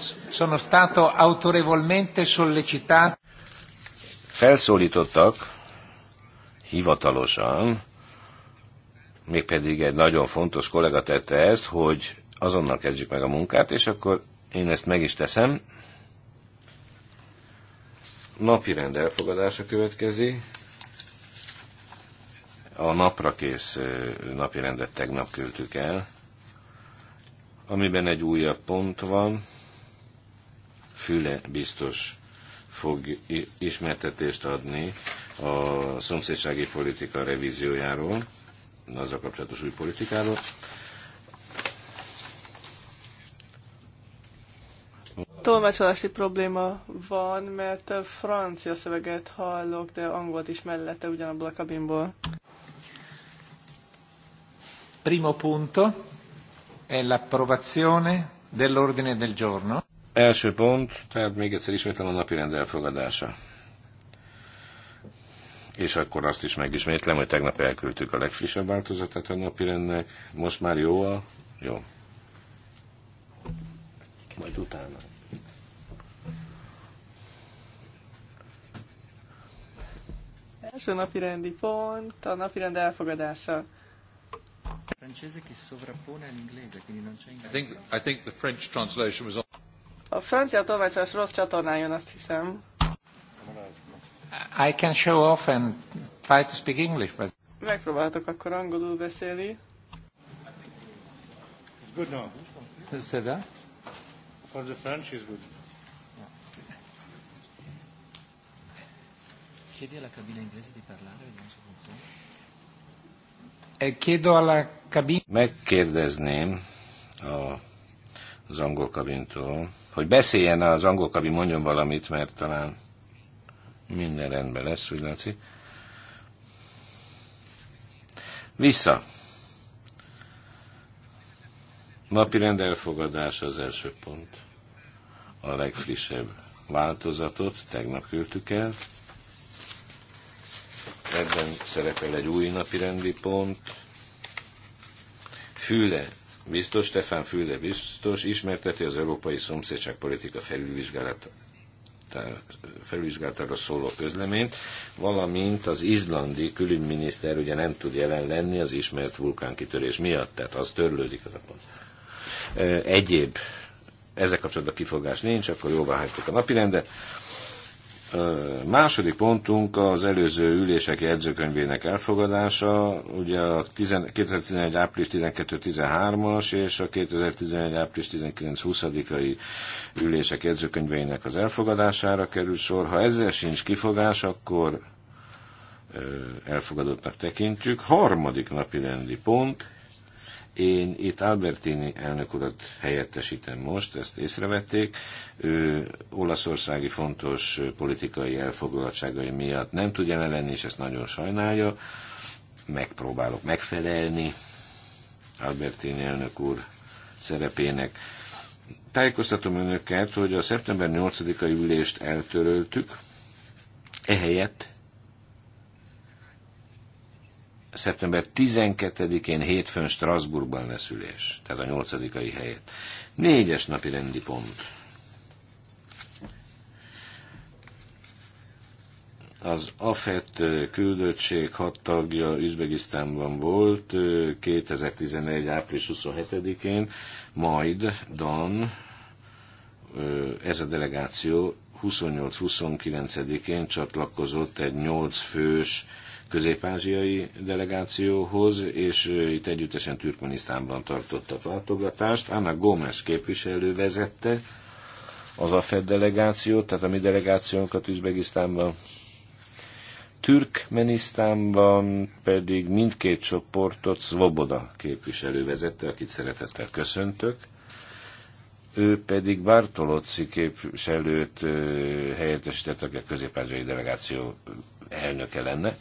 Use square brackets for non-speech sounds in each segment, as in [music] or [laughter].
sono stato autorevolmente sollecitato. Felszólítottak hivatalosan, mégpedig egy nagyon fontos kollega tette ezt, hogy azonnal kezdjük meg a munkát, és akkor én ezt meg is teszem. Napi rend elfogadása következik. A napra kész napi rendet tegnap küldtük el, amiben egy újabb pont van, Füle biztos fog ismertetést adni a szomszédsági politika revíziójáról, azzal kapcsolatos új politikáról. Tolmácsolási probléma van, mert francia szöveget hallok, de angolt is mellette ugyanabból a kabinból. Primo punto è l'approvazione dell'ordine del giorno. Első pont, tehát még egyszer ismétlem a napi rend elfogadása. És akkor azt is megismétlem, hogy tegnap elküldtük a legfrissebb változatát a napirendnek. Most már jó a... Jó. Majd utána. Első napi rendi pont, a napi rend elfogadása. I think, I think the French translation was on. A francia tolmácsás rossz csatornájon, azt hiszem. I can show off and try to speak English, but... Megpróbáltok akkor angolul beszélni. It's good now. Is that? For the French is good. Chiedi alla cabina inglese di parlare, non so funziona. Eh, chiedo alla cabina... Megkérdezném a az angol kabintól, hogy beszéljen az angol kabin, mondjon valamit, mert talán minden rendben lesz, úgy látszik. Vissza. Napi rend az első pont. A legfrissebb változatot tegnap küldtük el. Ebben szerepel egy új napi rendi pont. Füle biztos, Stefan Fülde biztos ismerteti az Európai Szomszédság Politika felülvizsgálatát felvizsgálatára szóló közleményt, valamint az izlandi külügyminiszter ugye nem tud jelen lenni az ismert vulkánkitörés miatt, tehát az törlődik az a pont. Egyéb ezzel kapcsolatban kifogás nincs, akkor jóvá hagytuk a napirendet. Második pontunk az előző ülések jegyzőkönyvének elfogadása, ugye a 2011. április 12-13-as és a 2011. április 19-20-ai ülések jegyzőkönyveinek az elfogadására kerül sor. Ha ezzel sincs kifogás, akkor elfogadottnak tekintjük. Harmadik napi rendi pont, én itt Albertini elnök urat helyettesítem most, ezt észrevették. Ő olaszországi fontos politikai elfoglaltságai miatt nem tud jelen lenni, és ezt nagyon sajnálja. Megpróbálok megfelelni Albertini elnök úr szerepének. Tájékoztatom önöket, hogy a szeptember 8-ai ülést eltöröltük, ehelyett szeptember 12-én hétfőn Strasbourgban lesz ülés, tehát a nyolcadikai helyet. Négyes napi rendi pont. Az AFET küldöttség hat tagja Üzbegisztánban volt 2011. április 27-én, majd Dan, ez a delegáció 28-29-én csatlakozott egy 8 fős közép-ázsiai delegációhoz, és itt együttesen Türkmenisztánban a látogatást. Anna Gómez képviselő vezette az AFED delegációt, tehát a mi delegációnkat Üzbegisztánban. Türkmenisztánban pedig mindkét csoportot Svoboda képviselő vezette, akit szeretettel köszöntök. Ő pedig Bartolozzi képviselőt helyettesített, aki a közép delegáció elnöke lenne.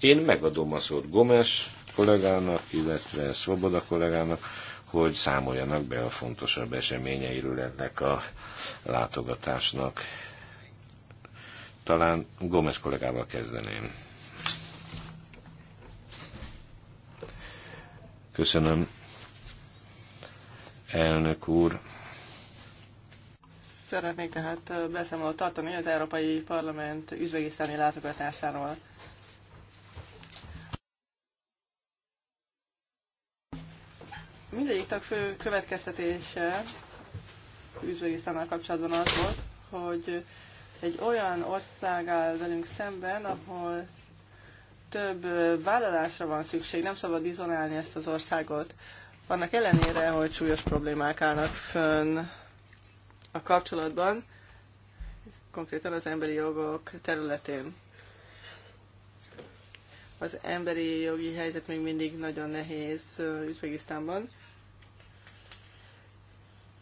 Én megadom a szót Gomes kollégának, illetve Svoboda kollégának, hogy számoljanak be a fontosabb eseményeiről ennek a látogatásnak. Talán Gomes kollégával kezdeném. Köszönöm, elnök úr. Szeretnék tehát beszámolót tartani az Európai Parlament üzvegisztáni látogatásáról. Mindegyik tag fő következtetése Üzbegisztánnal kapcsolatban az volt, hogy egy olyan ország áll velünk szemben, ahol több vállalásra van szükség, nem szabad izolálni ezt az országot. Annak ellenére, hogy súlyos problémák állnak fönn a kapcsolatban, konkrétan az emberi jogok területén. Az emberi jogi helyzet még mindig nagyon nehéz uh, Üzbegisztánban.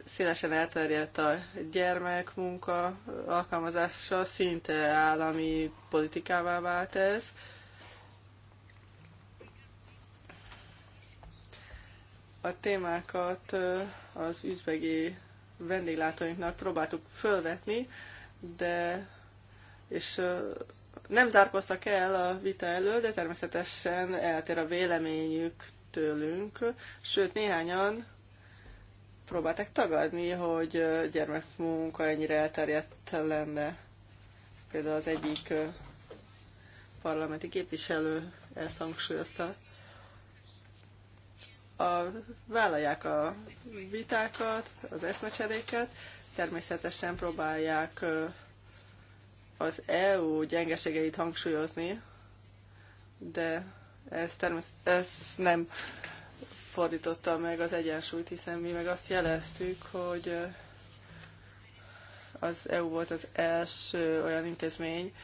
Szélesen elterjedt a gyermekmunka alkalmazása, szinte állami politikává vált ez. a témákat uh, az üzbegi vendéglátóinknak próbáltuk fölvetni, de és uh, nem zárkoztak el a vita elől, de természetesen eltér a véleményük tőlünk, sőt néhányan próbálták tagadni, hogy gyermekmunka ennyire elterjedt lenne. Például az egyik parlamenti képviselő ezt hangsúlyozta. A, vállalják a vitákat, az eszmecseréket, természetesen próbálják az EU gyengeségeit hangsúlyozni, de ez, természet, ez nem fordította meg az egyensúlyt, hiszen mi meg azt jeleztük, hogy az EU volt az első olyan intézmény,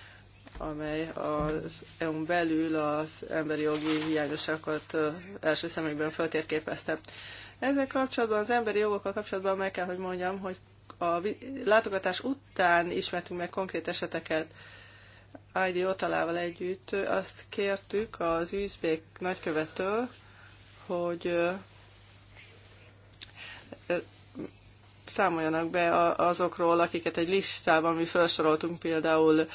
amely az EU-n belül az emberi jogi hiányosságokat első személyben föltérképezte. Ezzel kapcsolatban, az emberi jogokkal kapcsolatban meg kell, hogy mondjam, hogy a látogatás után ismertünk meg konkrét eseteket. Aidi Otalával együtt azt kértük az üzbék nagykövetől, hogy számoljanak be azokról, akiket egy listában mi felsoroltunk például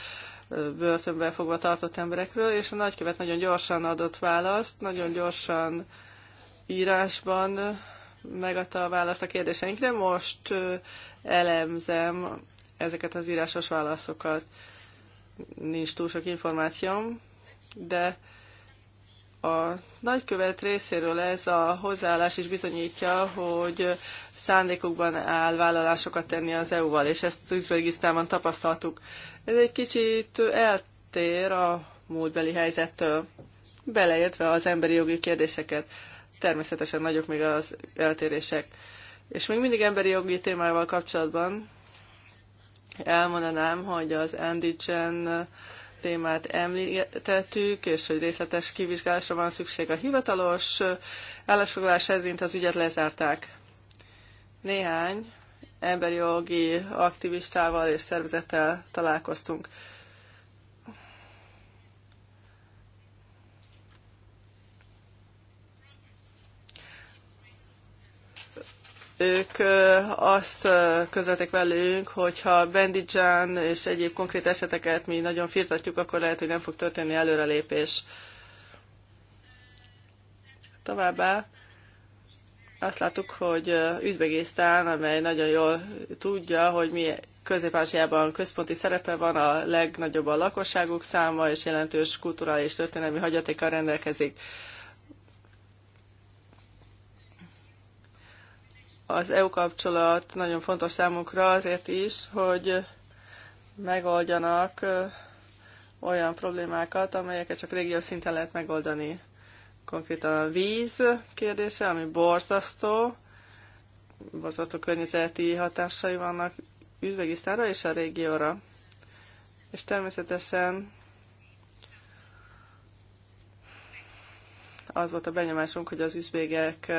börtönben fogva tartott emberekről, és a nagykövet nagyon gyorsan adott választ, nagyon gyorsan írásban megadta a választ a kérdéseinkre. Most elemzem ezeket az írásos válaszokat. Nincs túl sok információm, de a nagykövet részéről ez a hozzáállás is bizonyítja, hogy szándékukban áll vállalásokat tenni az EU-val, és ezt Üzbegisztánban tapasztaltuk. Ez egy kicsit eltér a múltbeli helyzettől, beleértve az emberi jogi kérdéseket. Természetesen nagyok még az eltérések. És még mindig emberi jogi témával kapcsolatban elmondanám, hogy az Andigen témát említettük, és hogy részletes kivizsgálásra van szükség. A hivatalos állásfoglalás szerint az ügyet lezárták. Néhány emberi jogi aktivistával és szervezettel találkoztunk. ők azt közölték velünk, hogyha Bendidzsán és egyéb konkrét eseteket mi nagyon firtatjuk, akkor lehet, hogy nem fog történni előrelépés. Továbbá azt láttuk, hogy Üzbegisztán, amely nagyon jól tudja, hogy mi közép központi szerepe van, a legnagyobb a lakosságuk száma, és jelentős kulturális történelmi hagyatékkal rendelkezik Az EU kapcsolat nagyon fontos számunkra azért is, hogy megoldjanak olyan problémákat, amelyeket csak régió szinten lehet megoldani. Konkrétan a víz kérdése, ami borzasztó, borzasztó környezeti hatásai vannak Üzbegisztára és a régióra. És természetesen az volt a benyomásunk, hogy az üzbégek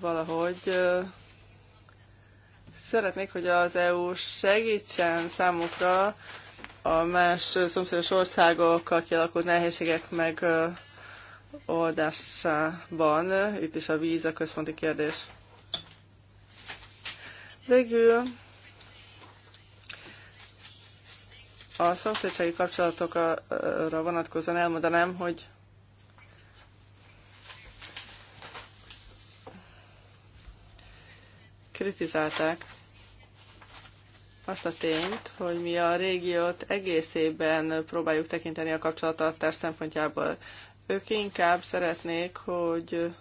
valahogy szeretnék, hogy az EU segítsen számukra a más szomszédos országokkal kialakult nehézségek meg oldásában. Itt is a víz a központi kérdés. Végül a szomszédsági kapcsolatokra vonatkozóan elmondanám, hogy kritizálták azt a tényt, hogy mi a régiót egészében próbáljuk tekinteni a kapcsolatartás szempontjából. Ők inkább szeretnék, hogy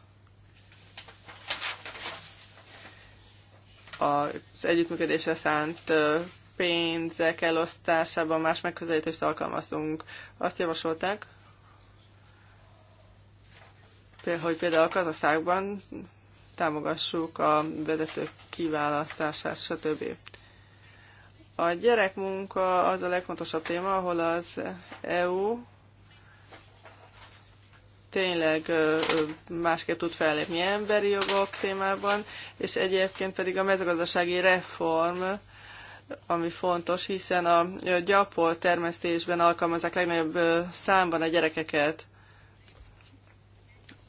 az együttműködésre szánt pénzek elosztásában más megközelítést alkalmazunk. Azt javasolták, hogy például Kazaszágban támogassuk a vezetők kiválasztását, stb. A gyerekmunka az a legfontosabb téma, ahol az EU tényleg másképp tud fellépni emberi jogok témában, és egyébként pedig a mezőgazdasági reform, ami fontos, hiszen a gyapol termesztésben alkalmazzák legnagyobb számban a gyerekeket.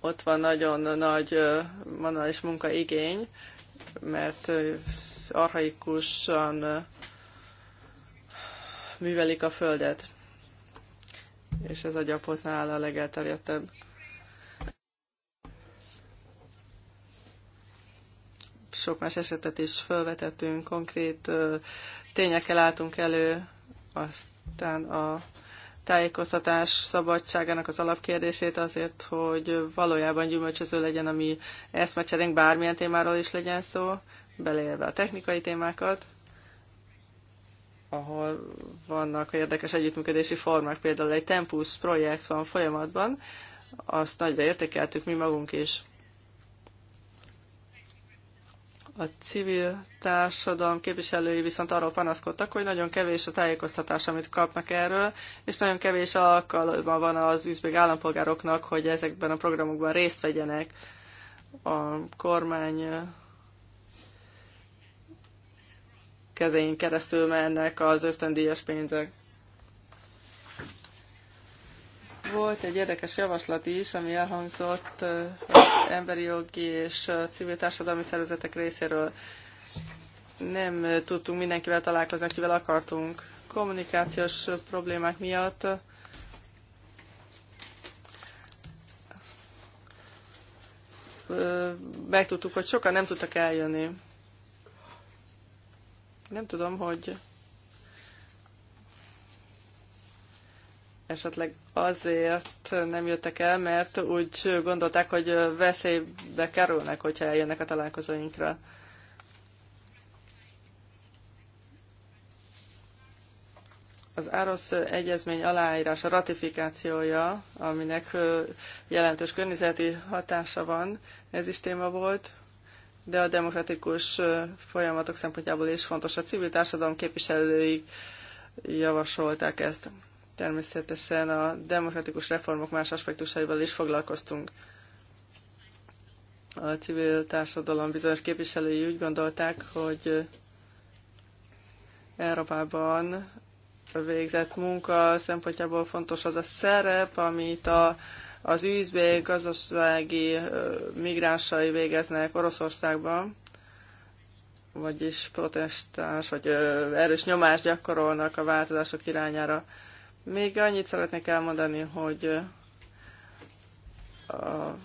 Ott van nagyon nagy manuális munkaigény, mert arhaikusan művelik a földet. És ez a gyapotnál a legelterjedtebb. Sok más esetet is felvetettünk, konkrét tényekkel álltunk elő, aztán a tájékoztatás szabadságának az alapkérdését azért, hogy valójában gyümölcsöző legyen ami mi eszmecserénk, bármilyen témáról is legyen szó, beleérve a technikai témákat, ahol vannak érdekes együttműködési formák, például egy Tempus projekt van folyamatban, azt nagyra értékeltük mi magunk is. A civil társadalom képviselői viszont arról panaszkodtak, hogy nagyon kevés a tájékoztatás, amit kapnak erről, és nagyon kevés alkalommal van az üzbég állampolgároknak, hogy ezekben a programokban részt vegyenek. A kormány kezén keresztül mennek az ösztöndíjas pénzek. Volt egy érdekes javaslat is, ami elhangzott az emberi jogi és civil társadalmi szervezetek részéről. Nem tudtunk mindenkivel találkozni, akivel akartunk. Kommunikációs problémák miatt megtudtuk, hogy sokan nem tudtak eljönni. Nem tudom, hogy esetleg azért nem jöttek el, mert úgy gondolták, hogy veszélybe kerülnek, hogyha eljönnek a találkozóinkra. az Árosz egyezmény aláírása, ratifikációja, aminek jelentős környezeti hatása van, ez is téma volt, de a demokratikus folyamatok szempontjából is fontos. A civil társadalom képviselői javasolták ezt. Természetesen a demokratikus reformok más aspektusaival is foglalkoztunk. A civil társadalom bizonyos képviselői úgy gondolták, hogy Európában végzett munka szempontjából fontos az a szerep, amit a, az űzbé gazdasági migránsai végeznek Oroszországban, vagyis protestáns, vagy erős nyomást gyakorolnak a változások irányára. Még annyit szeretnék elmondani, hogy a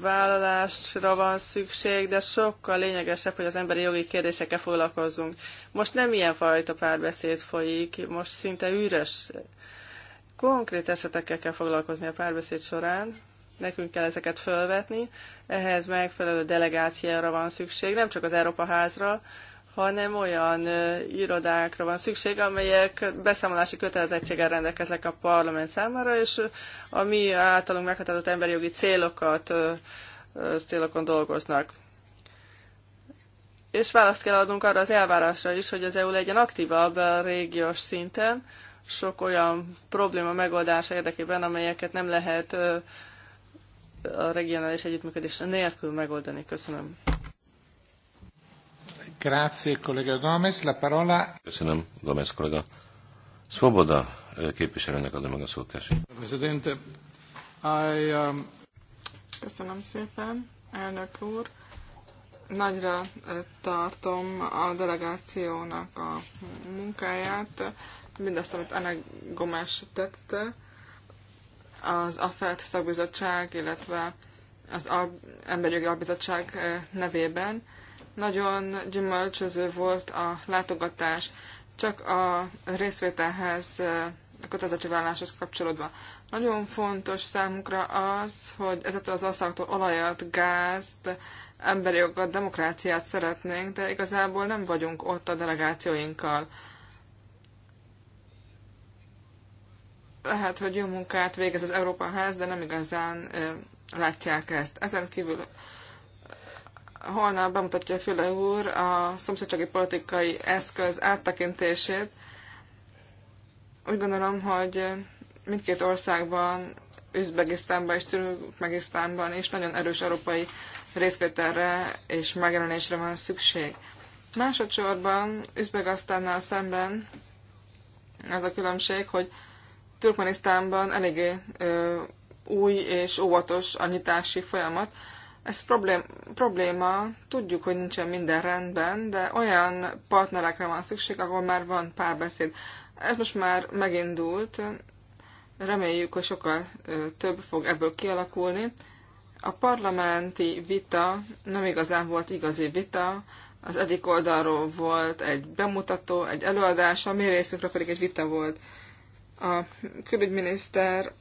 vállalásra van szükség, de sokkal lényegesebb, hogy az emberi jogi kérdésekkel foglalkozzunk. Most nem ilyen fajta párbeszéd folyik, most szinte üres. Konkrét esetekkel kell foglalkozni a párbeszéd során, nekünk kell ezeket fölvetni, ehhez megfelelő delegációra van szükség, nem csak az Európa házra, hanem olyan irodákra van szükség, amelyek beszámolási kötelezettséggel rendelkeznek a parlament számára, és a mi általunk meghatározott emberi jogi célokat, célokon dolgoznak. És választ kell adnunk arra az elvárásra is, hogy az EU legyen aktívabb a régiós szinten, sok olyan probléma megoldása érdekében, amelyeket nem lehet a regionális együttműködés nélkül megoldani. Köszönöm. Grazie, kollega Gomez. La parola... Köszönöm, Gomez kollega. Svoboda képviselőnek adom meg a szót, tessék. I, um... Köszönöm szépen, elnök úr. Nagyra tartom a delegációnak a munkáját, mindazt, amit Anna Gomes tette, az AFET szakbizottság, illetve az Al- Emberjogi Albizottság nevében. Nagyon gyümölcsöző volt a látogatás, csak a részvételhez, a válláshoz kapcsolódva. Nagyon fontos számunkra az, hogy ezettől az országtól olajat, gázt, emberi jogot, demokráciát szeretnénk, de igazából nem vagyunk ott a delegációinkkal. Lehet, hogy jó munkát végez az Európa Ház, de nem igazán látják ezt. Ezen kívül holnap bemutatja Füle úr a szomszédsági politikai eszköz áttekintését. Úgy gondolom, hogy mindkét országban, Üzbegisztánban és Türkmegisztánban is nagyon erős európai részvételre és megjelenésre van szükség. Másodszorban Üzbegasztánnal szemben az a különbség, hogy Türkmenisztánban eléggé ö, új és óvatos a nyitási folyamat, ez problém, probléma, tudjuk, hogy nincsen minden rendben, de olyan partnerekre van szükség, ahol már van párbeszéd. Ez most már megindult, reméljük, hogy sokkal több fog ebből kialakulni. A parlamenti vita nem igazán volt igazi vita, az egyik oldalról volt egy bemutató, egy előadás, a mi részünkre pedig egy vita volt. A külügyminiszter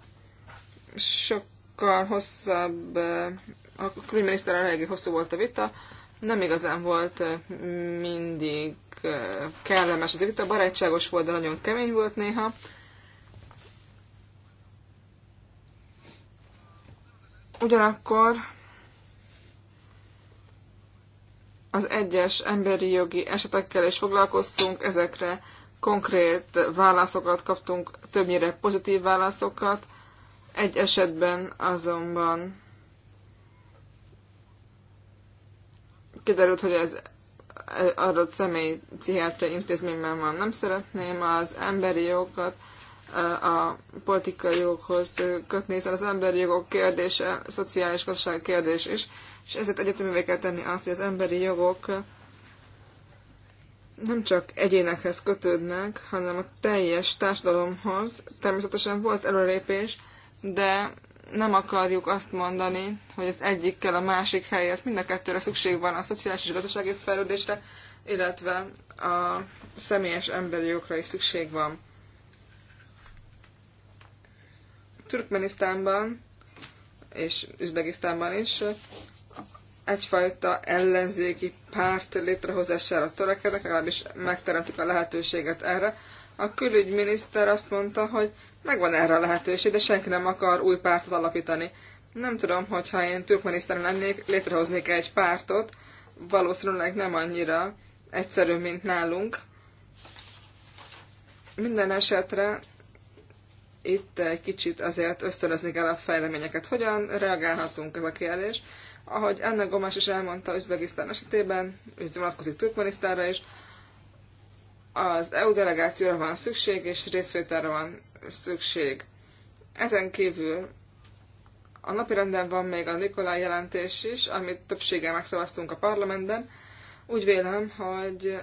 sokkal hosszabb a külügyminiszterrel eléggé hosszú volt a vita, nem igazán volt mindig kellemes az a vita, barátságos volt, de nagyon kemény volt néha. Ugyanakkor az egyes emberi jogi esetekkel is foglalkoztunk, ezekre konkrét válaszokat kaptunk, többnyire pozitív válaszokat. Egy esetben azonban kiderült, hogy az adott személy pszichiátra intézményben van. Nem szeretném az emberi jogokat eh, a politikai jogokhoz kötni, hiszen az emberi jogok kérdése, szociális gazdaság kérdés is, és ezért egyetemévé kell tenni azt, hogy az emberi jogok nem csak egyénekhez kötődnek, hanem a teljes társadalomhoz. Természetesen volt előrépés, de nem akarjuk azt mondani, hogy az egyikkel a másik helyett mind a kettőre szükség van a szociális és gazdasági fejlődésre, illetve a személyes emberi jogra is szükség van. Türkmenisztánban és Üzbegisztánban is egyfajta ellenzéki párt létrehozására törekednek, legalábbis megteremtik a lehetőséget erre. A külügyminiszter azt mondta, hogy Megvan erre a lehetőség, de senki nem akar új pártot alapítani. Nem tudom, hogyha én Türkmenisztán lennék, létrehoznék egy pártot, valószínűleg nem annyira egyszerű, mint nálunk. Minden esetre itt egy kicsit azért ösztönözni kell a fejleményeket. Hogyan reagálhatunk ez a kérdés? Ahogy Anna Gomás is elmondta Üzbegisztán esetében, és vonatkozik Türkmenisztánra is, az EU delegációra van szükség, és részvételre van szükség. Ezen kívül a napirenden van még a Nikolaj jelentés is, amit többséggel megszavaztunk a parlamentben. Úgy vélem, hogy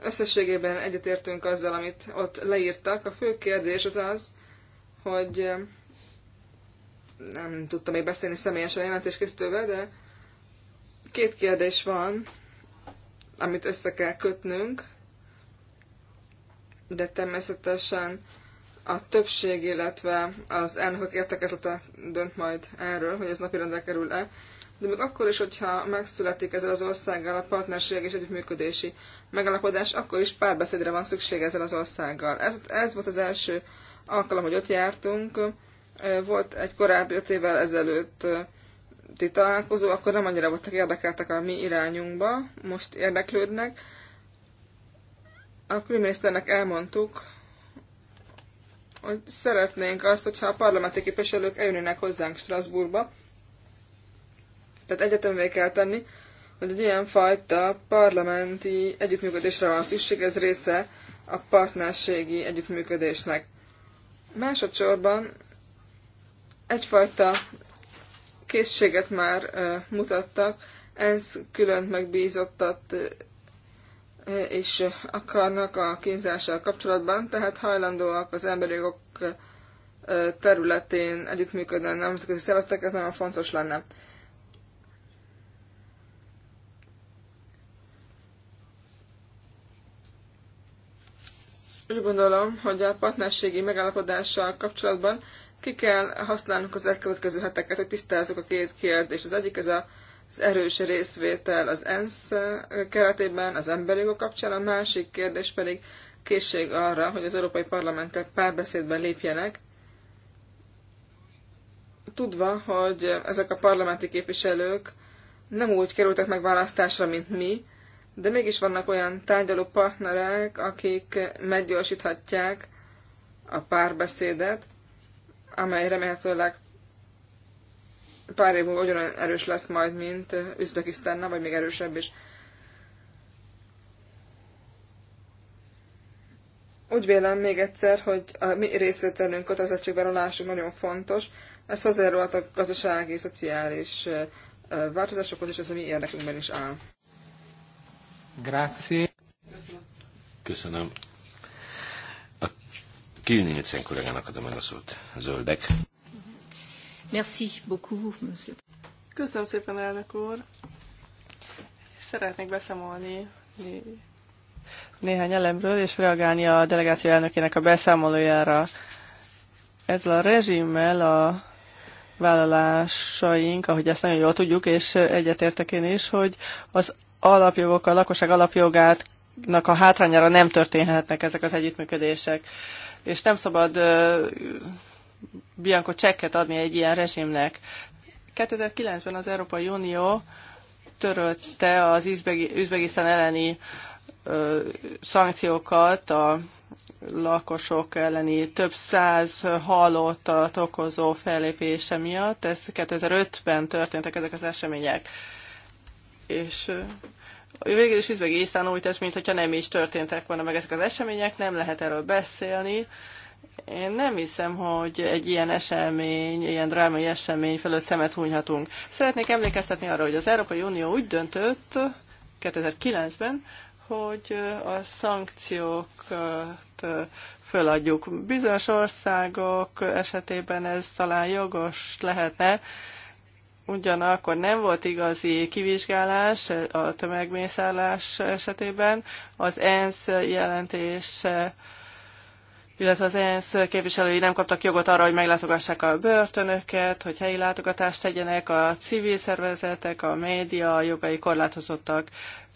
összességében egyetértünk azzal, amit ott leírtak. A fő kérdés az az, hogy eh, nem tudtam még beszélni személyesen a jelentéskészítővel, de két kérdés van, amit össze kell kötnünk, de természetesen a többség, illetve az elnökök értekezlete dönt majd erről, hogy ez napirendre kerül-e. De még akkor is, hogyha megszületik ezzel az országgal a partnerség és együttműködési megalapodás, akkor is párbeszédre van szükség ezzel az országgal. Ez, ez volt az első alkalom, hogy ott jártunk. Volt egy korábbi öt évvel ezelőtt ti találkozó, akkor nem annyira voltak érdekeltek a mi irányunkba, most érdeklődnek. A külügyminiszternek elmondtuk, hogy szeretnénk azt, hogyha a parlamenti képviselők eljönnének hozzánk Strasbourgba. Tehát egyetemvé kell tenni, hogy egy ilyen fajta parlamenti együttműködésre van szükség, ez része a partnerségi együttműködésnek. Másodszorban egyfajta készséget már mutattak, ENSZ külön megbízottat és akarnak a kínzással kapcsolatban, tehát hajlandóak az emberi jogok területén együttműködni a nemzetközi szervezetek, ez nagyon fontos lenne. Úgy gondolom, hogy a partnerségi megállapodással kapcsolatban ki kell használnunk az elkövetkező heteket, hogy tisztázzuk a két kérdést. Az egyik ez a az erős részvétel az ENSZ keretében, az emberi jogok kapcsán, a másik kérdés pedig készség arra, hogy az Európai Parlamentek párbeszédben lépjenek, tudva, hogy ezek a parlamenti képviselők nem úgy kerültek megválasztásra, mint mi, de mégis vannak olyan tárgyaló partnerek, akik meggyorsíthatják a párbeszédet, amely remélhetőleg pár év múlva ugyanolyan erős lesz majd, mint Üzbekisztánnal, vagy még erősebb is. Úgy vélem még egyszer, hogy a mi részvételünk, kötelezettségvállalásunk nagyon fontos. Ez hozzájárulhat a gazdasági, szociális változásokhoz, és ez a mi érdekünkben is áll. Grazie. Köszönöm. A Kilnyilicen kollégának adom meg a szót. Zöldek. Merci beaucoup, monsieur. Köszönöm szépen, elnök úr. Szeretnék beszámolni néhány elemről, és reagálni a delegáció elnökének a beszámolójára. Ezzel a rezsimmel a vállalásaink, ahogy ezt nagyon jól tudjuk, és egyetértek én is, hogy az alapjogok, a lakosság alapjogát a hátrányára nem történhetnek ezek az együttműködések. És nem szabad bianco csekket adni egy ilyen rezsimnek. 2009-ben az Európai Unió törölte az Üzbegisztán elleni ö, szankciókat a lakosok elleni több száz halottat okozó fellépése miatt. Ez 2005-ben történtek ezek az események. És végül is Üzbegisztán úgy tesz, mintha nem is történtek volna meg ezek az események, nem lehet erről beszélni. Én nem hiszem, hogy egy ilyen esemény, ilyen drámai esemény fölött szemet hunyhatunk. Szeretnék emlékeztetni arra, hogy az Európai Unió úgy döntött 2009-ben, hogy a szankciókat föladjuk. Bizonyos országok esetében ez talán jogos lehetne, ugyanakkor nem volt igazi kivizsgálás a tömegmészállás esetében. Az ENSZ jelentése illetve az ENSZ képviselői nem kaptak jogot arra, hogy meglátogassák a börtönöket, hogy helyi látogatást tegyenek, a civil szervezetek, a média, a jogai korlátozottak.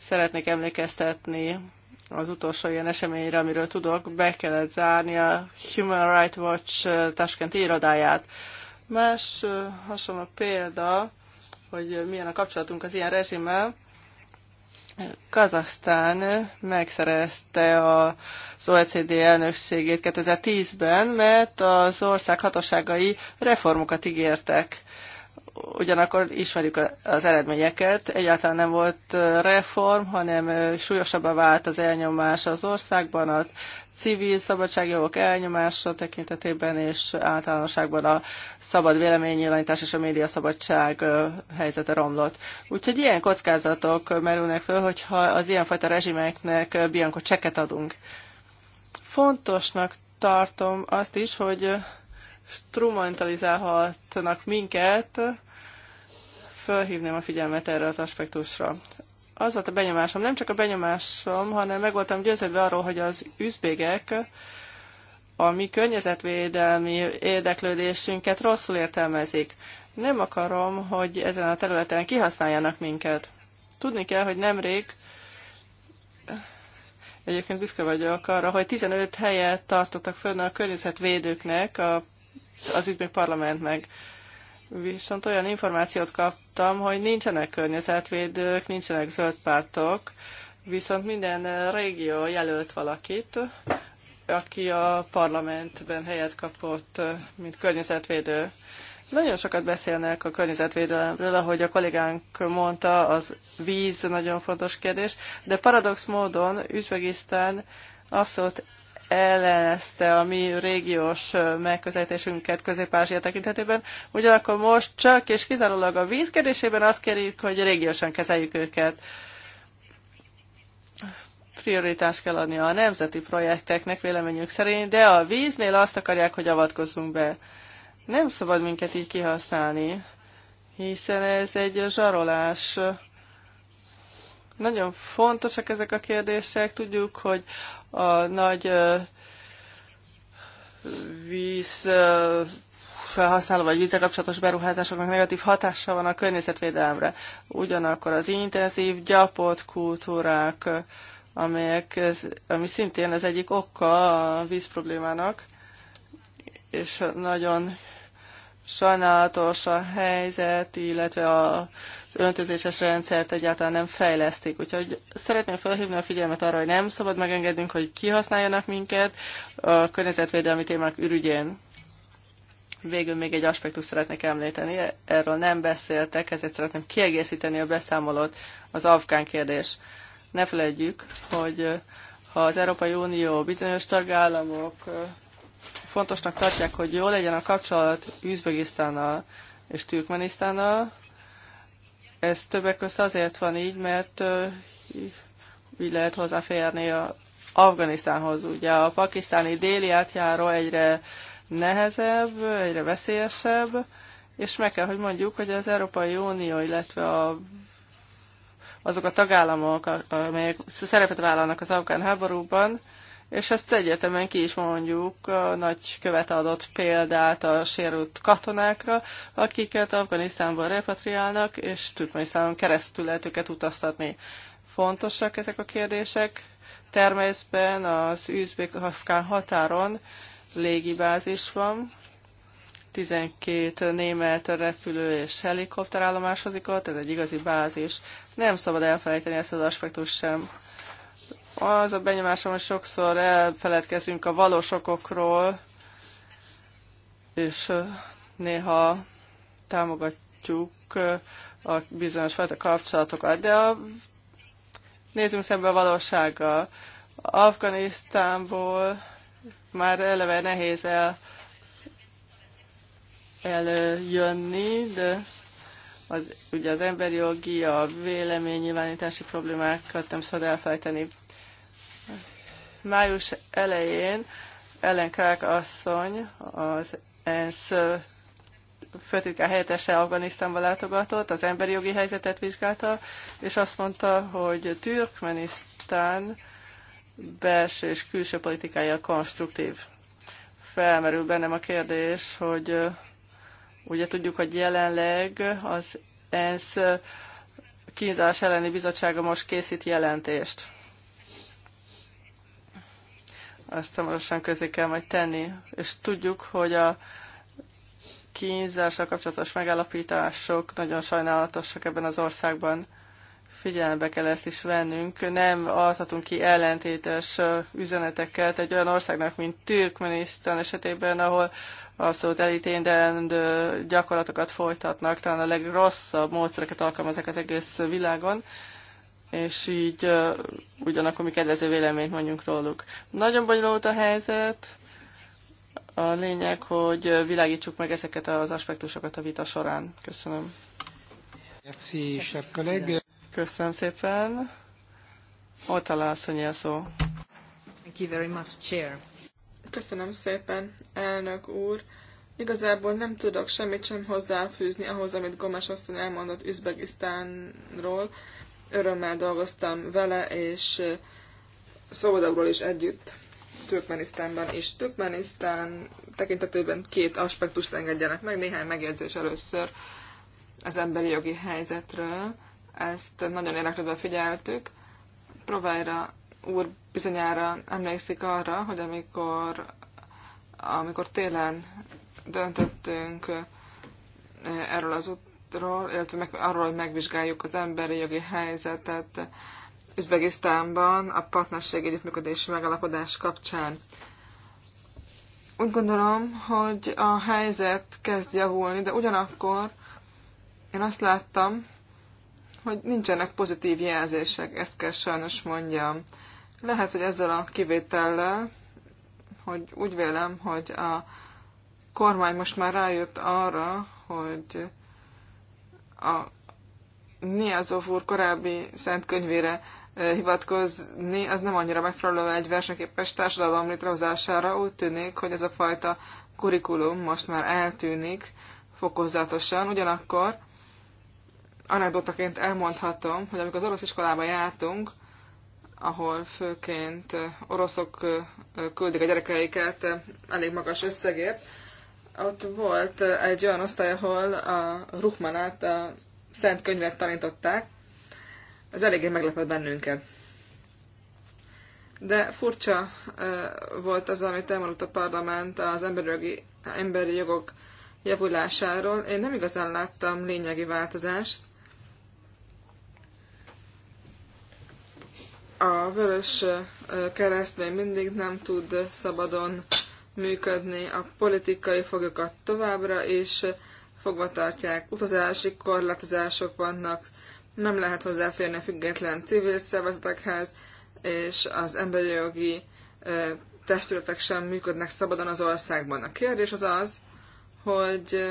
Szeretnék emlékeztetni az utolsó ilyen eseményre, amiről tudok, be kellett zárni a Human Rights Watch Tashkent irodáját. Más hasonló példa, hogy milyen a kapcsolatunk az ilyen rezsimmel, Kazasztán megszerezte az OECD elnökségét 2010-ben, mert az ország hatóságai reformokat ígértek. Ugyanakkor ismerjük az eredményeket, egyáltalán nem volt reform, hanem súlyosabbá vált az elnyomás az országban, a civil szabadságjogok elnyomása tekintetében és általánosságban a szabad véleménynyilvánítás és a média szabadság helyzete romlott. Úgyhogy ilyen kockázatok merülnek föl, hogyha az ilyenfajta rezsimeknek bianko cseket adunk. Fontosnak tartom azt is, hogy strumentalizálhatnak minket, fölhívném a figyelmet erre az aspektusra az volt a benyomásom, nem csak a benyomásom, hanem meg voltam győződve arról, hogy az üzbégek a mi környezetvédelmi érdeklődésünket rosszul értelmezik. Nem akarom, hogy ezen a területen kihasználjanak minket. Tudni kell, hogy nemrég egyébként büszke vagyok arra, hogy 15 helyet tartottak föl a környezetvédőknek a, az ügyben parlamentnek. meg Viszont olyan információt kaptam, hogy nincsenek környezetvédők, nincsenek zöld pártok, viszont minden régió jelölt valakit, aki a parlamentben helyet kapott, mint környezetvédő. Nagyon sokat beszélnek a környezetvédelemről, ahogy a kollégánk mondta, az víz nagyon fontos kérdés, de paradox módon Üzbegisztán abszolút ellenezte a mi régiós megközelítésünket Közép-Ázsia tekintetében. Ugyanakkor most csak és kizárólag a víz kérdésében azt kérjük, hogy régiósan kezeljük őket. Prioritást kell adni a nemzeti projekteknek véleményük szerint, de a víznél azt akarják, hogy avatkozzunk be. Nem szabad minket így kihasználni, hiszen ez egy zsarolás nagyon fontosak ezek a kérdések. Tudjuk, hogy a nagy víz felhasználó vagy vízzel kapcsolatos beruházásoknak negatív hatása van a környezetvédelemre. Ugyanakkor az intenzív gyapott kultúrák, amelyek, ami szintén az egyik oka a víz problémának, és nagyon sajnálatos a helyzet, illetve az öntözéses rendszert egyáltalán nem fejleszték. Úgyhogy szeretném felhívni a figyelmet arra, hogy nem szabad megengednünk, hogy kihasználjanak minket a környezetvédelmi témák ürügyén. Végül még egy aspektus szeretnék említeni, erről nem beszéltek, ezért szeretném kiegészíteni a beszámolót, az afgán kérdés. Ne felejtjük, hogy ha az Európai Unió bizonyos tagállamok fontosnak tartják, hogy jó legyen a kapcsolat Üzbegisztánnal és Türkmenisztánnal. Ez többek között azért van így, mert így lehet hozzáférni a Afganisztánhoz. Ugye a pakisztáni déli átjáró egyre nehezebb, egyre veszélyesebb, és meg kell, hogy mondjuk, hogy az Európai Unió, illetve a, azok a tagállamok, amelyek szerepet vállalnak az afgán háborúban, és ezt egyértelműen ki is mondjuk, a nagy követ adott példát a sérült katonákra, akiket Afganisztánból repatriálnak, és Türkmenisztánon keresztül lehet őket utaztatni. Fontosak ezek a kérdések. Természetben az üzbék-afgán határon légibázis van, 12 német repülő és helikopter helikopterállomáshoz ott, ez egy igazi bázis. Nem szabad elfelejteni ezt az aspektus sem az a benyomásom, hogy sokszor elfeledkezünk a valós okokról, és néha támogatjuk a bizonyos fajta kapcsolatokat, de a, nézzünk szembe a valósággal. Afganisztánból már eleve nehéz el, eljönni, de az, ugye az emberi jogi, a nyilvánítási problémákat nem szabad elfejteni. Május elején Ellen Krák asszony, az ENSZ főtitká helyettese Afganisztánba látogatott, az emberi jogi helyzetet vizsgálta, és azt mondta, hogy Türkmenisztán belső és külső politikája konstruktív. Felmerül bennem a kérdés, hogy ugye tudjuk, hogy jelenleg az ENSZ kínzás elleni bizottsága most készít jelentést ezt hamarosan közé kell majd tenni. És tudjuk, hogy a kínzással kapcsolatos megállapítások nagyon sajnálatosak ebben az országban. Figyelembe kell ezt is vennünk. Nem adhatunk ki ellentétes üzeneteket egy olyan országnak, mint Türkmenisztán esetében, ahol abszolút elítélendő gyakorlatokat folytatnak, talán a legrosszabb módszereket alkalmazzák az egész világon és így uh, ugyanakkor mi kedvező véleményt mondjunk róluk. Nagyon bonyolult a helyzet, a lényeg, hogy világítsuk meg ezeket az aspektusokat a vita során. Köszönöm. Köszönöm szépen. Ott a szó. Thank you very much, Chair. Köszönöm szépen, elnök úr. Igazából nem tudok semmit sem hozzáfűzni ahhoz, amit Gomes asszony elmondott Üzbegisztánról. Örömmel dolgoztam vele, és Szobodagról is együtt Türkmenisztánban is. Türkmenisztán tekintetőben két aspektust engedjenek meg, néhány megjegyzés először az emberi jogi helyzetről. Ezt nagyon érdeklődve figyeltük. Provájra úr bizonyára emlékszik arra, hogy amikor, amikor télen döntöttünk erről az folyamatról, illetve meg, arról, hogy megvizsgáljuk az emberi jogi helyzetet Üzbegisztánban a partnerség együttműködési megalapodás kapcsán. Úgy gondolom, hogy a helyzet kezd javulni, de ugyanakkor én azt láttam, hogy nincsenek pozitív jelzések, ezt kell sajnos mondjam. Lehet, hogy ezzel a kivétellel, hogy úgy vélem, hogy a kormány most már rájött arra, hogy a Niazov úr korábbi szent könyvére eh, hivatkozni, az nem annyira megfelelő egy versenyképes társadalom létrehozására. Úgy tűnik, hogy ez a fajta kurikulum most már eltűnik fokozatosan, ugyanakkor anekdotaként elmondhatom, hogy amikor az orosz iskolába jártunk, ahol főként oroszok eh, eh, küldik a gyerekeiket elég magas összegért, ott volt egy olyan osztály, ahol a Ruhmanát, a Szent Könyvet tanították. Ez eléggé meglepett bennünket. De furcsa volt az, amit elmondott a parlament az emberi, emberi jogok javulásáról. Én nem igazán láttam lényegi változást. A vörös keresztény mindig nem tud szabadon működni. A politikai foglyokat továbbra is fogva tartják, utazási korlátozások vannak, nem lehet hozzáférni a független civil szervezetekhez, és az emberi jogi testületek sem működnek szabadon az országban. A kérdés az az, hogy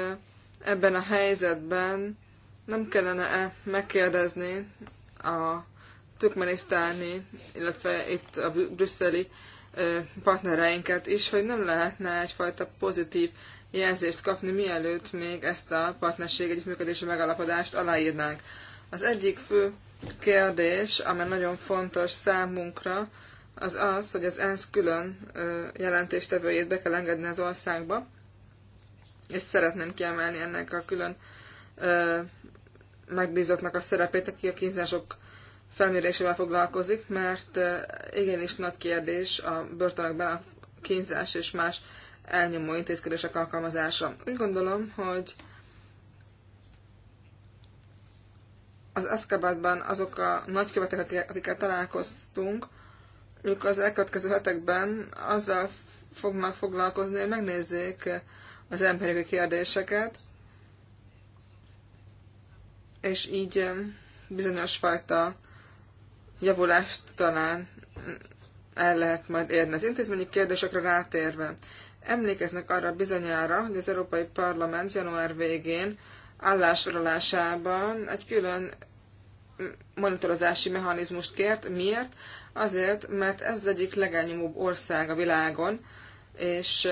ebben a helyzetben nem kellene-e megkérdezni a türkmenisztáni, illetve itt a brüsszeli partnereinket is, hogy nem lehetne egyfajta pozitív jelzést kapni, mielőtt még ezt a partnerség együttműködési megalapodást aláírnánk. Az egyik fő kérdés, amely nagyon fontos számunkra, az az, hogy az ENSZ külön jelentéstevőjét be kell engedni az országba, és szeretném kiemelni ennek a külön megbízottnak a szerepét, aki a kínzások felmérésével foglalkozik, mert igenis nagy kérdés a börtönökben a kínzás és más elnyomó intézkedések alkalmazása. Úgy gondolom, hogy az Eszkabátban azok a nagykövetek, akikkel találkoztunk, ők az elkövetkező hetekben azzal fognak foglalkozni, hogy megnézzék az emberi kérdéseket, és így bizonyos fajta javulást talán el lehet majd érni. Az intézményi kérdésekre rátérve, emlékeznek arra bizonyára, hogy az Európai Parlament január végén állásorolásában egy külön monitorozási mechanizmust kért. Miért? Azért, mert ez az egyik legelnyomóbb ország a világon, és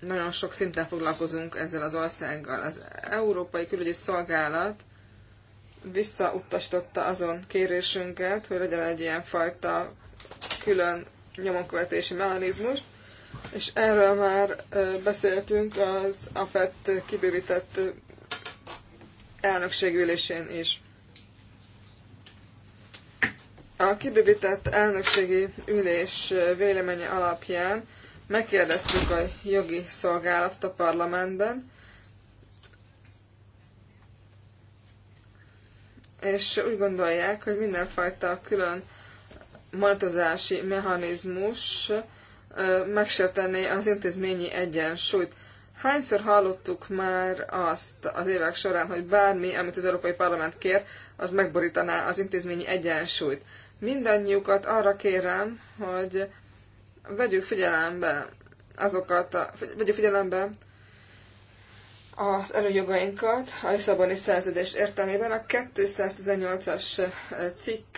nagyon sok szinten foglalkozunk ezzel az országgal. Az Európai Külügyi Szolgálat visszautasította azon kérésünket, hogy legyen egy ilyen fajta külön nyomonkövetési mechanizmus, és erről már beszéltünk az AFET kibővített elnökségülésén is. A kibővített elnökségi ülés véleménye alapján megkérdeztük a jogi szolgálatot a parlamentben, és úgy gondolják, hogy mindenfajta külön monitorozási mechanizmus megsértené az intézményi egyensúlyt. Hányszor hallottuk már azt az évek során, hogy bármi, amit az Európai Parlament kér, az megborítaná az intézményi egyensúlyt. Mindannyiukat arra kérem, hogy vegyük figyelembe azokat, a, vegyük figyelembe az előjogainkat a Lisszaboni szerződés értelmében. A 218-as cikk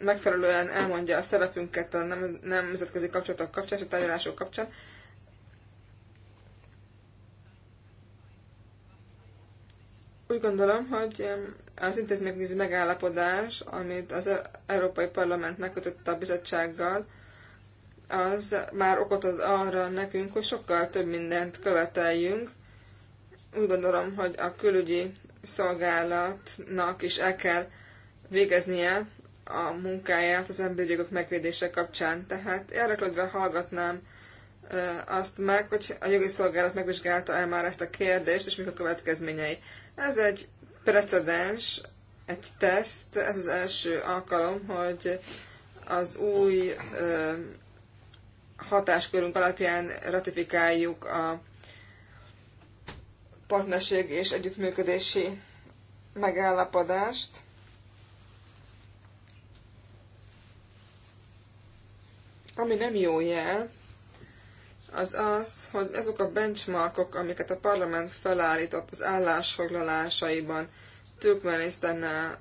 megfelelően elmondja a szerepünket a nem, nemzetközi kapcsolatok kapcsán és a tárgyalások kapcsán. Úgy gondolom, hogy az intézményközi megállapodás, amit az Európai Parlament megkötött a bizottsággal, az már okot ad arra nekünk, hogy sokkal több mindent követeljünk, úgy gondolom, hogy a külügyi szolgálatnak is el kell végeznie a munkáját az emberi jogok megvédése kapcsán. Tehát érdeklődve hallgatnám azt meg, hogy a jogi szolgálat megvizsgálta el már ezt a kérdést, és mik a következményei. Ez egy precedens, egy teszt, ez az első alkalom, hogy az új hatáskörünk alapján ratifikáljuk a partnerség és együttműködési megállapodást. Ami nem jó jel, az az, hogy azok a benchmarkok, amiket a parlament felállított az állásfoglalásaiban Türkmenisztánnal,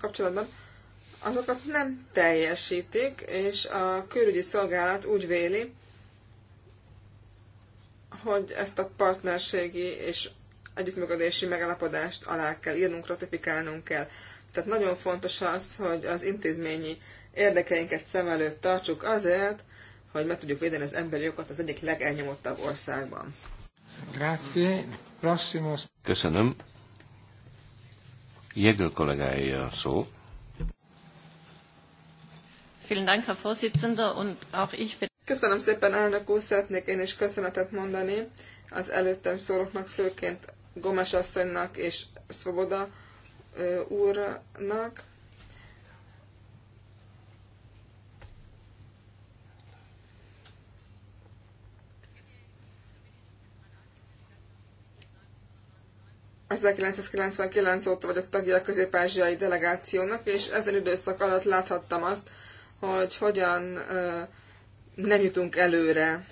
kapcsolatban, azokat nem teljesítik, és a külügyi szolgálat úgy véli, hogy ezt a partnerségi és együttműködési megállapodást alá kell írnunk, ratifikálnunk kell. Tehát nagyon fontos az, hogy az intézményi érdekeinket szem előtt tartsuk azért, hogy meg tudjuk védeni az emberi jogokat az egyik legelnyomottabb országban. Grazie. Prossimo. Köszönöm. Jegel kollégája a szó. Vielen Dank, Herr Vorsitzender, und auch ich Köszönöm szépen, elnök úr, szeretnék én is köszönetet mondani az előttem szólóknak, főként Gomes asszonynak és Szoboda úrnak. Az 1999 óta vagyok tagja a közép-ázsiai delegációnak, és ezen időszak alatt láthattam azt, hogy hogyan uh, nem jutunk előre,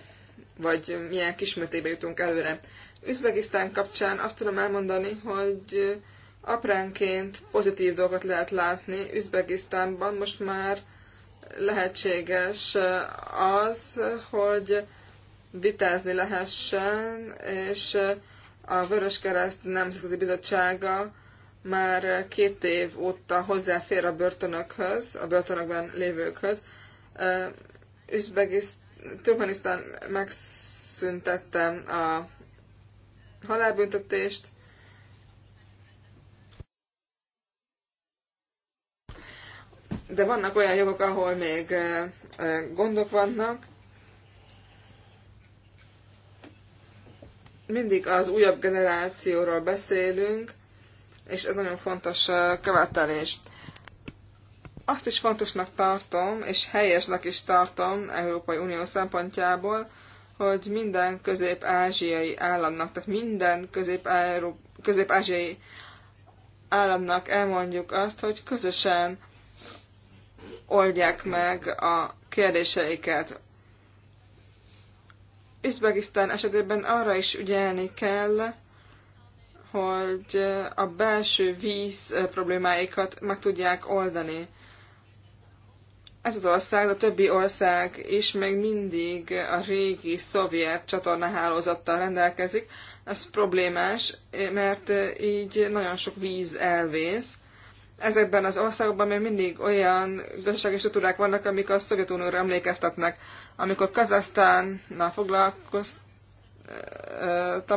vagy milyen kismetébe jutunk előre. Üzbegisztán kapcsán azt tudom elmondani, hogy apránként pozitív dolgot lehet látni. Üzbegisztánban most már lehetséges az, hogy vitázni lehessen, és a Vöröskereszt Nemzetközi Bizottsága már két év óta hozzáfér a börtönökhöz, a börtönökben lévőkhöz. Üzbegisztán, Turkmenisztán megszüntette a halálbüntetést, de vannak olyan jogok, ahol még gondok vannak. Mindig az újabb generációról beszélünk, és ez nagyon fontos követelés. Azt is fontosnak tartom, és helyesnek is tartom Európai Unió szempontjából, hogy minden közép-ázsiai államnak, tehát minden közép-ázsiai államnak elmondjuk azt, hogy közösen oldják meg a kérdéseiket. Üzbegisztán esetében arra is ügyelni kell, hogy a belső víz problémáikat meg tudják oldani ez az ország, a többi ország is még mindig a régi szovjet csatornahálózattal rendelkezik. Ez problémás, mert így nagyon sok víz elvész. Ezekben az országokban még mindig olyan gazdasági struktúrák vannak, amik a Szovjetunióra emlékeztetnek. Amikor Kazasztánnal foglalkoztam,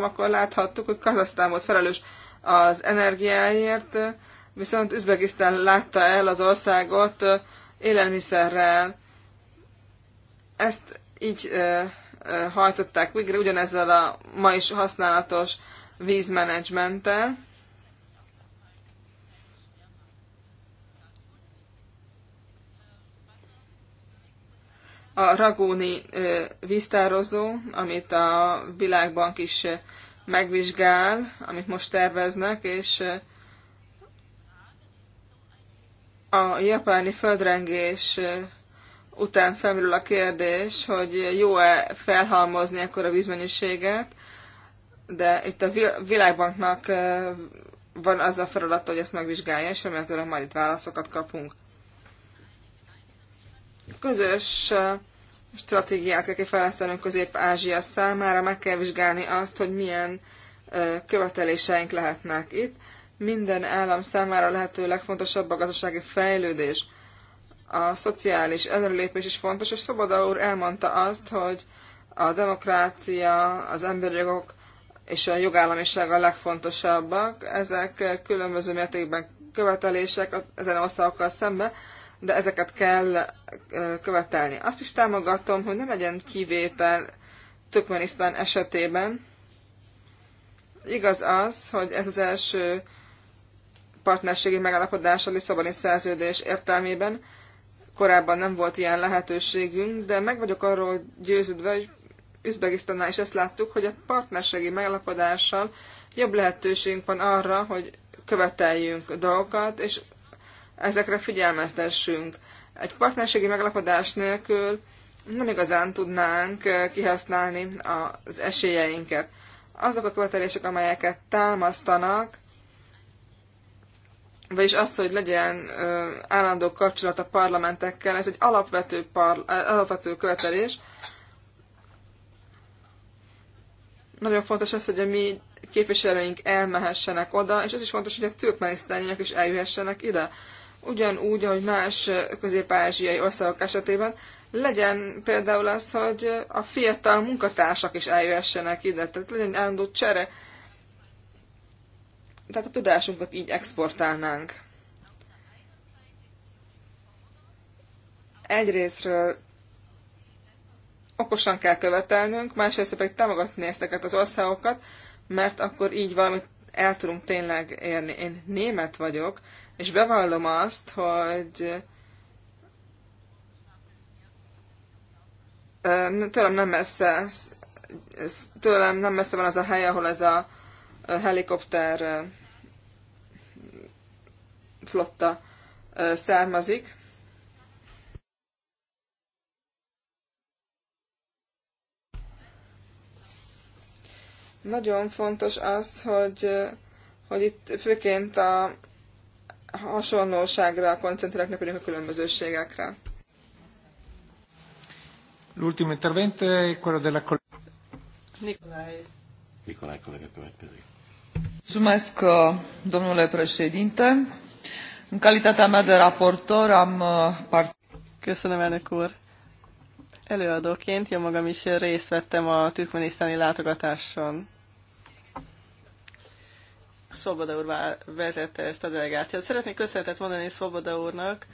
akkor láthattuk, hogy Kazasztán volt felelős az energiáért, viszont Üzbegisztán látta el az országot élelmiszerrel. Ezt így ö, ö, hajtották végre, ugyanezzel a ma is használatos vízmenedzsmenttel. a ragóni víztározó, amit a világbank is megvizsgál, amit most terveznek, és a japáni földrengés után felmerül a kérdés, hogy jó-e felhalmozni akkor a vízmennyiséget, de itt a világbanknak van az a feladat, hogy ezt megvizsgálja, és remélhetőleg majd itt válaszokat kapunk. Közös stratégiát kell kifejlesztenünk Közép-Ázsia számára, meg kell vizsgálni azt, hogy milyen követeléseink lehetnek itt minden állam számára lehető legfontosabb a gazdasági fejlődés. A szociális előrelépés is fontos, és Szoboda úr elmondta azt, hogy a demokrácia, az emberi jogok és a jogállamiság a legfontosabbak. Ezek különböző mértékben követelések ezen országokkal szemben, de ezeket kell követelni. Azt is támogatom, hogy ne legyen kivétel Türkmenisztán esetében. Igaz az, hogy ez az első partnerségi megállapodás a Lisszaboni szerződés értelmében. Korábban nem volt ilyen lehetőségünk, de meg vagyok arról győződve, hogy Üzbegisztánnál is ezt láttuk, hogy a partnerségi megállapodással jobb lehetőségünk van arra, hogy követeljünk dolgokat, és ezekre figyelmeztessünk. Egy partnerségi megállapodás nélkül nem igazán tudnánk eh, kihasználni az esélyeinket. Azok a követelések, amelyeket támasztanak, vagyis az, hogy legyen állandó kapcsolat a parlamentekkel, ez egy alapvető, parla, alapvető követelés. Nagyon fontos az, hogy a mi képviselőink elmehessenek oda, és ez is fontos, hogy a türkmenisztániak is eljöhessenek ide. Ugyanúgy, ahogy más közép-ázsiai országok esetében, legyen például az, hogy a fiatal munkatársak is eljöhessenek ide, tehát legyen állandó csere tehát a tudásunkat így exportálnánk. Egyrésztről okosan kell követelnünk, másrészt pedig támogatni ezeket az országokat, mert akkor így valamit el tudunk tényleg érni. Én német vagyok, és bevallom azt, hogy tőlem nem messze tőlem nem messze van az a hely, ahol ez a helikopter flotta származik. Nagyon fontos az, hogy, hogy itt főként a hasonlóságra koncentrálnak, pedig a különbözőségekre. L'ultimo intervento è quello della collega. Nikolaj. Nikolaj kollega következik. Uh, domnule președinte. În calitatea mea de raportor am uh, Előadóként én magam is részt vettem a türkmenisztáni látogatáson. Szoboda úr vezette ezt a delegációt. Szeretnék köszönetet mondani Szoboda úrnak,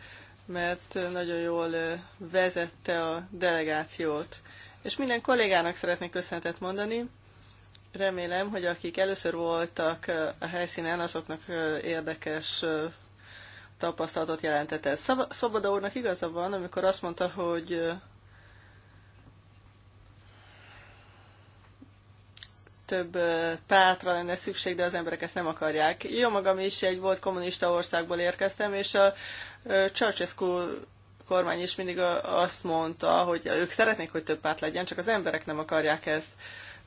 mert nagyon jól vezette a delegációt. És minden kollégának szeretnék köszönetet mondani, Remélem, hogy akik először voltak a helyszínen, azoknak érdekes tapasztalatot jelentett ez. Szoboda úrnak igaza van, amikor azt mondta, hogy több pátra lenne szükség, de az emberek ezt nem akarják. Jó magam is egy volt kommunista országból érkeztem, és a Ceausescu kormány is mindig azt mondta, hogy ők szeretnék, hogy több párt legyen, csak az emberek nem akarják ezt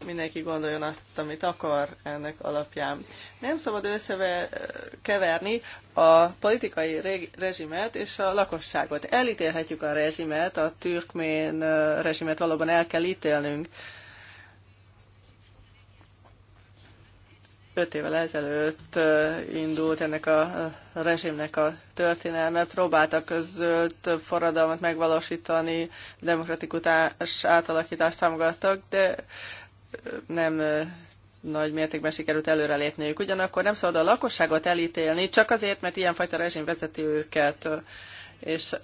mindenki gondoljon azt, amit akar ennek alapján. Nem szabad összekeverni a politikai rezsimet és a lakosságot. Elítélhetjük a rezsimet, a türkmén rezsimet valóban el kell ítélnünk. Öt évvel ezelőtt indult ennek a rezsimnek a történelme. Próbáltak zöld forradalmat megvalósítani, demokratikus átalakítást támogattak, de nem nagy mértékben sikerült előrelépniük. Ugyanakkor nem szabad a lakosságot elítélni, csak azért, mert ilyenfajta rezsim vezeti őket. És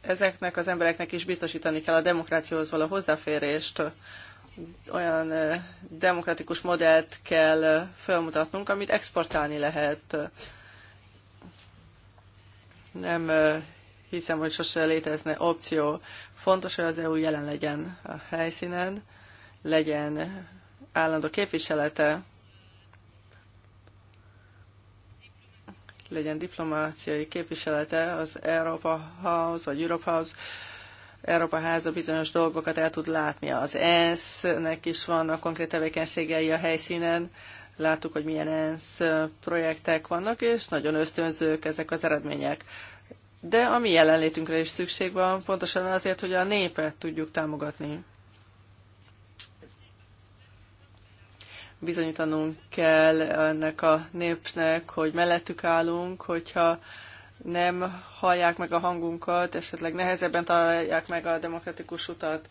ezeknek az embereknek is biztosítani kell a demokrációhoz való hozzáférést. Olyan demokratikus modellt kell felmutatnunk, amit exportálni lehet. Nem hiszem, hogy sose létezne opció. Fontos, hogy az EU jelen legyen a helyszínen legyen állandó képviselete, legyen diplomáciai képviselete az Európa House vagy Europe House, Európa Háza bizonyos dolgokat el tud látni. Az ENSZ-nek is vannak konkrét tevékenységei a helyszínen, láttuk, hogy milyen ENSZ projektek vannak, és nagyon ösztönzők ezek az eredmények. De a mi jelenlétünkre is szükség van, pontosan azért, hogy a népet tudjuk támogatni. bizonyítanunk kell ennek a népnek, hogy mellettük állunk, hogyha nem hallják meg a hangunkat, esetleg nehezebben találják meg a demokratikus utat,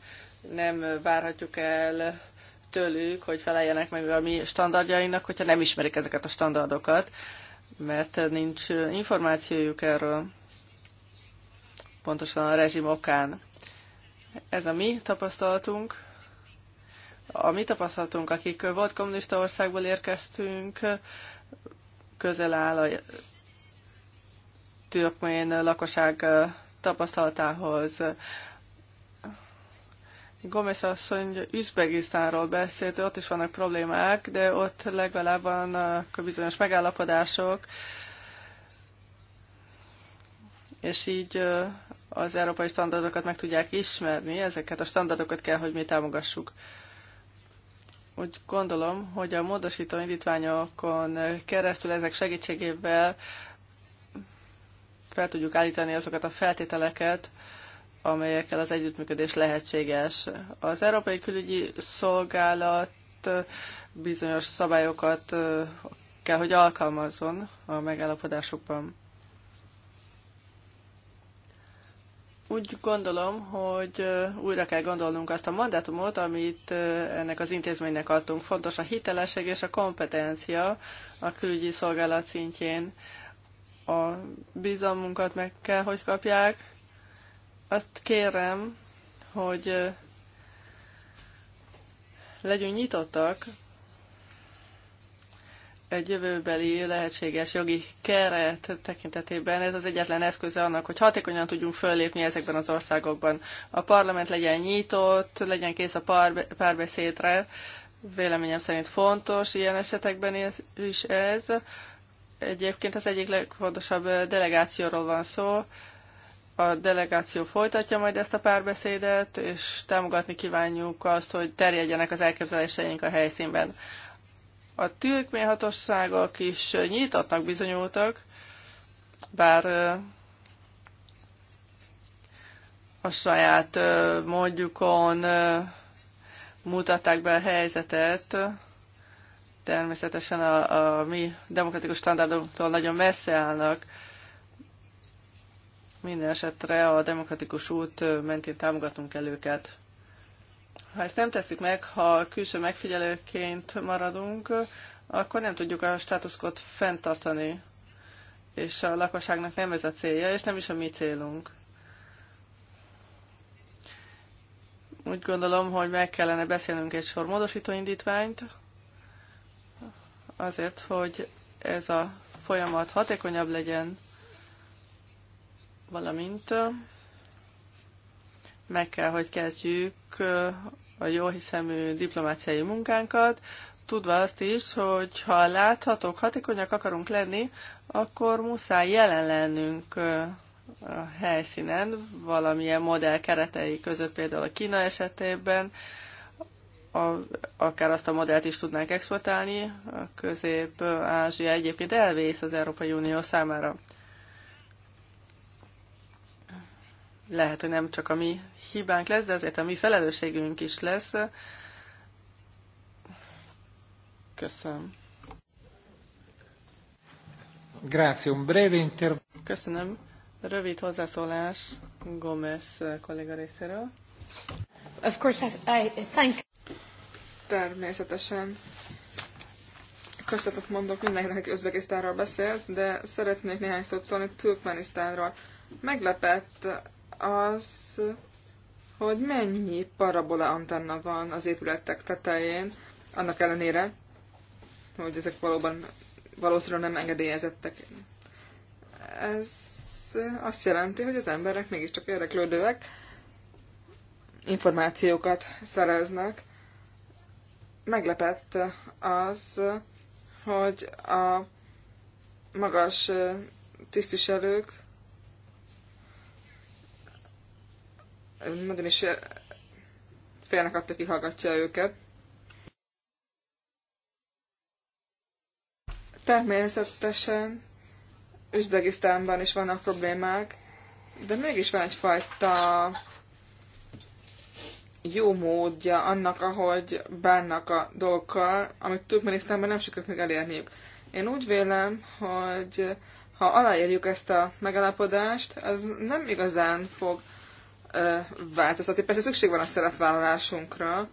nem várhatjuk el tőlük, hogy feleljenek meg a mi standardjainak, hogyha nem ismerik ezeket a standardokat, mert nincs információjuk erről pontosan a rezsim okán. Ez a mi tapasztalatunk. A mi tapasztalatunk, akik volt kommunista országból érkeztünk, közel áll a türkmén lakosság tapasztalatához. Gomez asszony Üzbegisztánról beszélt, ott is vannak problémák, de ott legalább van bizonyos megállapodások, és így az európai standardokat meg tudják ismerni, ezeket a standardokat kell, hogy mi támogassuk úgy gondolom, hogy a módosító indítványokon keresztül ezek segítségével fel tudjuk állítani azokat a feltételeket, amelyekkel az együttműködés lehetséges. Az Európai Külügyi Szolgálat bizonyos szabályokat kell, hogy alkalmazzon a megállapodásokban. úgy gondolom, hogy újra kell gondolnunk azt a mandátumot, amit ennek az intézménynek adtunk. Fontos a hitelesség és a kompetencia a külügyi szolgálat szintjén. A bizalmunkat meg kell, hogy kapják. Azt kérem, hogy legyünk nyitottak egy jövőbeli lehetséges jogi keret tekintetében ez az egyetlen eszköze annak, hogy hatékonyan tudjunk föllépni ezekben az országokban. A parlament legyen nyitott, legyen kész a párbeszédre. Véleményem szerint fontos ilyen esetekben is ez. Egyébként az egyik legfontosabb delegációról van szó. A delegáció folytatja majd ezt a párbeszédet, és támogatni kívánjuk azt, hogy terjedjenek az elképzeléseink a helyszínben. A türkmén is nyitottnak bizonyultak, bár a saját mondjukon mutatták be a helyzetet. Természetesen a, a mi demokratikus standardoktól nagyon messze állnak. Minden esetre a demokratikus út mentén támogatunk el őket. Ha ezt nem tesszük meg, ha külső megfigyelőként maradunk, akkor nem tudjuk a státuszkot fenntartani, és a lakosságnak nem ez a célja, és nem is a mi célunk. Úgy gondolom, hogy meg kellene beszélnünk egy sor indítványt, azért, hogy ez a folyamat hatékonyabb legyen, valamint meg kell, hogy kezdjük a jó hiszemű diplomáciai munkánkat, tudva azt is, hogy ha láthatók, hatékonyak akarunk lenni, akkor muszáj jelen lennünk a helyszínen, valamilyen modell keretei között, például a Kína esetében, a, akár azt a modellt is tudnánk exportálni, a közép-ázsia egyébként elvész az Európai Unió számára. lehet, hogy nem csak a mi hibánk lesz, de azért a mi felelősségünk is lesz. Köszönöm. Grazie, un breve inter... Köszönöm. Rövid hozzászólás Gomez kolléga részéről. Of course, I thank... Természetesen Köszönetet mondok mindenkinek, aki Özbekisztánról beszélt, de szeretnék néhány szót szólni Türkmenisztánról. Meglepett az, hogy mennyi parabola antenna van az épületek tetején, annak ellenére, hogy ezek valóban valószínűleg nem engedélyezettek. Ez azt jelenti, hogy az emberek mégiscsak érdeklődőek, információkat szereznek. Meglepett az, hogy a magas tisztviselők nagyon is félnek attól, ki hallgatja őket. Természetesen Üzbegisztánban is vannak problémák, de mégis van egyfajta jó módja annak, ahogy bánnak a dolgokkal, amit Turkmenisztánban nem sikerült még elérniük. Én úgy vélem, hogy ha aláírjuk ezt a megalapodást, az nem igazán fog változtatni. Persze szükség van a szerepvállalásunkra.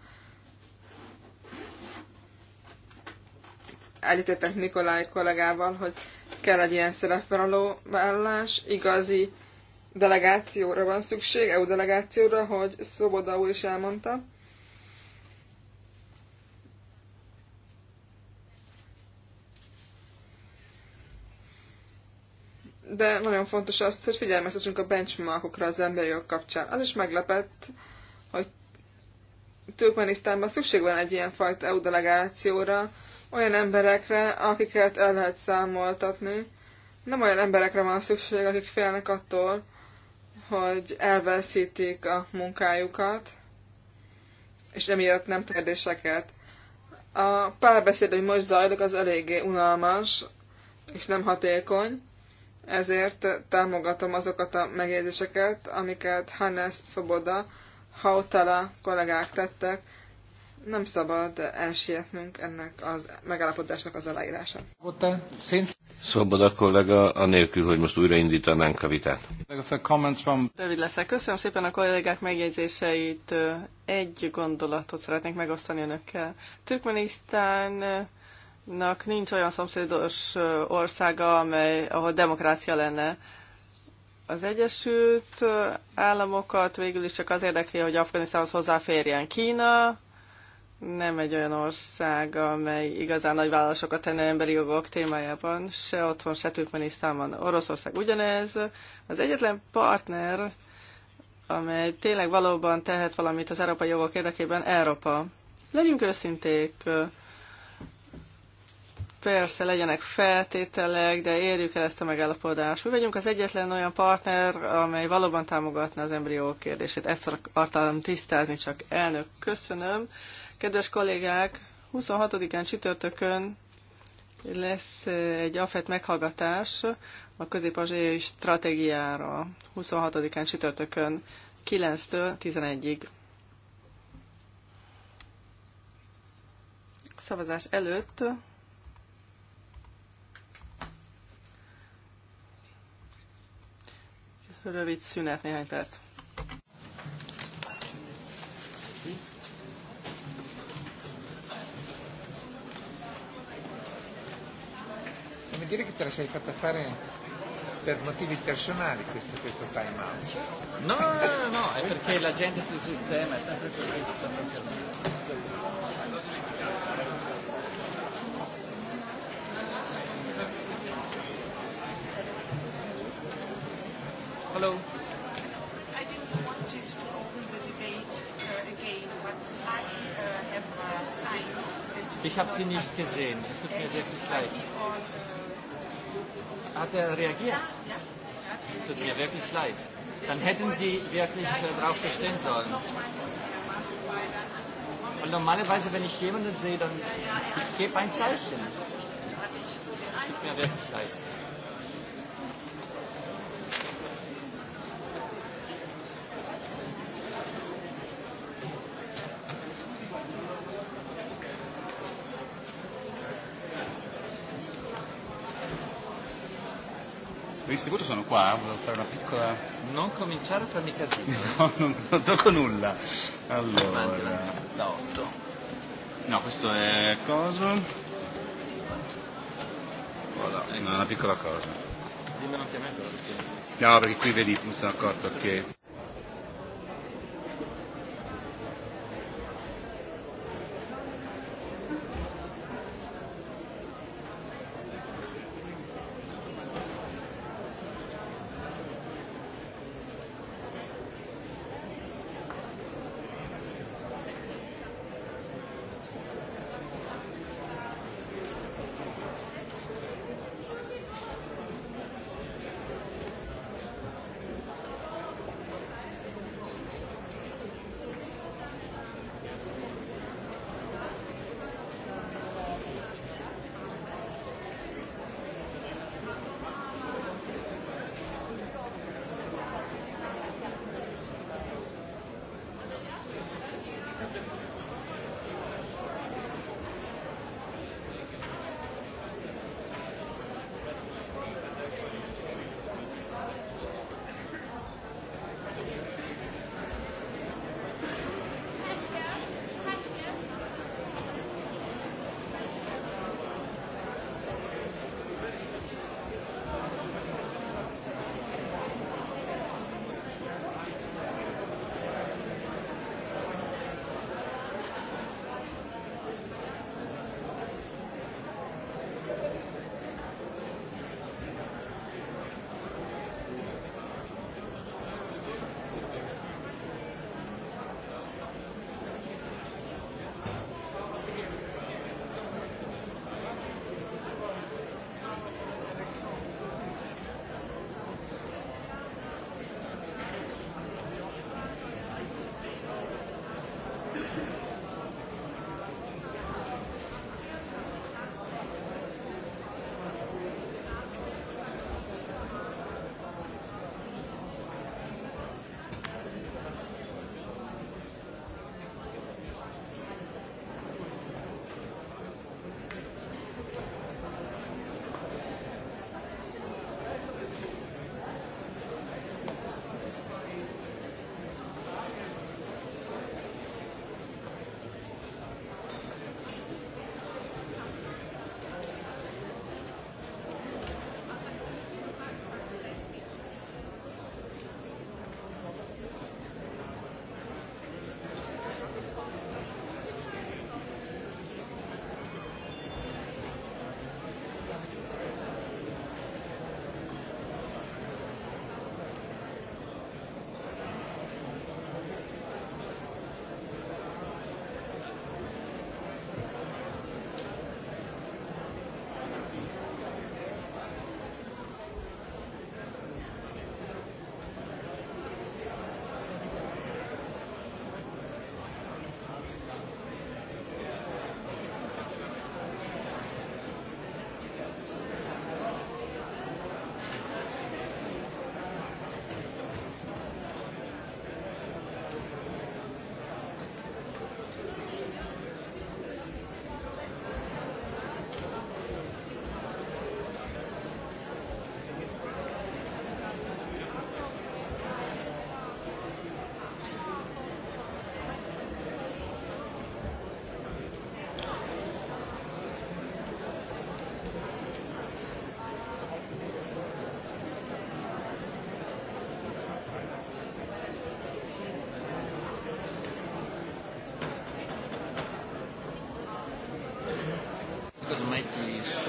Elítéltek Nikolaj kollégával, hogy kell egy ilyen szerepvállalás, igazi delegációra van szükség, EU delegációra, hogy Szoboda úr is elmondta. de nagyon fontos az, hogy figyelmeztessünk a benchmarkokra az emberi jog kapcsán. Az is meglepett, hogy Türkmenisztánban szükség van egy ilyen fajta EU delegációra, olyan emberekre, akiket el lehet számoltatni. Nem olyan emberekre van szükség, akik félnek attól, hogy elveszítik a munkájukat, és emiatt nem kérdéseket. A párbeszéd, hogy most zajlik, az eléggé unalmas, és nem hatékony ezért támogatom azokat a megjegyzéseket, amiket Hannes Szoboda, Hautala kollégák tettek. Nem szabad elsietnünk ennek az megállapodásnak az aláírása. Szoboda kollega, anélkül, hogy most újraindítanánk a vitát. Rövid leszek. Köszönöm szépen a kollégák megjegyzéseit. Egy gondolatot szeretnék megosztani önökkel. Türkmenisztán Nak nincs olyan szomszédos országa, amely, ahol demokrácia lenne. Az Egyesült Államokat végül is csak az érdekli, hogy Afganisztánhoz hozzáférjen Kína, nem egy olyan ország, amely igazán nagy vállalásokat tenne emberi jogok témájában, se otthon, se Türkmenisztánban. Oroszország ugyanez. Az egyetlen partner, amely tényleg valóban tehet valamit az európai jogok érdekében, Európa. Legyünk őszinték, persze legyenek feltételek, de érjük el ezt a megállapodást. Mi vagyunk az egyetlen olyan partner, amely valóban támogatna az embrió kérdését. Ezt akartam tisztázni, csak elnök, köszönöm. Kedves kollégák, 26-án csütörtökön lesz egy AFET meghallgatás a közép stratégiára 26-án csütörtökön 9-től 11-ig. Szavazás előtt rövid szünet, néhány perc. Come dire che te la sei fatta fare per motivi personali questo, questo time out? No, no, no, no, no, è perché la gente sul sistema è sempre corretta. flow. I didn't want to open the debate uh, again, but I uh, have uh, signed. Ich habe Sie nicht gesehen. Es tut mir sehr viel leid. Hat er reagiert? Es tut mir wirklich leid. Dann hätten Sie wirklich darauf bestehen sollen. Und normalerweise, wenn ich jemanden sehe, dann ich gebe ein Zeichen. Es tut mir wirklich leid. visto voto sono qua, eh, volevo fare una piccola... Non cominciare a farmi casino. [laughs] no, non, non tocco nulla. Allora... Da 8. No, questo è coso. Voilà, è una piccola cosa. Dimmi anche a me quello No, perché qui vedi, mi sono accorto che...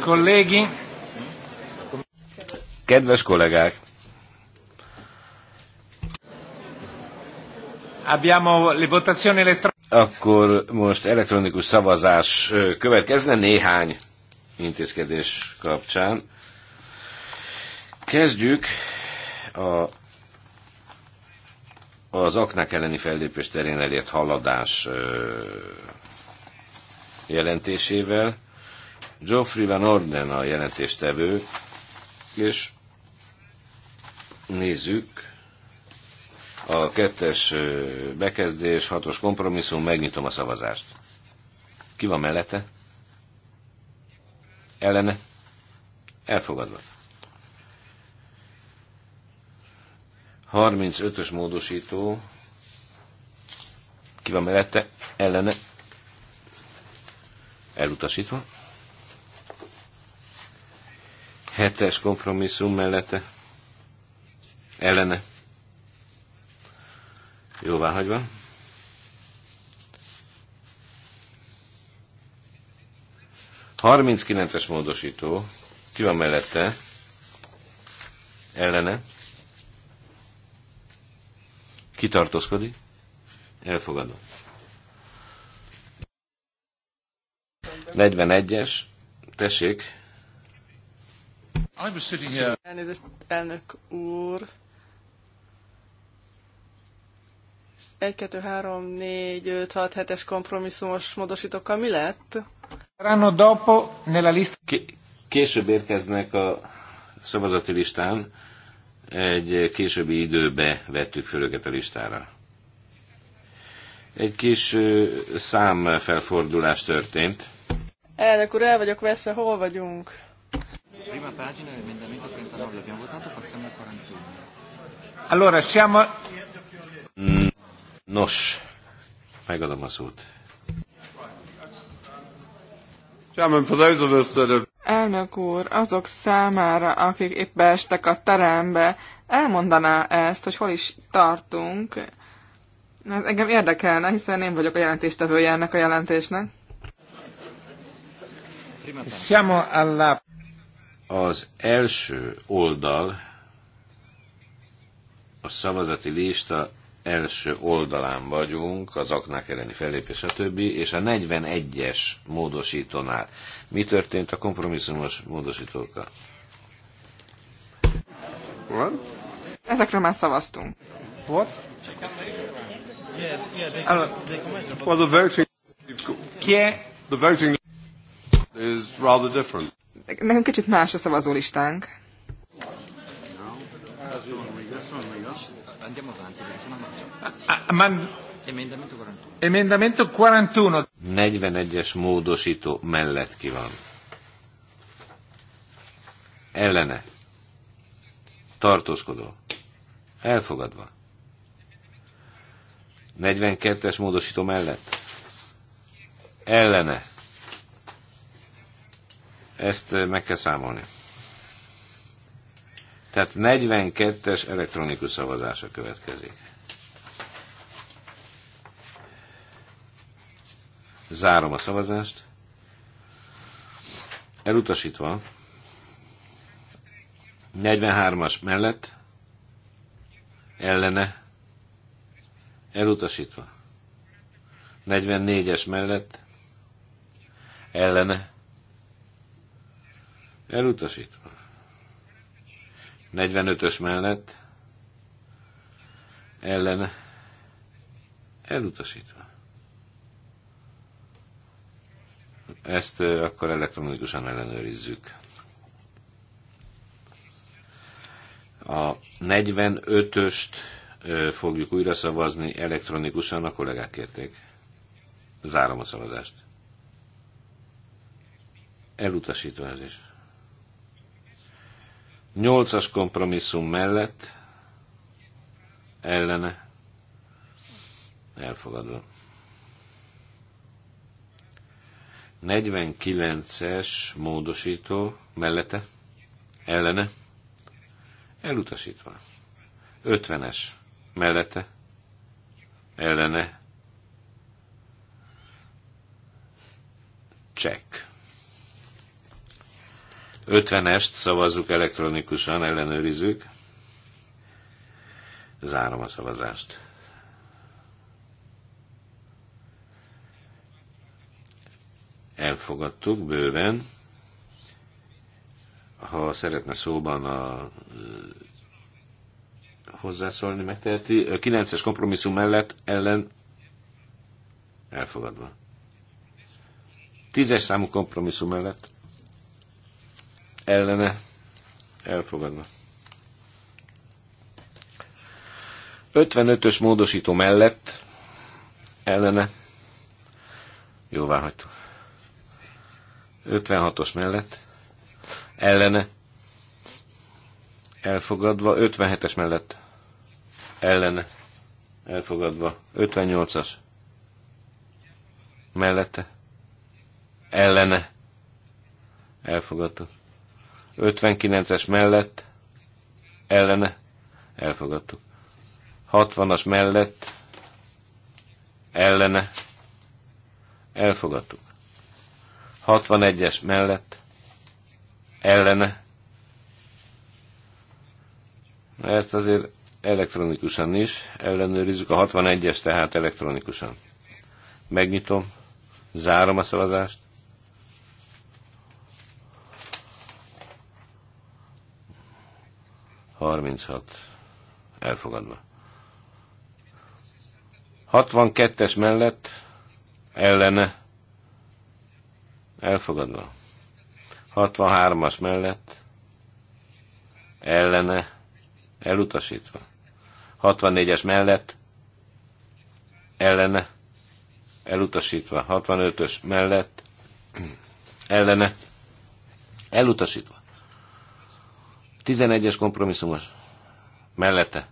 kollégi! Kedves kollégák! Abbiamo le votazioni Akkor most elektronikus szavazás következne néhány intézkedés kapcsán. Kezdjük a, az aknák elleni fellépés terén elért haladás jelentésével Geoffrey Van Orden a jelentéstevő, és nézzük a kettes bekezdés, hatos kompromisszum, megnyitom a szavazást. Ki van mellette? Ellene? Elfogadva. 35-ös módosító. Ki van mellette? Ellene? Elutasítva. Hetes kompromisszum mellette ellene. Jóvá hagyva. Harminc módosító. Ki van mellette? Ellene. Kitartózkodik. Elfogadom. 41-es. Tessék. I was sitting here. Elnézést, elnök úr. 1, 2, 3, 4, 5, 6, 7-es kompromisszumos módosítókkal mi lett? Rano dopo nella lista. Később érkeznek a szavazati listán. Egy későbbi időbe vettük föl őket a listára. Egy kis számfelfordulás történt. Elnök úr, el vagyok veszve, hol vagyunk? prima pagina dell'emendamento 39, abbiamo votato, passiamo al 41. Allora, siamo... Mm, Nos, megadom a Elnök úr, azok számára, akik épp beestek a terembe, elmondaná ezt, hogy hol is tartunk. Ez engem érdekelne, hiszen én vagyok a jelentéstevője ennek a jelentésnek. Siamo alla... Az első oldal, a szavazati lista első oldalán vagyunk, az aknák elleni fellépés, a többi, és a 41-es módosítónál. Mi történt a kompromisszumos módosítókkal? What? Ezekről már szavaztunk. What? Well, the voting, the voting is rather different nekünk kicsit más a szavazólistánk. Emendamento 41. 41-es módosító mellett ki van. Ellene. Tartózkodó. Elfogadva. 42-es módosító mellett. Ellene ezt eh, meg kell számolni. Tehát 42-es elektronikus szavazása következik. Zárom a szavazást. Elutasítva. 43-as mellett. Ellene. Elutasítva. 44-es mellett. Ellene. Elutasítva. 45-ös mellett ellen elutasítva. Ezt akkor elektronikusan ellenőrizzük. A 45-öst fogjuk újra szavazni elektronikusan, a kollégák kérték. Zárom a szavazást. Elutasítva ez is. Nyolcas kompromisszum mellett ellene elfogadva. 49-es módosító mellette ellene elutasítva. 50-es mellette ellene check. 50-est szavazzuk elektronikusan, ellenőrizzük. Zárom a szavazást. Elfogadtuk bőven. Ha szeretne szóban a hozzászólni megteheti. A 9-es kompromisszum mellett ellen elfogadva. 10-es számú kompromisszum mellett ellene elfogadva. 55-ös módosító mellett ellene jóvá hagytuk. 56-os mellett ellene elfogadva, 57-es mellett ellene elfogadva, 58-as mellette ellene elfogadtuk. 59-es mellett ellene elfogadtuk. 60-as mellett ellene elfogadtuk. 61-es mellett ellene mert azért elektronikusan is ellenőrizzük a 61-es, tehát elektronikusan. Megnyitom, zárom a szavazást. 36 elfogadva. 62-es mellett ellene elfogadva. 63-as mellett ellene elutasítva. 64-es mellett ellene elutasítva. 65-ös mellett ellene elutasítva. 11-es kompromisszumos mellette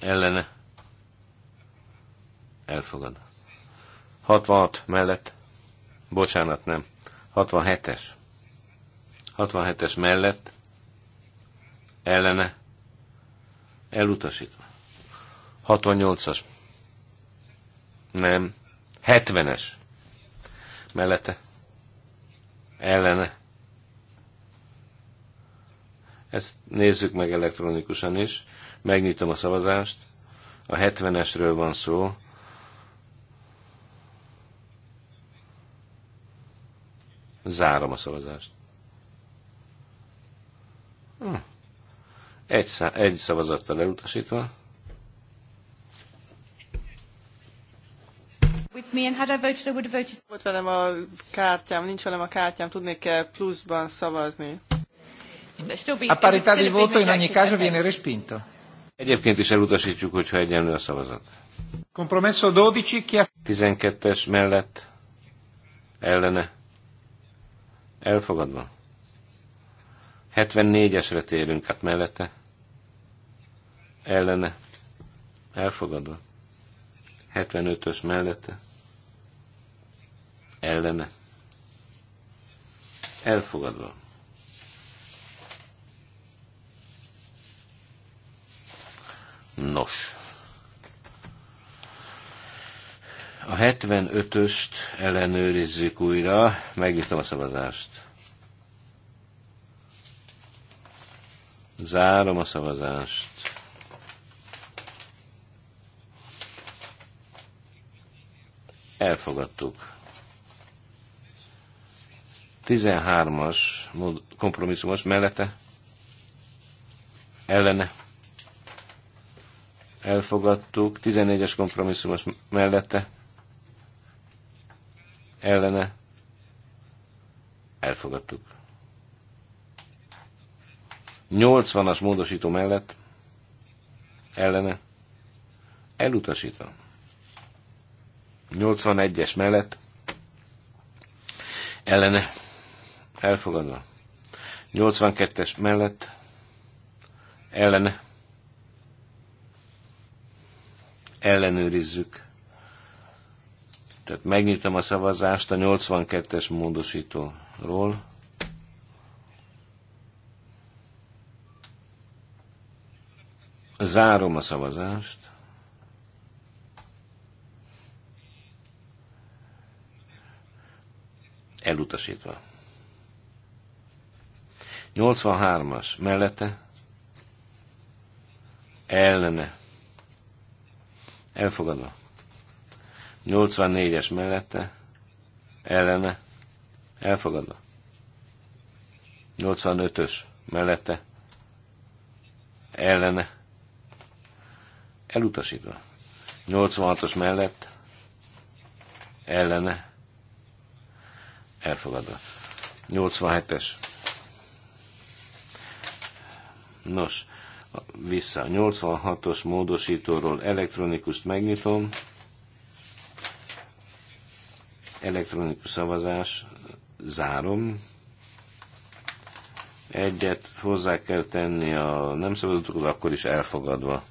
ellene elfogad. 66 mellett bocsánat, nem. 67-es 67-es mellett ellene elutasítva. 68-as nem. 70-es mellette ellene ezt nézzük meg elektronikusan is. Megnyitom a szavazást. A 70-esről van szó. Zárom a szavazást. Hm. Egy, szá- egy szavazattal elutasítva. With me and had I voted, I would have voted. Volt velem a kártyám, nincs velem a kártyám, tudnék-e pluszban szavazni? A parità di voto in ogni caso viene respinto. Egyébként is elutasítjuk, hogyha egyenlő a szavazat. Kompromesso 12, chi 12-es mellett ellene. Elfogadva. 74-esre térünk át mellette. Ellene. Elfogadva. 75-ös mellette. Ellene. Elfogadva. Nos, a 75-öst ellenőrizzük újra, megnyitom a szavazást. Zárom a szavazást. Elfogadtuk. 13-as kompromisszumos mellette ellene elfogadtuk, 14-es kompromisszumos mellette, ellene, elfogadtuk. 80-as módosító mellett, ellene, elutasítva. 81-es mellett, ellene, elfogadva. 82-es mellett, ellene, ellenőrizzük. Tehát megnyitom a szavazást a 82-es módosítóról. Zárom a szavazást. Elutasítva. 83-as mellette. Ellene Elfogadva. 84-es mellette, ellene, elfogadva. 85-ös mellette, ellene, elutasítva. 86-os mellett, ellene, elfogadva. 87-es. Nos, vissza. 86-os módosítóról elektronikust megnyitom. Elektronikus szavazás, zárom. Egyet hozzá kell tenni a nem szavazatokat, akkor is elfogadva.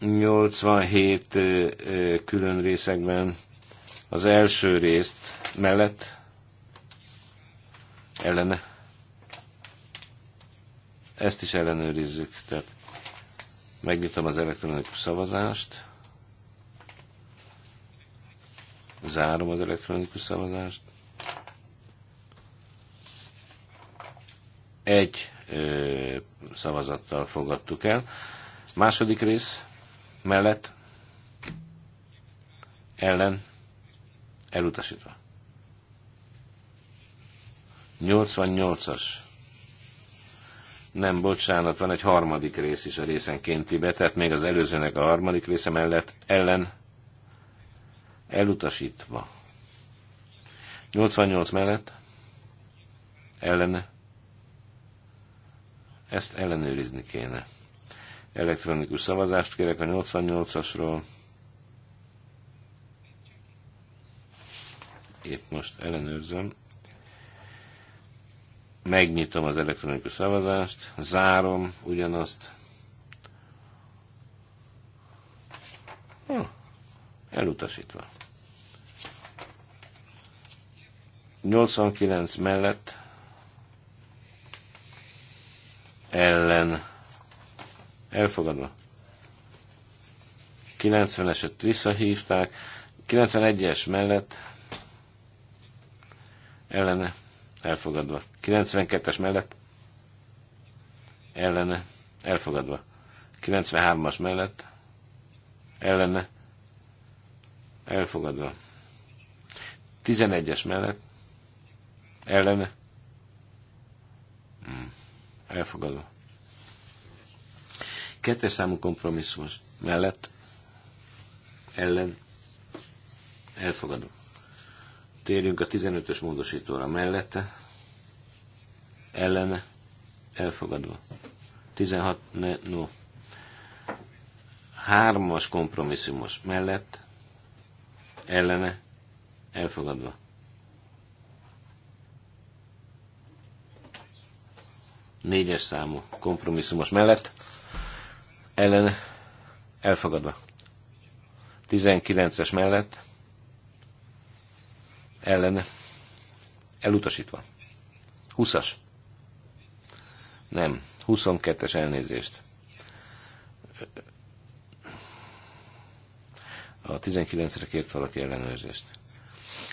87 külön részekben az első részt mellett ellene ezt is ellenőrizzük, tehát megnyitom az elektronikus szavazást, zárom az elektronikus szavazást, egy ö, szavazattal fogadtuk el. Második rész mellett ellen elutasítva. 88-as nem, bocsánat, van egy harmadik rész is a részen kéntibe, tehát még az előzőnek a harmadik része mellett ellen elutasítva. 88 mellett ellene. Ezt ellenőrizni kéne. Elektronikus szavazást kérek a 88-asról. Épp most ellenőrzöm. Megnyitom az elektronikus szavazást, zárom ugyanazt. Hm, elutasítva. 89 mellett ellen elfogadva. 90-eset visszahívták, 91-es mellett ellene elfogadva. 92-es mellett ellene elfogadva. 93-as mellett ellene elfogadva. 11-es mellett ellene hmm, elfogadva. Kettes számú kompromisszumos mellett ellen elfogadva. Térjünk a 15-ös módosítóra mellette ellene elfogadva. 16 ne, no. Hármas kompromisszumos mellett ellene elfogadva. Négyes számú kompromisszumos mellett ellene elfogadva. 19-es mellett ellene elutasítva. 20-as nem, 22-es elnézést. A 19-re kért valaki ellenőrzést.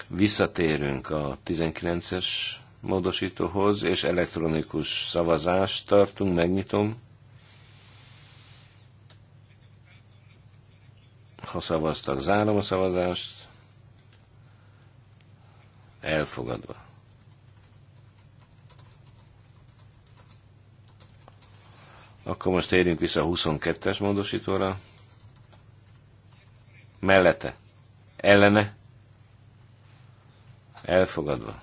Visszatérünk a 19-es módosítóhoz, és elektronikus szavazást tartunk, megnyitom. Ha szavaztak, zárom a szavazást. Elfogadva. Akkor most térjünk vissza a 22-es módosítóra. Mellette. Ellene. Elfogadva.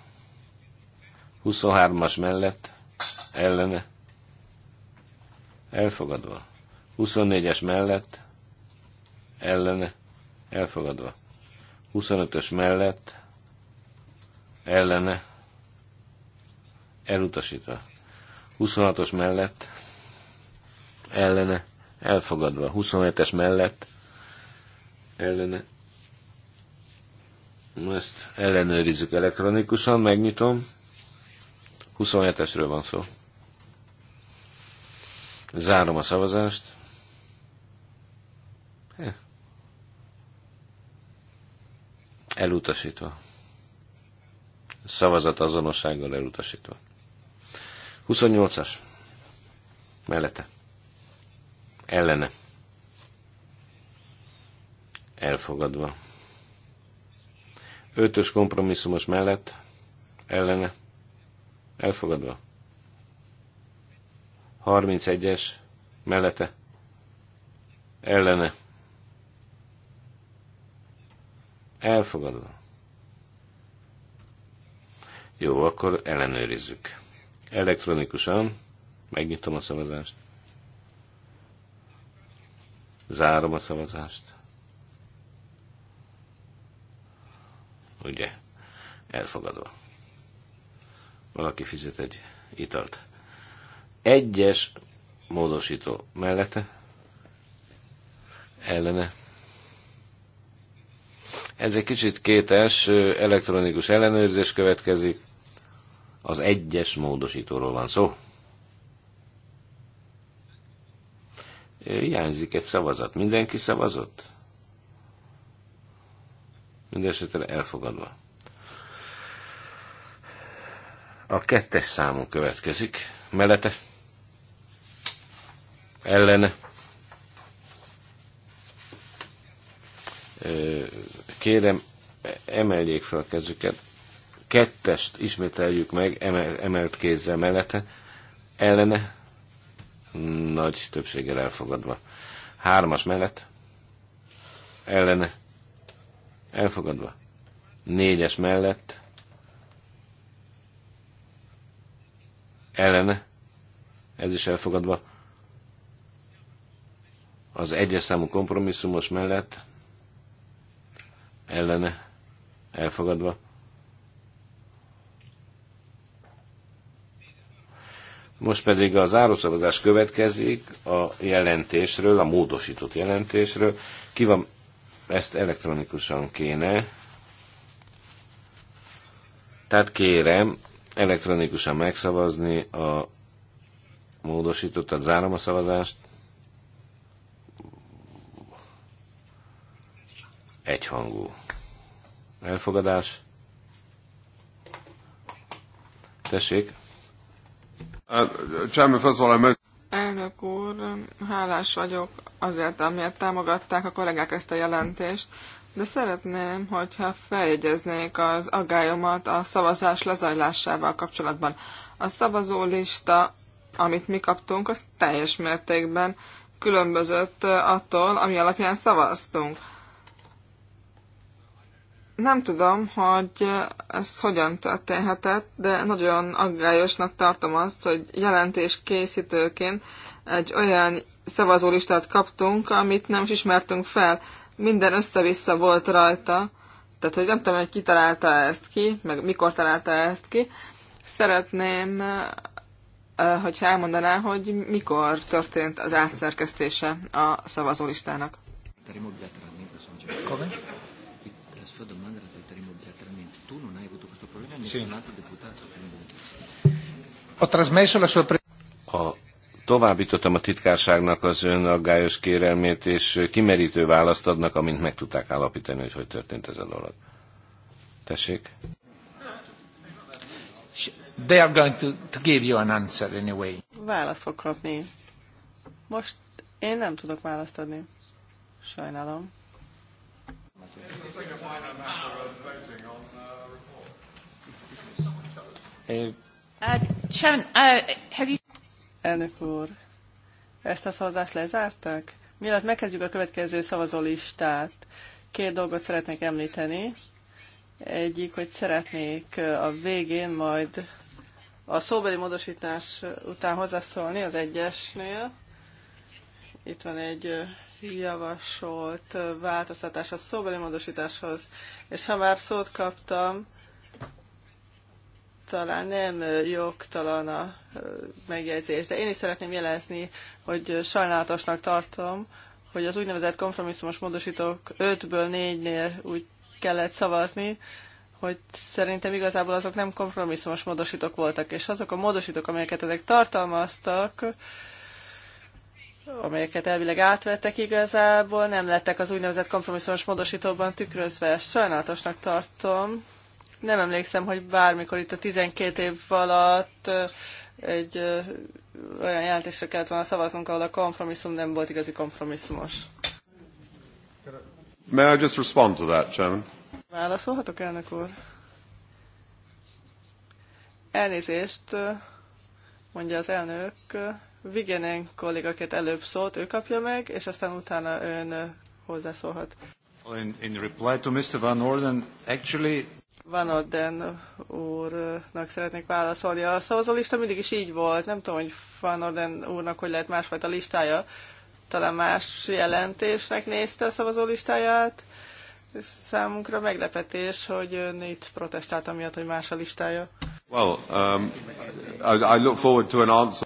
23-as mellett. Ellene. Elfogadva. 24-es mellett. Ellene. Elfogadva. 25-ös mellett. Ellene. Elutasítva. 26-os mellett ellene elfogadva. 27-es mellett ellene. Ezt ellenőrizzük elektronikusan, megnyitom. 27-esről van szó. Zárom a szavazást. Eh. Elutasítva. Szavazat azonossággal elutasítva. 28-as. Mellette ellene elfogadva. Ötös kompromisszumos mellett ellene elfogadva. 31-es mellette ellene elfogadva. Jó, akkor ellenőrizzük. Elektronikusan megnyitom a szavazást. Zárom a szavazást. Ugye? Elfogadva. Valaki fizet egy italt. Egyes módosító mellette. Ellene. Ez egy kicsit kétes, elektronikus ellenőrzés következik. Az egyes módosítóról van szó. Hiányzik egy szavazat. Mindenki szavazott? Mindenesetre elfogadva. A kettes számú következik. Mellette. Ellene. Kérem, emeljék fel a kezüket. Kettest ismételjük meg, emelt kézzel mellette. Ellene nagy többséggel elfogadva. Hármas mellett ellene elfogadva. Négyes mellett ellene ez is elfogadva. Az egyes számú kompromisszumos mellett ellene elfogadva. Most pedig az árószavazás következik a jelentésről, a módosított jelentésről. Ki van, ezt elektronikusan kéne. Tehát kérem elektronikusan megszavazni a módosítottat, zárom a szavazást. Egyhangú. Elfogadás. Tessék. Hát, Elnök úr, hálás vagyok azért, amiért támogatták a kollégák ezt a jelentést, de szeretném, hogyha feljegyeznék az agályomat a szavazás lezajlásával kapcsolatban. A szavazólista, amit mi kaptunk, az teljes mértékben különbözött eh, attól, ami alapján szavaztunk. Nem tudom, hogy ez hogyan történhetett, de nagyon aggályosnak tartom azt, hogy jelentés készítőként egy olyan szavazólistát kaptunk, amit nem is ismertünk fel. Minden össze-vissza volt rajta, tehát hogy nem tudom, hogy ki találta ezt ki, meg mikor találta ezt ki. Szeretném, eh, hogyha elmondaná, hogy mikor történt az átszerkesztése a szavazólistának la sua domanda la tratteremo Tu non hai avuto questo problema, e nessun sì. altro deputato. Quindi... Ho trasmesso la sua a Továbbítottam a titkárságnak az ön aggályos kérelmét, és kimerítő választ adnak, amint meg tudták állapítani, hogy hogy történt ez a dolog. Tessék? They are going to, to give you an answer anyway. Választ fog kapni. Most én nem tudok választ adni. Sajnálom. Uh, uh, uh, Elnök úr, ezt a szavazást lezárták? Mielőtt megkezdjük a következő szavazólistát, két dolgot szeretnék említeni. Egyik, hogy szeretnék a végén majd a szóbeli módosítás után hozzászólni az egyesnél. Itt van egy javasolt változtatás a szóbeli módosításhoz. És ha már szót kaptam, talán nem jogtalan a megjegyzés, de én is szeretném jelezni, hogy sajnálatosnak tartom, hogy az úgynevezett kompromisszumos módosítók 5-ből 4-nél úgy kellett szavazni, hogy szerintem igazából azok nem kompromisszumos módosítók voltak, és azok a módosítók, amelyeket ezek tartalmaztak, amelyeket elvileg átvettek igazából, nem lettek az úgynevezett kompromisszumos módosítóban tükrözve. Sajnálatosnak tartom. Nem emlékszem, hogy bármikor itt a 12 év alatt egy olyan jelentésre kellett volna szavaznunk, ahol a kompromisszum nem volt igazi kompromisszumos. May I just respond to that, Chairman? Válaszolhatok, elnök úr? Elnézést, mondja az elnök, Vigenen kollégaként előbb szólt, ő kapja meg, és aztán utána ön hozzászólhat. In, in reply to Mr. Van Orden, actually... Van Orden úrnak szeretnék válaszolni. A szavazólista mindig is így volt. Nem tudom, hogy Van Orden úrnak hogy lehet másfajta listája. Talán más jelentésnek nézte a szavazólistáját. Számunkra meglepetés, hogy ön itt protestált amiatt, hogy más a listája. Well, um, I, I look forward to an answer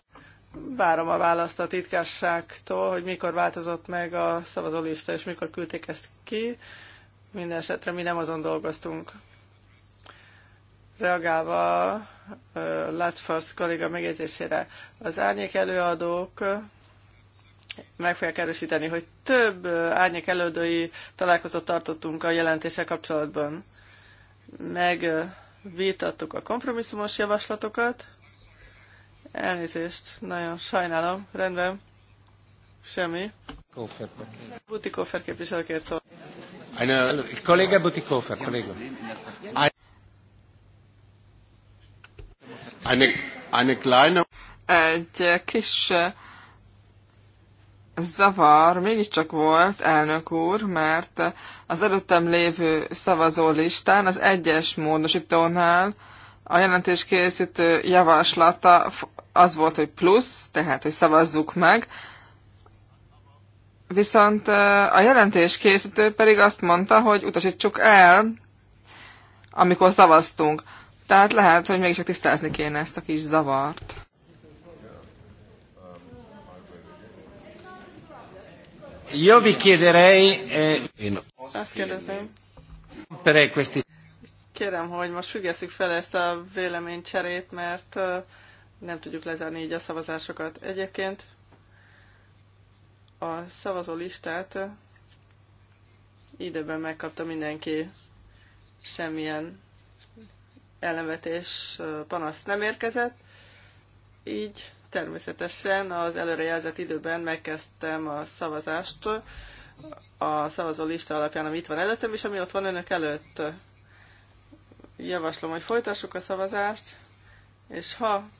várom a választ a titkárságtól, hogy mikor változott meg a szavazólista, és mikor küldték ezt ki. Minden esetre mi nem azon dolgoztunk. Reagálva uh, Latfors kolléga megjegyzésére, az árnyék előadók meg fogják erősíteni, hogy több árnyék elődői találkozót tartottunk a jelentése kapcsolatban. Megvitattuk a kompromisszumos javaslatokat, Elnézést, nagyon sajnálom, rendben. Semmi. Butikófer képviselőkért szól. Kolléga Butikófer, kolléga. Eine, eine kleine... Egy kis eh, zavar mégiscsak volt, elnök úr, mert az előttem lévő szavazó listán az egyes módosítónál a jelentéskészítő javaslata az volt, hogy plusz, tehát, hogy szavazzuk meg. Viszont a jelentés készítő pedig azt mondta, hogy utasítsuk el, amikor szavaztunk. Tehát lehet, hogy mégis tisztázni kéne ezt a kis zavart. Io vi chiederei... Eh, Én azt kérdezném. Kérem, hogy most függesszük fel ezt a véleménycserét, mert uh, nem tudjuk lezárni így a szavazásokat. Egyébként a szavazó listát időben megkapta mindenki semmilyen ellenvetés, panasz nem érkezett, így természetesen az előrejelzett időben megkezdtem a szavazást a szavazó lista alapján, ami itt van előttem, és ami ott van önök előtt. Javaslom, hogy folytassuk a szavazást, és ha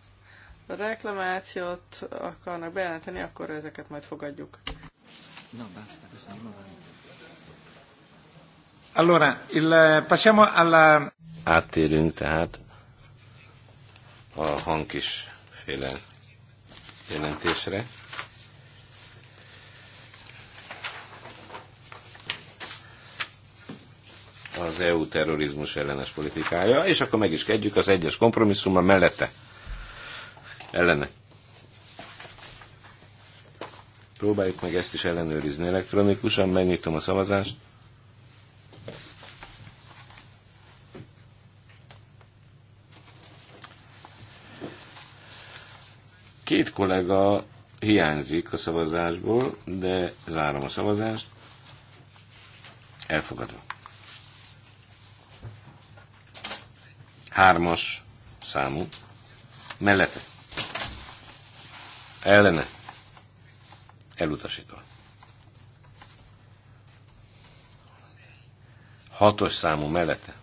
reklamációt akarnak bejelenteni, akkor ezeket majd fogadjuk. No, basta, Allora, il, passiamo alla... Áttérünk tehát a hangkis féle jelentésre. az EU terrorizmus ellenes politikája, és akkor meg is kedjük az egyes kompromisszummal mellette ellene. Próbáljuk meg ezt is ellenőrizni elektronikusan, megnyitom a szavazást. Két kollega hiányzik a szavazásból, de zárom a szavazást. Elfogadva. Hármas számú. Mellette ellene elutasítva. Hatos számú mellette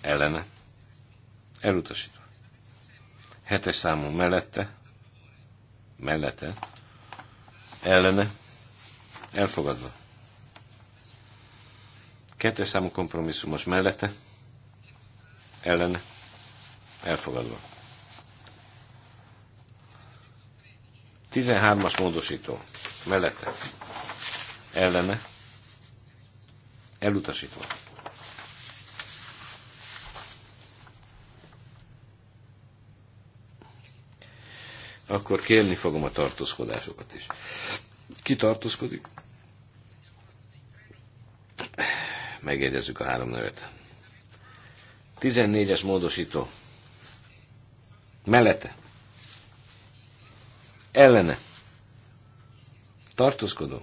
ellene elutasítva. Hetes számú mellette mellette ellene elfogadva. Kettes számú kompromisszumos mellette ellene elfogadva. 13-as módosító. Mellette. Ellene. Elutasítva. Akkor kérni fogom a tartózkodásokat is. Ki tartózkodik? Megjegyezzük a három nevet. 14-es módosító. Mellette ellene tartózkodó,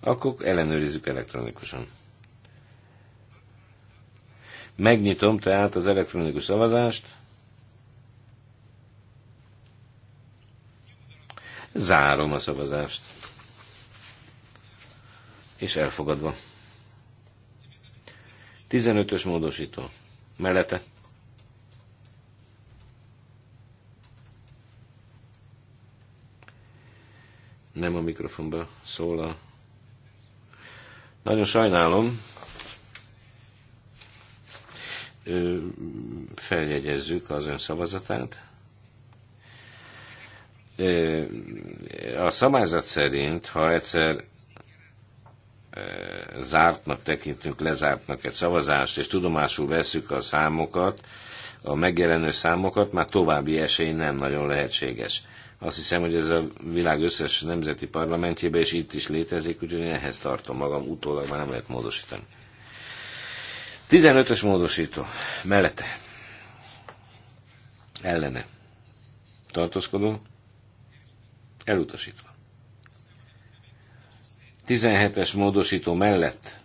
akkor ellenőrizzük elektronikusan. Megnyitom tehát az elektronikus szavazást, zárom a szavazást, és elfogadva. 15-ös módosító. Mellette Nem a mikrofonba szól a... Nagyon sajnálom. Feljegyezzük az ön szavazatát. A szabályzat szerint, ha egyszer zártnak tekintünk, lezártnak egy szavazást, és tudomásul veszük a számokat, a megjelenő számokat, már további esély nem nagyon lehetséges. Azt hiszem, hogy ez a világ összes nemzeti parlamentjében és itt is létezik, úgyhogy ehhez tartom magam, utólag már nem lehet módosítani. 15-ös módosító. Mellette. Ellene. Tartózkodó. Elutasítva. 17-es módosító mellett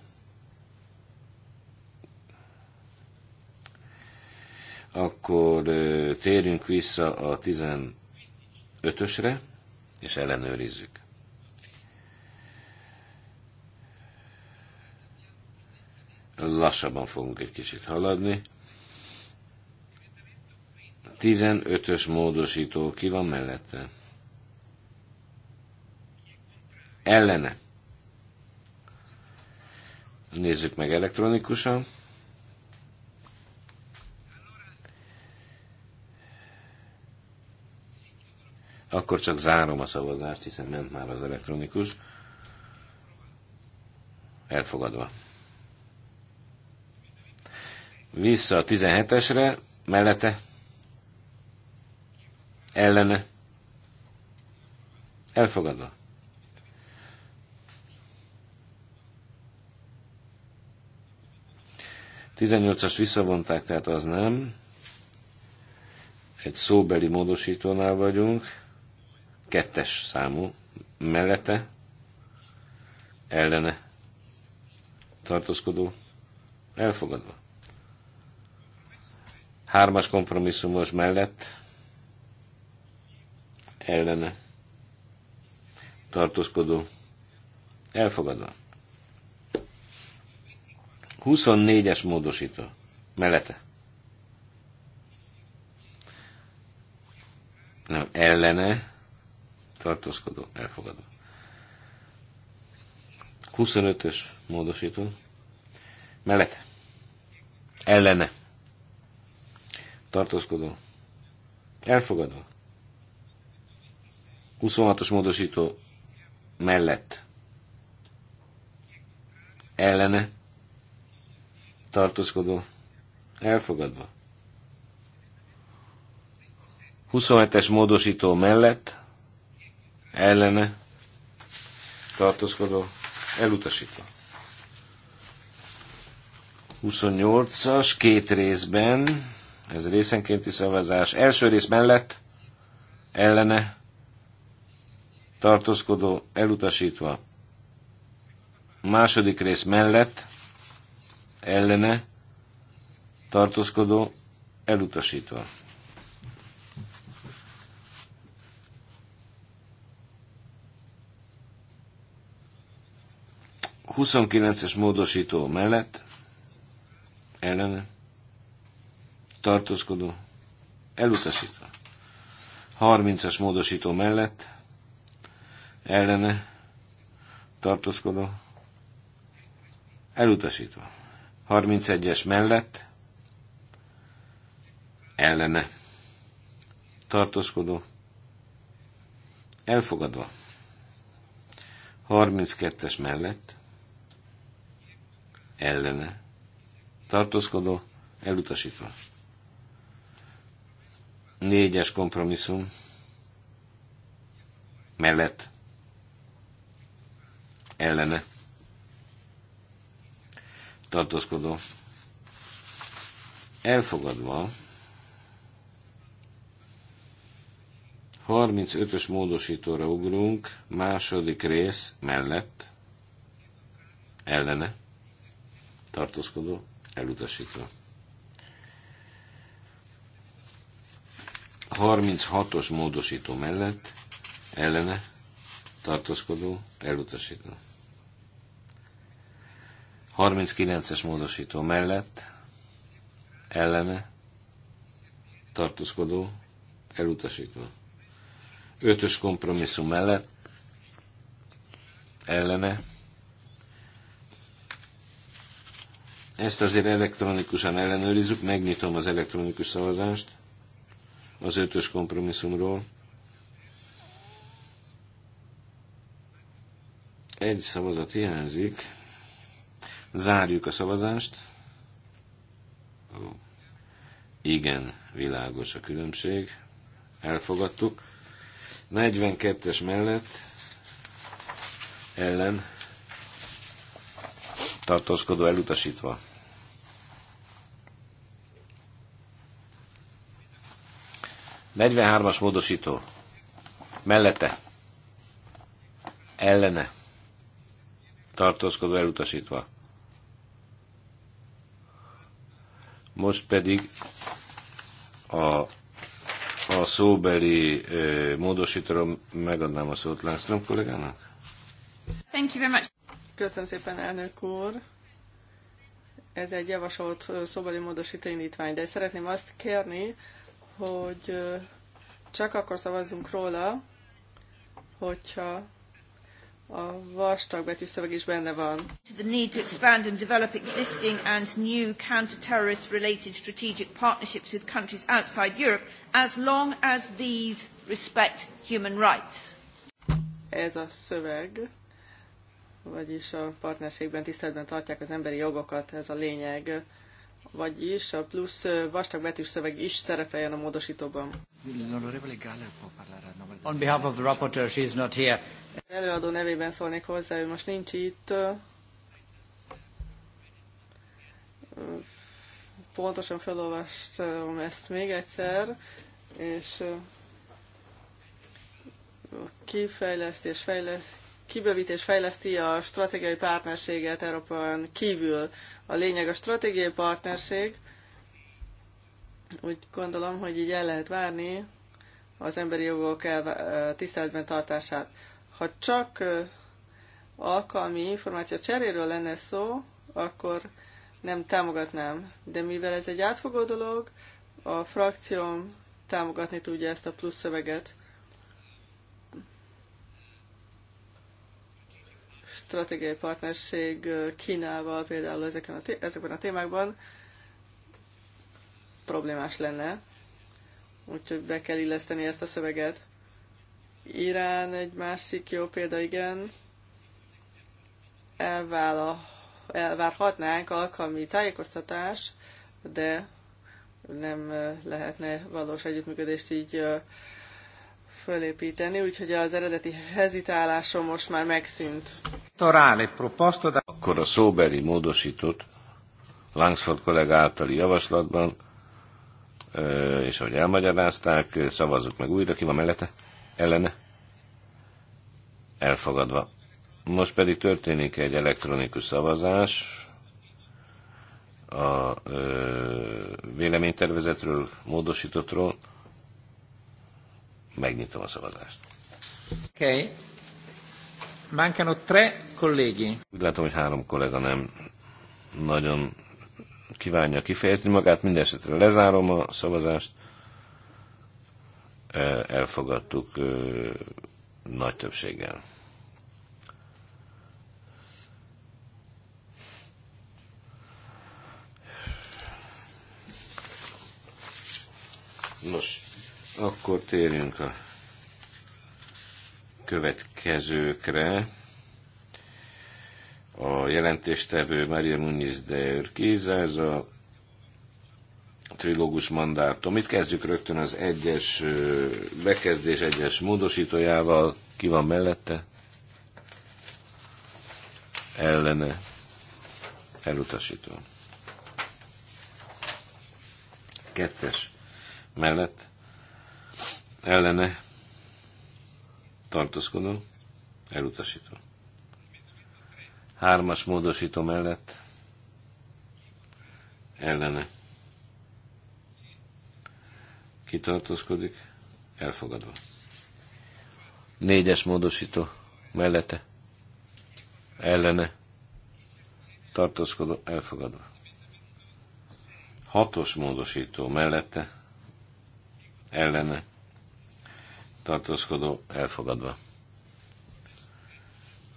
akkor térjünk vissza a 15 ötösre, és ellenőrizzük. Lassabban fogunk egy kicsit haladni. 15-ös módosító ki van mellette? Ellene. Nézzük meg elektronikusan. Akkor csak zárom a szavazást, hiszen ment már az elektronikus. Elfogadva. Vissza a 17-esre, mellette, ellene, elfogadva. Tizennyolcas visszavonták, tehát az nem. Egy szóbeli módosítónál vagyunk kettes számú mellette ellene tartózkodó elfogadva. Hármas kompromisszumos mellett ellene tartózkodó elfogadva. 24-es módosító mellette. Nem, ellene tartózkodó elfogadó. 25-ös módosító Mellett. ellene tartózkodó Elfogadó. 26-os módosító mellett ellene tartózkodó elfogadva. 27-es módosító mellett ellene tartózkodó elutasítva. 28-as, két részben, ez részenkénti szavazás. Első rész mellett, ellene, tartózkodó, elutasítva. Második rész mellett, ellene, tartózkodó, elutasítva. 29-es módosító mellett ellene tartózkodó elutasítva. 30-as módosító mellett ellene tartózkodó elutasítva. 31-es mellett ellene tartózkodó elfogadva. 32-es mellett ellene tartózkodó elutasítva. Négyes kompromisszum mellett ellene tartózkodó elfogadva 35-ös módosítóra ugrunk, második rész mellett, ellene, tartózkodó elutasítva. 36-os módosító mellett ellene tartózkodó elutasítva. 39-es módosító mellett ellene tartózkodó elutasítva. 5-ös kompromisszum mellett ellene Ezt azért elektronikusan ellenőrizzük, megnyitom az elektronikus szavazást az ötös kompromisszumról. Egy szavazat hiányzik. Zárjuk a szavazást. Igen, világos a különbség. Elfogadtuk. 42-es mellett ellen tartózkodó elutasítva. Negyvenhármas módosító. Mellette. Ellene. Tartózkodó elutasítva. Most pedig a, a szóbeli módosítóra megadnám a szót Lángström kollégának. Thank you very much. Köszönöm szépen, elnök úr. Ez egy javasolt szobali módosító indítvány, de szeretném azt kérni, hogy csak akkor szavazzunk róla, hogyha a vastag betű szöveg is benne van. To the need to expand and develop existing and new counter-terrorist related strategic partnerships with countries outside Europe as long as these respect human rights. Ez a szöveg vagyis a partnerségben tiszteletben tartják az emberi jogokat, ez a lényeg. Vagyis a plusz vastag betűs szöveg is szerepeljen a módosítóban. On behalf of the rapporteur, she is not here. Előadó nevében szólnék hozzá, ő most nincs itt. Pontosan felolvastam ezt még egyszer, és kifejlesztés, fejlesztés, kibővítés fejleszti a stratégiai partnerséget Európán kívül. A lényeg a stratégiai partnerség. Úgy gondolom, hogy így el lehet várni az emberi jogok tiszteletben tartását. Ha csak alkalmi információ cseréről lenne szó, akkor nem támogatnám. De mivel ez egy átfogó dolog, a frakcióm támogatni tudja ezt a plusz szöveget. stratégiai partnerség Kínával például ezeken a ezekben a témákban problémás lenne, úgyhogy be kell illeszteni ezt a szöveget. Irán egy másik jó példa, igen. Elvála, a, elvárhatnánk alkalmi tájékoztatás, de nem lehetne valós együttműködést így fölépíteni, úgyhogy az eredeti hezitálásom most már megszűnt. Akkor a szóbeli módosított Langsford kollega általi javaslatban, és ahogy elmagyarázták, szavazzuk meg újra, ki van mellette, ellene, elfogadva. Most pedig történik egy elektronikus szavazás a véleménytervezetről, módosítottról, Megnyitom a szavazást. Oké. Okay. Mancano tre colleghi. Úgy látom, hogy három kollega nem nagyon kívánja kifejezni magát, Mindenesetre lezárom a szavazást. E, elfogadtuk nagy többséggel. Nos, akkor térjünk a következőkre. A jelentéstevő Maria Muniz de Urquiz, ez a trilógus mandátum. Itt kezdjük rögtön az egyes bekezdés egyes módosítójával. Ki van mellette? Ellene. Elutasító. Kettes. Mellett ellene tartózkodom, elutasító. Hármas módosító mellett ellene kitartózkodik, elfogadva. Négyes módosító mellette ellene tartózkodó, elfogadva. Hatos módosító mellette ellene tartózkodó elfogadva.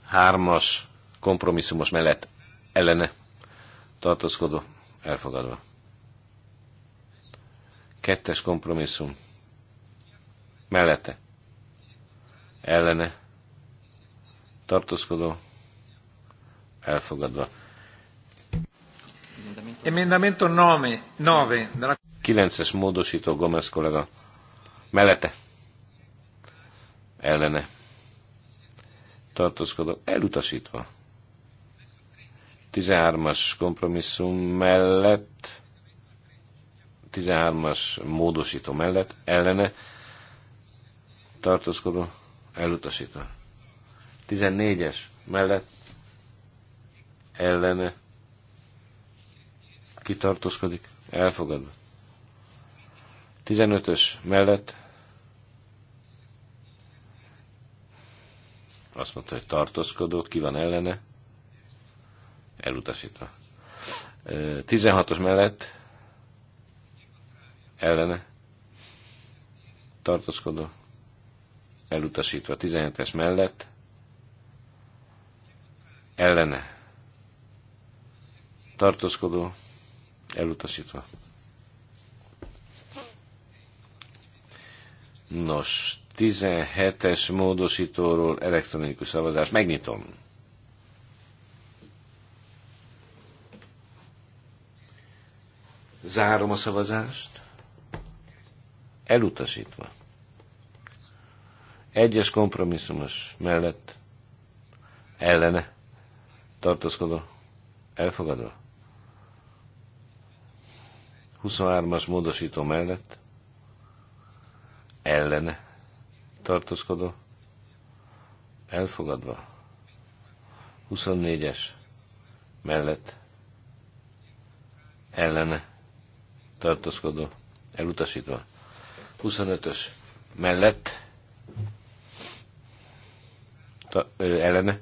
Hármas kompromisszumos mellett ellene tartózkodó elfogadva. Kettes kompromisszum mellette ellene tartózkodó elfogadva. Emendamento 9. 9-es módosító Gomez kollega. Mellette ellene tartózkodom, elutasítva. 13-as kompromisszum mellett, 13-as módosító mellett ellene tartózkodó, elutasítva. 14-es mellett ellene kitartózkodik, elfogadva. 15-ös mellett azt mondta, hogy tartózkodó, ki van ellene? Elutasítva. 16-os mellett ellene tartózkodó, elutasítva 17-es mellett ellene tartózkodó, elutasítva. Nos, 17-es módosítóról elektronikus szavazás. Megnyitom. Zárom a szavazást. Elutasítva. Egyes kompromisszumos mellett ellene tartózkodó. Elfogadó. 23-as módosító mellett ellene tartózkodó, elfogadva. 24-es mellett ellene tartózkodó, elutasítva. 25-ös mellett ta, ö, ellene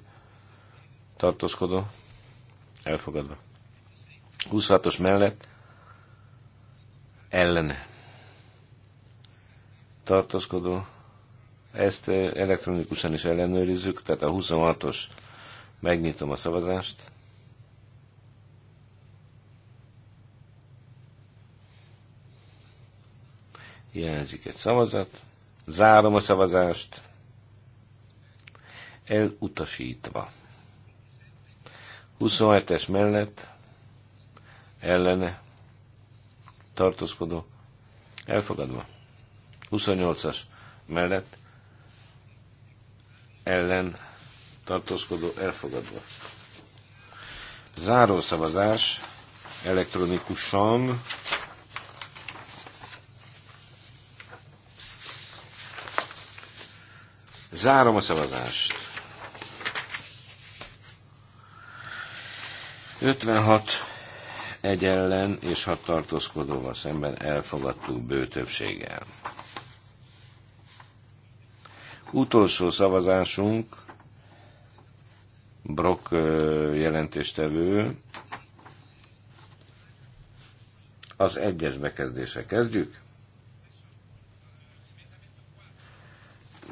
tartózkodó, elfogadva. 26-os mellett ellene tartózkodó, ezt eh, elektronikusan is ellenőrizzük, tehát a 26-os megnyitom a szavazást. Jelzik egy szavazat. Zárom a szavazást. Elutasítva. 27-es mellett ellene tartózkodó elfogadva. 28-as mellett ellen tartózkodó elfogadva. Záró szavazás elektronikusan Zárom a szavazást. 56 egy ellen és hat tartózkodóval szemben elfogadtuk bő többséggel. Utolsó szavazásunk, Brock jelentéstevő, az egyes bekezdése kezdjük.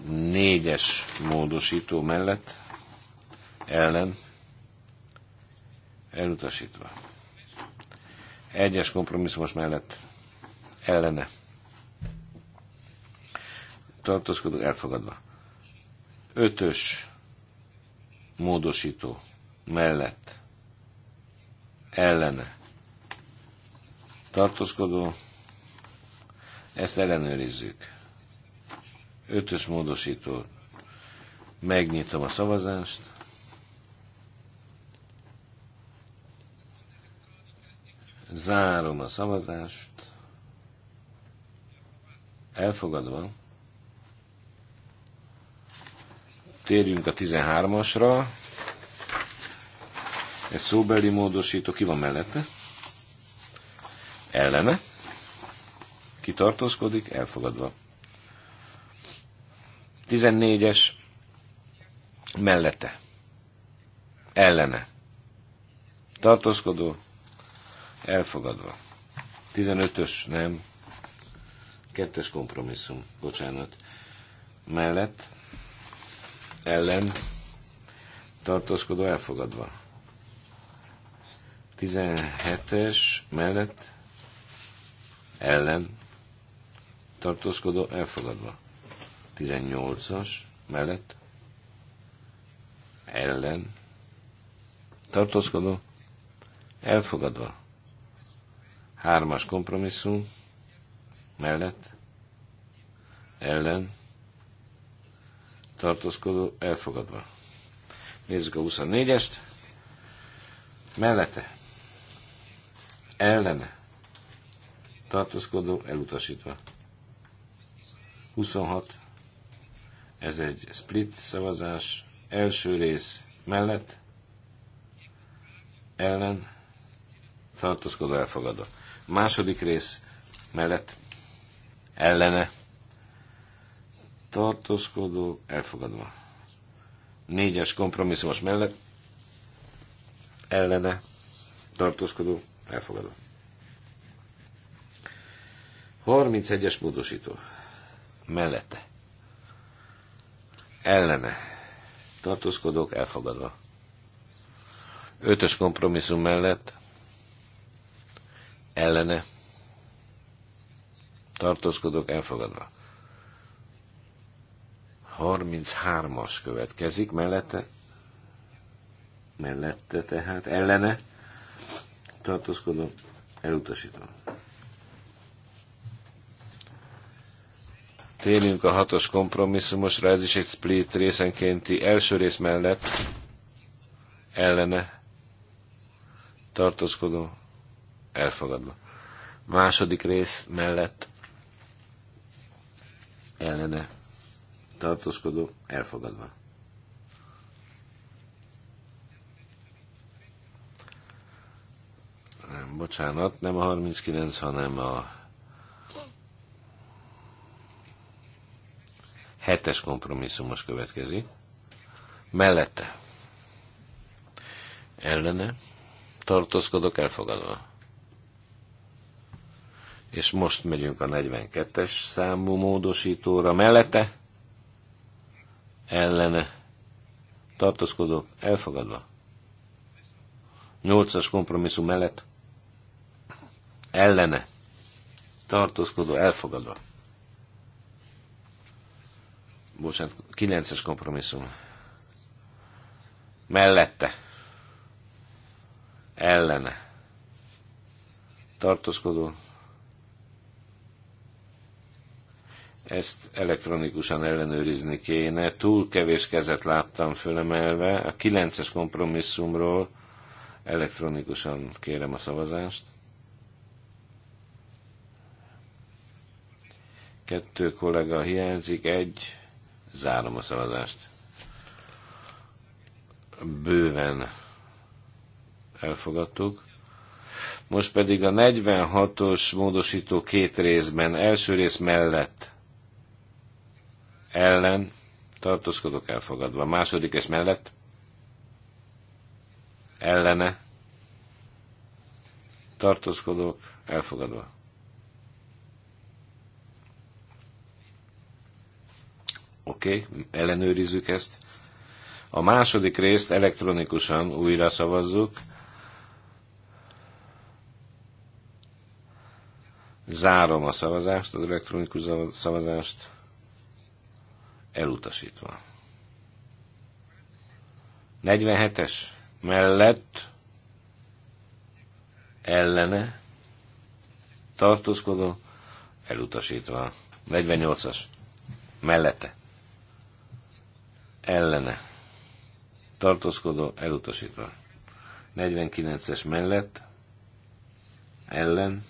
Négyes módosító mellett ellen elutasítva. Egyes kompromisszumos mellett ellene. Tartózkodó elfogadva. Ötös módosító mellett ellene tartózkodó, ezt ellenőrizzük. Ötös módosító. Megnyitom a szavazást. Zárom a szavazást. Elfogadva. Térjünk a 13-asra. Ez szóbeli módosító, ki van mellette? Ellene. Kitartózkodik, Elfogadva. 14-es mellette. Ellene. Tartózkodó. Elfogadva. 15-ös nem. Kettes kompromisszum. Bocsánat. Mellett ellen tartózkodó elfogadva. 17-es mellett ellen tartózkodó elfogadva. 18-as mellett ellen tartózkodó elfogadva. Hármas kompromisszum mellett ellen tartózkodó elfogadva. Nézzük a 24-est. Mellette. Ellene. Tartózkodó elutasítva. 26. Ez egy split szavazás. Első rész mellett. Ellen. Tartózkodó elfogadva. Második rész mellett. Ellene tartózkodó, elfogadva. Négyes kompromisszumos mellett ellene tartózkodó elfogadva. 31-es módosító mellette ellene tartózkodók elfogadva. Ötös kompromisszum mellett ellene tartózkodók elfogadva. 33-as következik, mellette, mellette tehát, ellene, tartózkodom, elutasítom. Térjünk a hatos kompromisszumosra, ez is egy split részenkénti első rész mellett, ellene, tartózkodó, elfogadva. Második rész mellett, ellene, tartózkodó elfogadva. Nem, bocsánat, nem a 39, hanem a 7-es kompromisszumos következik. Mellette ellene tartózkodok elfogadva. És most megyünk a 42-es számú módosítóra mellette ellene tartózkodók elfogadva. Nyolcas kompromisszum mellett ellene tartózkodó elfogadva. Bocsánat, kilences kompromisszum mellette ellene tartózkodó ezt elektronikusan ellenőrizni kéne. Túl kevés kezet láttam fölemelve. A 9-es kompromisszumról elektronikusan kérem a szavazást. Kettő kollega hiányzik, egy, zárom a szavazást. Bőven elfogadtuk. Most pedig a 46-os módosító két részben, első rész mellett ellen tartózkodok elfogadva. Második ez mellett ellene tartózkodok elfogadva. Oké, okay, ellenőrizzük ezt. A második részt elektronikusan újra szavazzuk. Zárom a szavazást, az elektronikus szavazást elutasítva. 47-es mellett ellene tartózkodó elutasítva. 48-as mellette ellene tartózkodó elutasítva. 49-es mellett ellen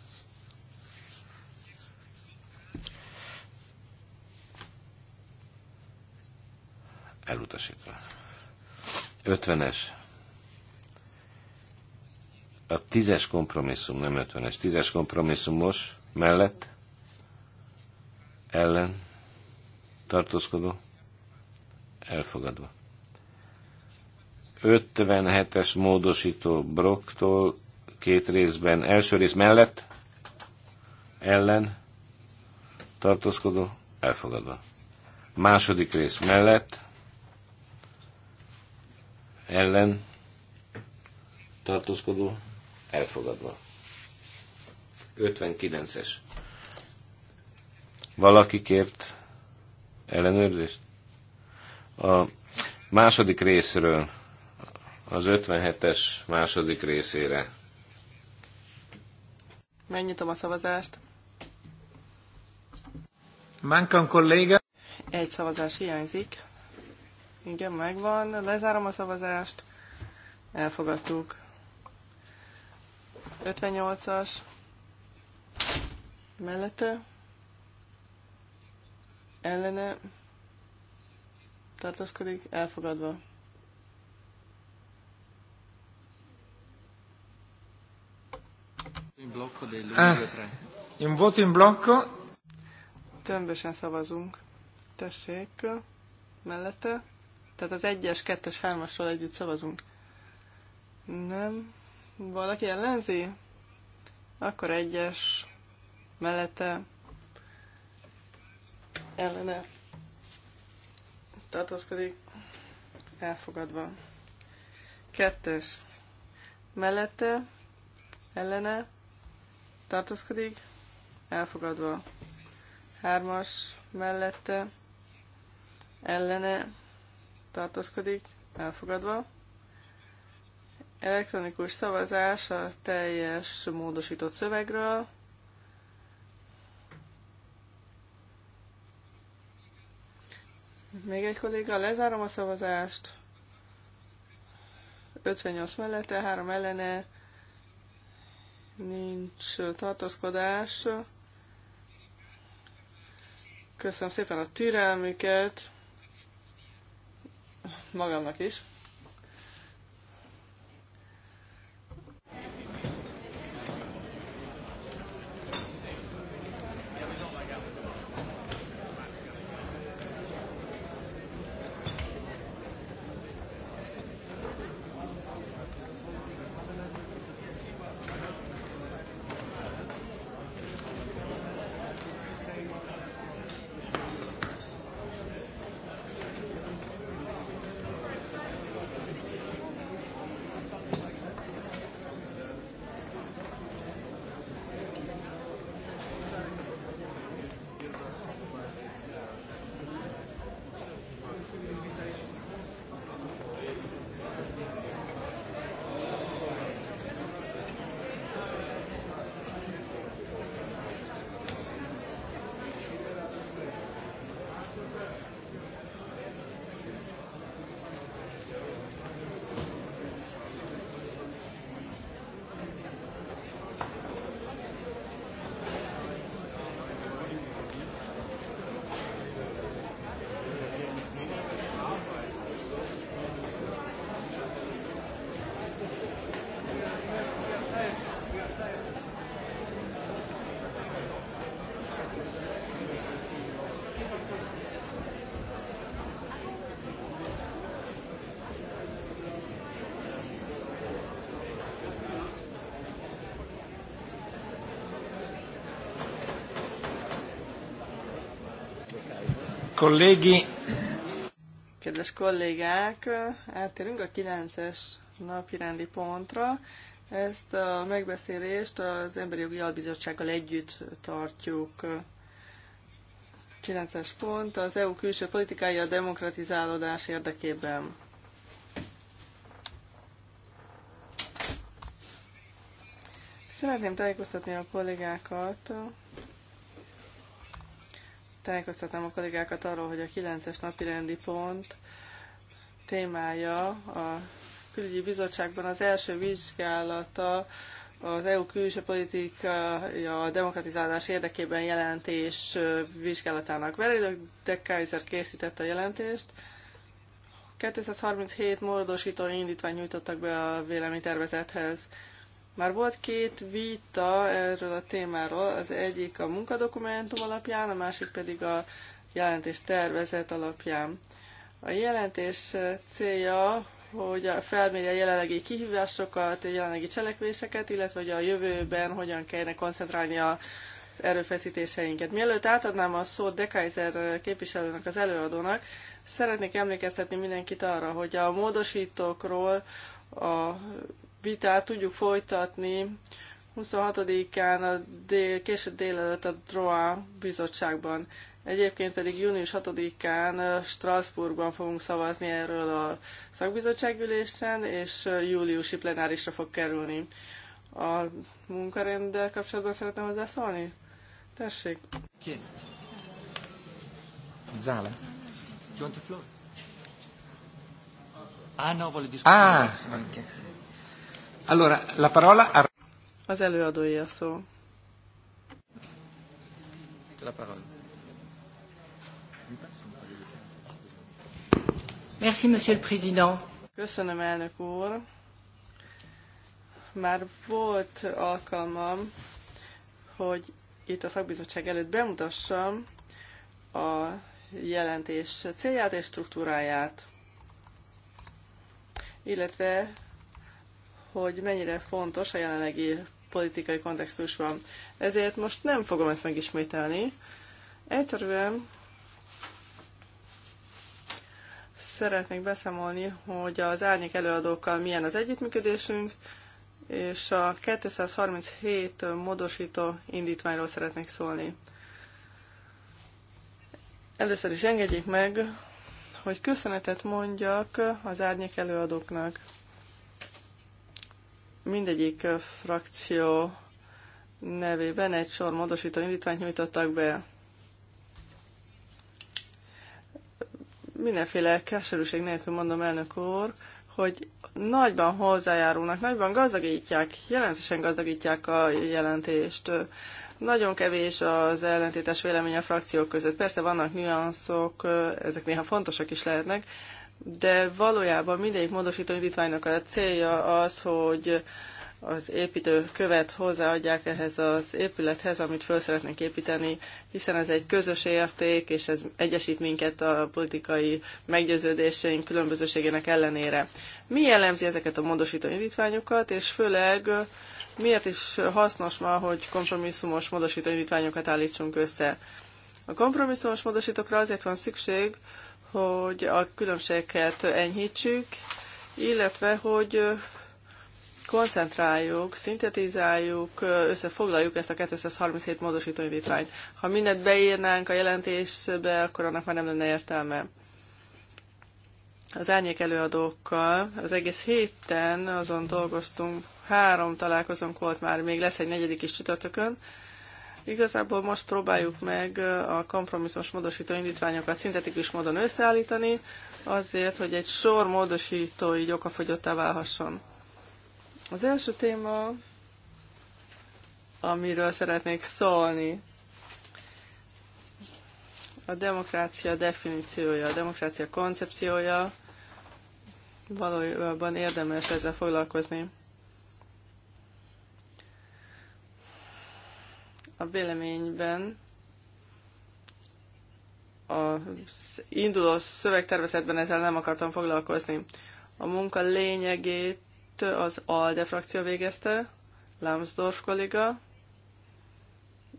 elutasítva. 50-es. A tízes kompromisszum, nem 50-es, tízes es kompromisszumos mellett ellen tartózkodó elfogadva. 57-es módosító Broktól két részben, első rész mellett, ellen, tartózkodó, elfogadva. Második rész mellett, ellen tartózkodó elfogadva. 59-es. Valaki kért ellenőrzést? A második részről, az 57-es második részére. Megnyitom a szavazást. Mankan kolléga. Egy szavazás hiányzik. Igen, megvan. Lezárom a szavazást. Elfogadtuk. 58-as. Mellette. Ellene. Tartózkodik. Elfogadva. Ah, in voto in blocco. Tömbösen szavazunk. Tessék. Mellette tehát az egyes, kettes, hármasról együtt szavazunk. Nem. Valaki ellenzi? Akkor egyes mellette ellene tartózkodik. Elfogadva. Kettes. Mellette ellene tartózkodik. Elfogadva. Hármas mellette ellene tartózkodik, elfogadva. Elektronikus szavazás a teljes módosított szövegről. Még egy kolléga, lezárom a szavazást. 58 mellette, 3 ellene, nincs tartózkodás. Köszönöm szépen a türelmüket magamnak is. Kollégi. Kedves kollégák, átérünk a 9-es napirendi pontra. Ezt a megbeszélést az Emberi Jogi Albizottsággal együtt tartjuk. 9-es pont az EU külső politikája a demokratizálódás érdekében. Szeretném tájékoztatni a kollégákat, Tájékoztatnám a kollégákat arról, hogy a 9-es rendi pont témája a külügyi bizottságban az első vizsgálata az EU külső politikája a demokratizálás érdekében jelentés vizsgálatának. Veredek de Kaiser készítette a jelentést. 237 módosító indítvány nyújtottak be a véleménytervezethez. Már volt két vita erről a témáról, az egyik a munkadokumentum alapján, a másik pedig a jelentés tervezet alapján. A jelentés célja, hogy felmérje a jelenlegi kihívásokat, a jelenlegi cselekvéseket, illetve hogy a jövőben hogyan kellene koncentrálni az erőfeszítéseinket. Mielőtt átadnám a szót De Kaiser képviselőnek, az előadónak, szeretnék emlékeztetni mindenkit arra, hogy a módosítókról a vitát tudjuk folytatni 26-án a dél, késő délelőtt a DROA bizottságban. Egyébként pedig június 6-án Strasbourgban fogunk szavazni erről a szakbizottságülésen, és júliusi plenárisra fog kerülni. A munkarenddel kapcsolatban szeretne hozzászólni? Tessék. Ki? Zale. Do you want the floor? Ah, no, Ah, okay. Allora, la parola a... Az előadói a szó. La parola. Merci, Monsieur le Président. Köszönöm, elnök úr. Már volt alkalmam, hogy itt a szakbizottság előtt bemutassam a jelentés célját és struktúráját, illetve hogy mennyire fontos a jelenlegi politikai kontextusban. Ezért most nem fogom ezt megismételni. Egyszerűen szeretnék beszámolni, hogy az árnyék előadókkal milyen az együttműködésünk, és a 237 módosító indítványról szeretnék szólni. Először is engedjék meg, hogy köszönetet mondjak az árnyék előadóknak mindegyik frakció nevében egy sor módosító indítványt nyújtottak be. Mindenféle keserűség nélkül mondom, elnök úr, hogy nagyban hozzájárulnak, nagyban gazdagítják, jelentősen gazdagítják a jelentést. Nagyon kevés az ellentétes vélemény a frakciók között. Persze vannak nüanszok, ezek néha fontosak is lehetnek, de valójában mindegyik módosító indítványnak a célja az, hogy az építő követ hozzáadják ehhez az épülethez, amit föl szeretnénk építeni, hiszen ez egy közös érték, és ez egyesít minket a politikai meggyőződéseink különbözőségének ellenére. Mi jellemzi ezeket a módosító indítványokat, és főleg miért is hasznos ma, hogy kompromisszumos módosító indítványokat állítsunk össze? A kompromisszumos módosítókra azért van szükség, hogy a különbségeket enyhítsük, illetve hogy koncentráljuk, szintetizáljuk, összefoglaljuk ezt a 237 módosító indítványt. Ha mindent beírnánk a jelentésbe, akkor annak már nem lenne értelme. Az árnyék előadókkal az egész héten azon dolgoztunk, három találkozónk volt már, még lesz egy negyedik is csütörtökön, Igazából most próbáljuk meg a kompromisszumos módosító indítványokat szintetikus módon összeállítani, azért, hogy egy sor módosító így okafogyottá válhasson. Az első téma, amiről szeretnék szólni, a demokrácia definíciója, a demokrácia koncepciója, valójában érdemes ezzel foglalkozni. A véleményben a induló szövegtervezetben ezzel nem akartam foglalkozni. A munka lényegét az ALDE frakció végezte, Lambsdorff kolléga,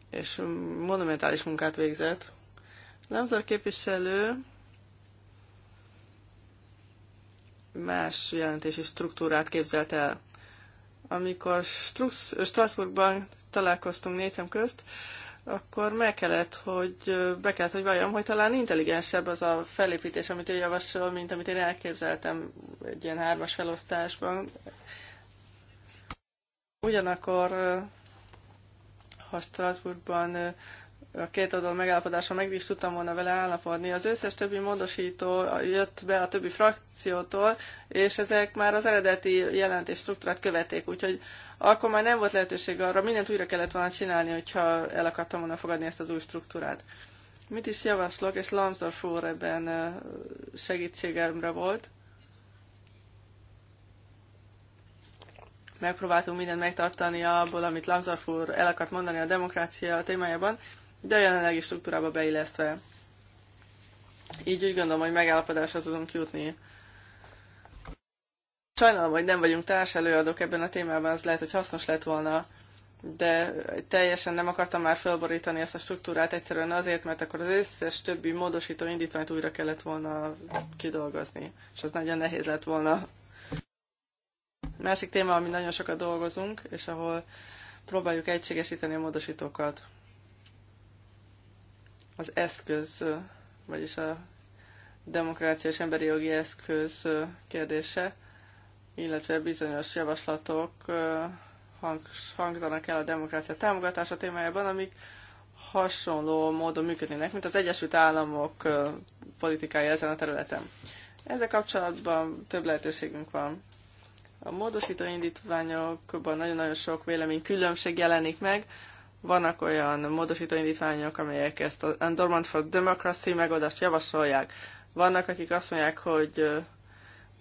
és monumentális munkát végzett. Lambsdorff képviselő más jelentési struktúrát képzelt el. Amikor Strasbourgban találkoztunk négyem közt, akkor meg kellett, hogy be kellett, hogy valljam, hogy talán intelligensebb az a felépítés, amit ő javasol, mint amit én elképzeltem egy ilyen hármas felosztásban. Ugyanakkor, ha Strasbourgban a két oldal megállapodása meg is tudtam volna vele állapodni. Az összes többi módosító jött be a többi frakciótól, és ezek már az eredeti jelentés struktúrát követték, úgyhogy akkor már nem volt lehetőség arra, mindent újra kellett volna csinálni, hogyha el akartam volna fogadni ezt az új struktúrát. Mit is javaslok, és Lambsdorff úr ebben segítségemre volt. Megpróbáltunk mindent megtartani abból, amit Lambsdorff úr el akart mondani a demokrácia témájában, de a jelenlegi struktúrába beillesztve. Így úgy gondolom, hogy megállapodásra tudunk jutni Sajnálom, hogy nem vagyunk társelőadók ebben a témában, az lehet, hogy hasznos lett volna, de teljesen nem akartam már felborítani ezt a struktúrát egyszerűen azért, mert akkor az összes többi módosító indítványt újra kellett volna kidolgozni, és az nagyon nehéz lett volna. Másik téma, ami nagyon sokat dolgozunk, és ahol próbáljuk egységesíteni a módosítókat. Az eszköz, vagyis a demokrácia és emberi jogi eszköz kérdése illetve bizonyos javaslatok hangzanak el a demokrácia támogatása témájában, amik hasonló módon működnének, mint az Egyesült Államok politikája ezen a területen. Ezzel kapcsolatban több lehetőségünk van. A módosító indítványokban nagyon-nagyon sok vélemény különbség jelenik meg. Vannak olyan módosító indítványok, amelyek ezt a Endowment for Democracy megoldást javasolják. Vannak, akik azt mondják, hogy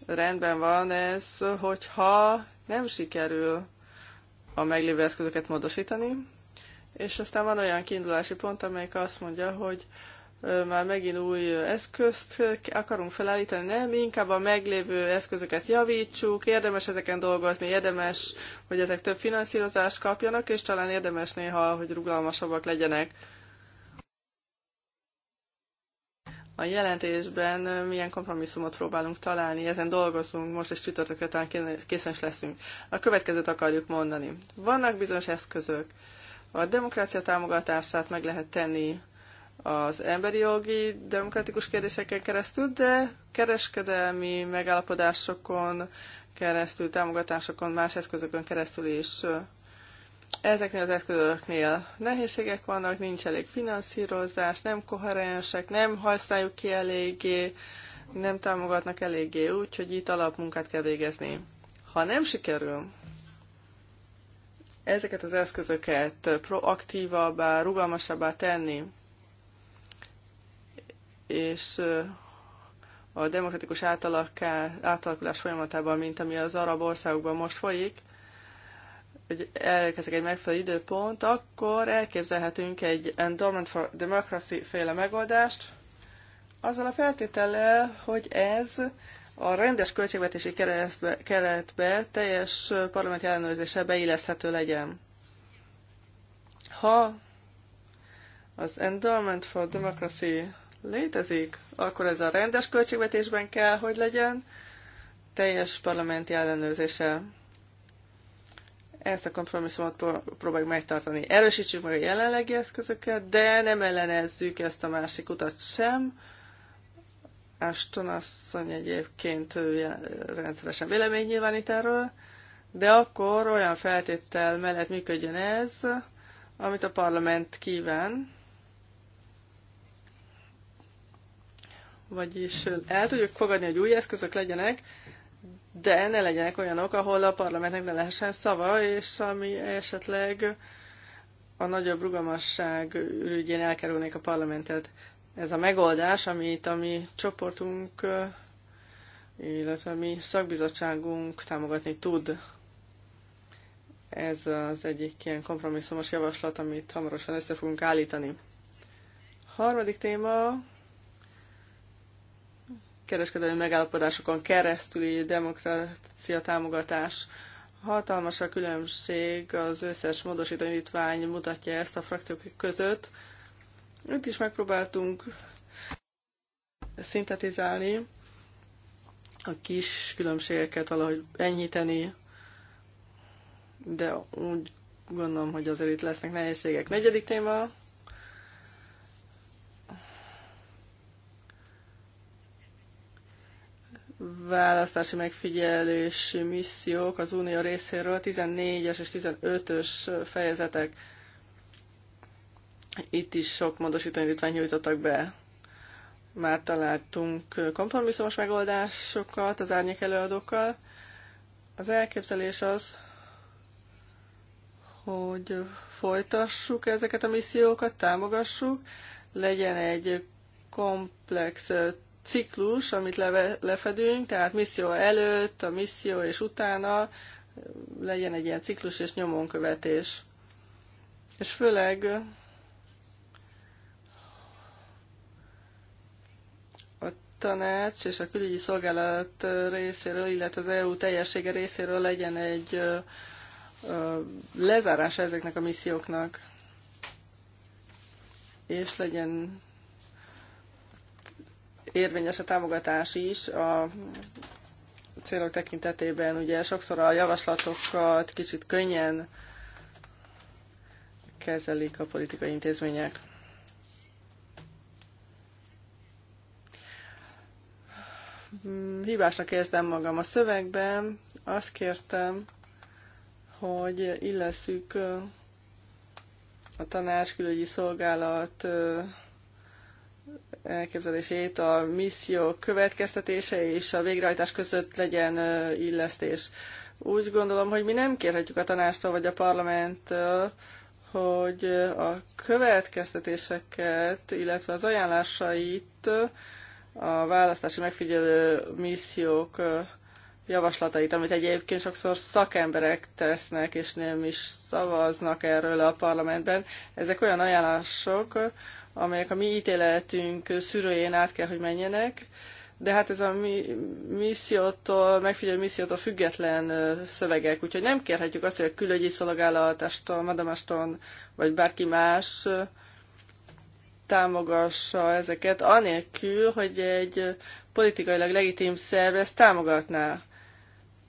rendben van ez, hogyha nem sikerül a meglévő eszközöket módosítani, és aztán van olyan kiindulási pont, amelyik azt mondja, hogy már megint új eszközt akarunk felállítani, nem, inkább a meglévő eszközöket javítsuk, érdemes ezeken dolgozni, érdemes, hogy ezek több finanszírozást kapjanak, és talán érdemes néha, hogy rugalmasabbak legyenek. A jelentésben milyen kompromisszumot próbálunk találni, ezen dolgozunk, most és csütörtökre talán készen leszünk. A következőt akarjuk mondani. Vannak bizonyos eszközök. A demokrácia támogatását meg lehet tenni az emberi jogi demokratikus kérdéseken keresztül, de kereskedelmi megállapodásokon keresztül, támogatásokon, más eszközökön keresztül is Ezeknél az eszközöknél nehézségek vannak, nincs elég finanszírozás, nem koherensek, nem használjuk ki eléggé, nem támogatnak eléggé, úgyhogy itt alapmunkát kell végezni. Ha nem sikerül ezeket az eszközöket proaktívabbá, rugalmasabbá tenni, és a demokratikus átalakulás folyamatában, mint ami az arab országokban most folyik, hogy elkezdek egy megfelelő időpont, akkor elképzelhetünk egy Endowment for Democracy féle megoldást, azzal a feltétellel, hogy ez a rendes költségvetési keretbe, keretbe teljes parlamenti ellenőrzése beilleszthető legyen. Ha az Endowment for Democracy létezik, akkor ez a rendes költségvetésben kell, hogy legyen teljes parlamenti ellenőrzéssel ezt a kompromisszumot próbáljuk megtartani. Erősítsük meg a jelenlegi eszközöket, de nem ellenezzük ezt a másik utat sem. Ashton asszony egyébként rendszeresen vélemény nyilvánít erről, de akkor olyan feltétel mellett működjön ez, amit a parlament kíván, vagyis el tudjuk fogadni, hogy új eszközök legyenek, de ne legyenek olyanok, ahol a parlamentnek ne lehessen szava, és ami esetleg a nagyobb rugalmasság ürügyén elkerülnék a parlamentet. Ez a megoldás, amit a mi csoportunk, illetve a mi szakbizottságunk támogatni tud. Ez az egyik ilyen kompromisszumos javaslat, amit hamarosan össze fogunk állítani. Harmadik téma kereskedelmi megállapodásokon keresztüli demokrácia támogatás. Hatalmas a különbség, az összes módosító mutatja ezt a frakciók között. Itt is megpróbáltunk szintetizálni a kis különbségeket valahogy enyhíteni, de úgy gondolom, hogy azért itt lesznek nehézségek. Negyedik téma, választási megfigyelési missziók az Unió részéről 14-es és 15-ös fejezetek. Itt is sok módosító indítványt nyújtottak be. Már találtunk kompromisszumos megoldásokat az árnyék előadókkal. Az elképzelés az, hogy folytassuk ezeket a missziókat, támogassuk, legyen egy komplex ciklus, amit leve, lefedünk, tehát misszió előtt, a misszió és utána legyen egy ilyen ciklus és nyomonkövetés. És főleg a tanács és a külügyi szolgálat részéről, illetve az EU teljessége részéről legyen egy lezárása ezeknek a misszióknak, és legyen érvényes a támogatás is a célok tekintetében. Ugye sokszor a javaslatokat kicsit könnyen kezelik a politikai intézmények. Hibásnak érzem magam a szövegben. Azt kértem, hogy illeszük a tanács külügyi szolgálat elképzelését, a misszió következtetése és a végrehajtás között legyen illesztés. Úgy gondolom, hogy mi nem kérhetjük a tanástól vagy a parlamenttől, hogy a következtetéseket, illetve az ajánlásait a választási megfigyelő missziók javaslatait, amit egyébként sokszor szakemberek tesznek, és nem is szavaznak erről a parlamentben. Ezek olyan ajánlások, amelyek a mi ítéletünk szűrőjén át kell, hogy menjenek, de hát ez a mi, missziótól, megfigyelő missziótól független szövegek, úgyhogy nem kérhetjük azt, hogy a külögyi szolgálat, Aston, Madame Aston, vagy bárki más támogassa ezeket, anélkül, hogy egy politikailag legitim szerv ezt támogatná.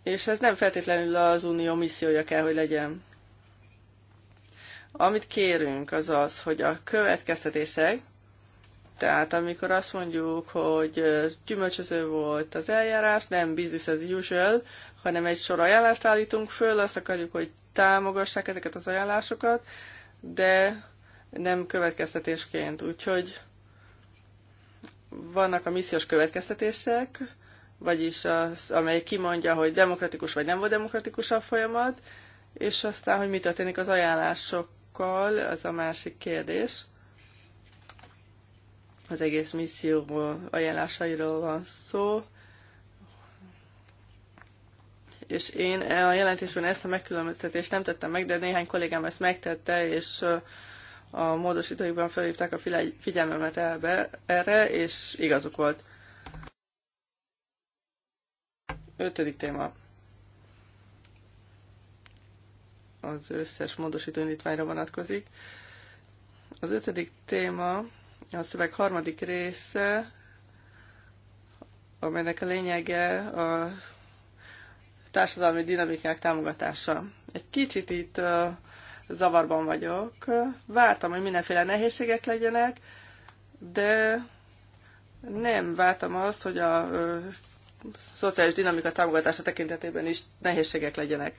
És ez nem feltétlenül az unió missziója kell, hogy legyen. Amit kérünk az az, hogy a következtetések, tehát amikor azt mondjuk, hogy gyümölcsöző volt az eljárás, nem business as usual, hanem egy sor ajánlást állítunk föl, azt akarjuk, hogy támogassák ezeket az ajánlásokat, de nem következtetésként. Úgyhogy vannak a missziós következtetések, vagyis az, amely kimondja, hogy demokratikus vagy nem volt demokratikus a folyamat, és aztán, hogy mi történik az ajánlások országokkal, az a másik kérdés. Az egész misszió ajánlásairól van szó. És én e a jelentésben ezt a megkülönböztetést nem tettem meg, de néhány kollégám ezt megtette, és a módosítóikban felhívták a figyelmemet elbe, erre, és igazuk volt. Ötödik téma. az összes módosító indítványra vonatkozik. Az ötödik téma a szöveg harmadik része, amelynek a lényege a társadalmi dinamikák támogatása. Egy kicsit itt zavarban vagyok. Vártam, hogy mindenféle nehézségek legyenek, de nem vártam azt, hogy a szociális dinamika támogatása tekintetében is nehézségek legyenek.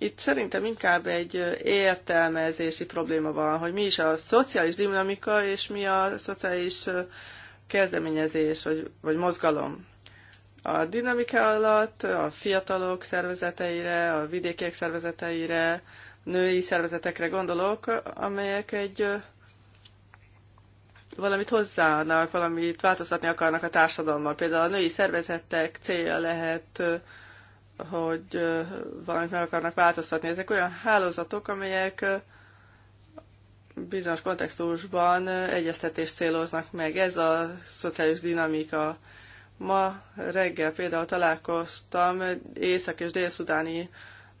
Itt szerintem inkább egy értelmezési probléma van, hogy mi is a szociális dinamika, és mi a szociális kezdeményezés, vagy, vagy mozgalom. A dinamika alatt a fiatalok szervezeteire, a vidékiek szervezeteire, női szervezetekre gondolok, amelyek egy valamit hozzáadnak, valamit változtatni akarnak a társadalommal. Például a női szervezetek célja lehet hogy valamit meg akarnak változtatni. Ezek olyan hálózatok, amelyek bizonyos kontextusban egyeztetést céloznak meg. Ez a szociális dinamika. Ma reggel például találkoztam észak- és délszudáni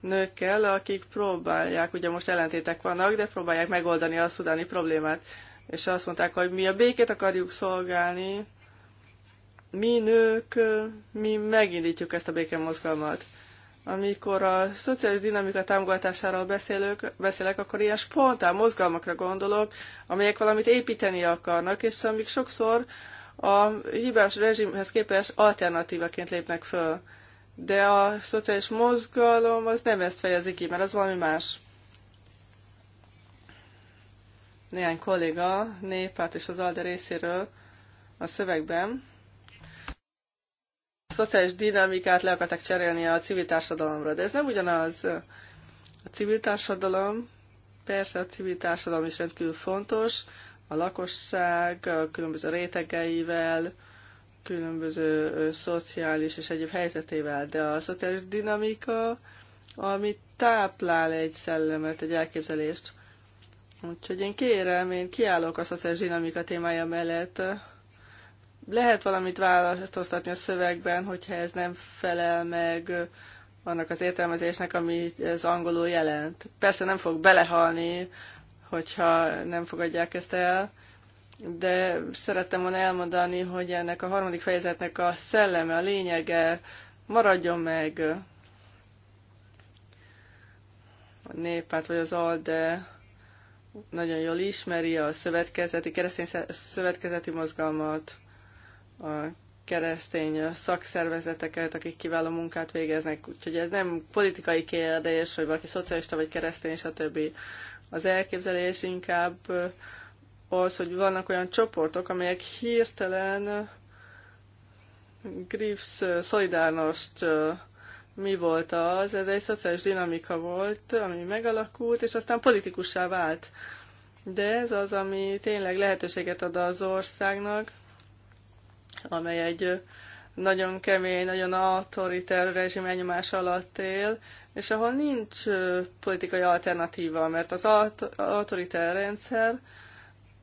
nőkkel, akik próbálják, ugye most ellentétek vannak, de próbálják megoldani a szudáni problémát. És azt mondták, hogy mi a békét akarjuk szolgálni, mi nők, mi megindítjuk ezt a békemozgalmat. Amikor a szociális dinamika támogatásáról beszélök, beszélek, akkor ilyen spontán mozgalmakra gondolok, amelyek valamit építeni akarnak, és amik sokszor a hibás rezsimhez képest alternatívaként lépnek föl. De a szociális mozgalom az nem ezt fejezi ki, mert az valami más. Néhány kolléga, néppárt és az ALDE részéről a szövegben a szociális dinamikát le akarták cserélni a civil társadalomra, de ez nem ugyanaz. A civil társadalom, persze a civil társadalom is rendkívül fontos, a lakosság a különböző rétegeivel, különböző szociális és egyéb helyzetével, de a szociális dinamika, ami táplál egy szellemet, egy elképzelést. Úgyhogy én kérem, én kiállok a szociális dinamika témája mellett, lehet valamit változtatni a szövegben, hogyha ez nem felel meg annak az értelmezésnek, ami az angolul jelent. Persze nem fog belehalni, hogyha nem fogadják ezt el, de szerettem volna elmondani, hogy ennek a harmadik fejezetnek a szelleme, a lényege maradjon meg a népát, vagy az ALDE nagyon jól ismeri a szövetkezeti, keresztény szövetkezeti mozgalmat, a keresztény szakszervezeteket, akik kiváló munkát végeznek, úgyhogy ez nem politikai kérdés, hogy valaki szocialista vagy keresztény, stb. Az elképzelés inkább az, hogy vannak olyan csoportok, amelyek hirtelen Griffs szolidárnost mi volt az, ez egy szociális dinamika volt, ami megalakult, és aztán politikussá vált. De ez az, ami tényleg lehetőséget ad az országnak, amely egy nagyon kemény, nagyon autoriter rezsim elnyomás alatt él, és ahol nincs politikai alternatíva, mert az autoriter rendszer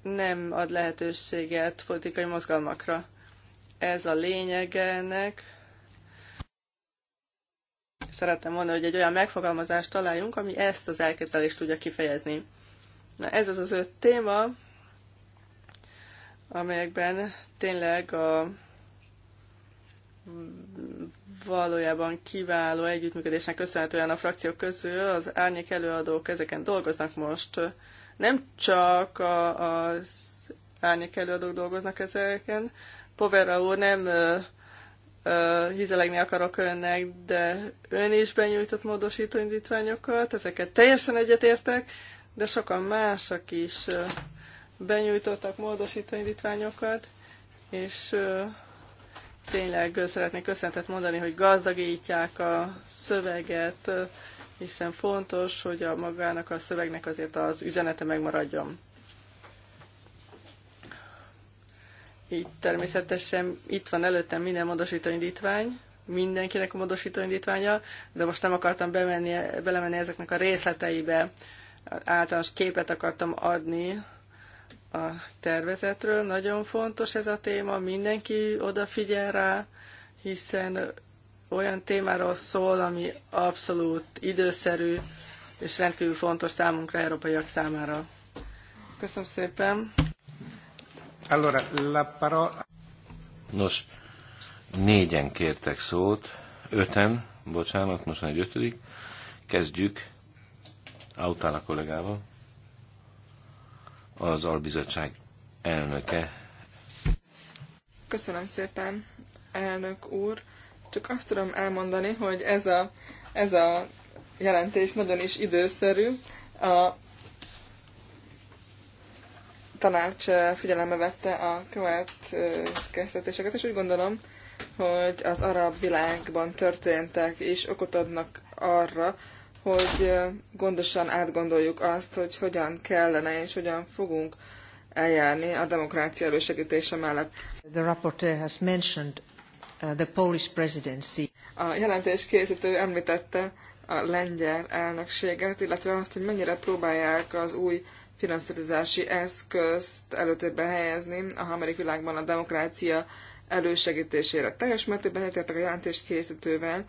nem ad lehetőséget politikai mozgalmakra. Ez a lényege ennek. Szeretném volna, hogy egy olyan megfogalmazást találjunk, ami ezt az elképzelést tudja kifejezni. Na ez az az öt téma, amelyekben tényleg a valójában kiváló együttműködésnek köszönhetően a frakciók közül az árnyék előadók ezeken dolgoznak most. Nem csak a, az árnyék előadók dolgoznak ezeken. Povera úr, nem ö, ö, hizelegni akarok önnek, de ön is benyújtott módosító indítványokat, ezeket teljesen egyetértek, de sokan mások is benyújtottak módosító indítványokat, és tényleg szeretnék köszöntet mondani, hogy gazdagítják a szöveget, hiszen fontos, hogy a magának a szövegnek azért az üzenete megmaradjon. Így természetesen itt van előttem minden módosító indítvány, mindenkinek a módosító indítványa, de most nem akartam bemenni, belemenni ezeknek a részleteibe. Általános képet akartam adni a tervezetről. Nagyon fontos ez a téma, mindenki odafigyel rá, hiszen olyan témáról szól, ami abszolút időszerű és rendkívül fontos számunkra, európaiak számára. Köszönöm szépen. Allora, la parola... Nos, négyen kértek szót, öten, bocsánat, most egy ötödik. Kezdjük Autala kollégával az albizottság elnöke. Köszönöm szépen, elnök úr. Csak azt tudom elmondani, hogy ez a, ez a jelentés nagyon is időszerű. A tanács eh, figyelembe vette a következtetéseket, és úgy gondolom, hogy az arab világban történtek és okot adnak arra, hogy gondosan átgondoljuk azt, hogy hogyan kellene és hogyan fogunk eljárni a demokrácia elősegítése mellett. The rapporteur has mentioned uh, the Polish presidency. A jelentés készítő említette a lengyel elnökséget, illetve azt, hogy mennyire próbálják az új finanszírozási eszközt előtérbe helyezni a Amerikai világban a demokrácia elősegítésére. Teljes mértékben egyetértek a jelentés készítővel,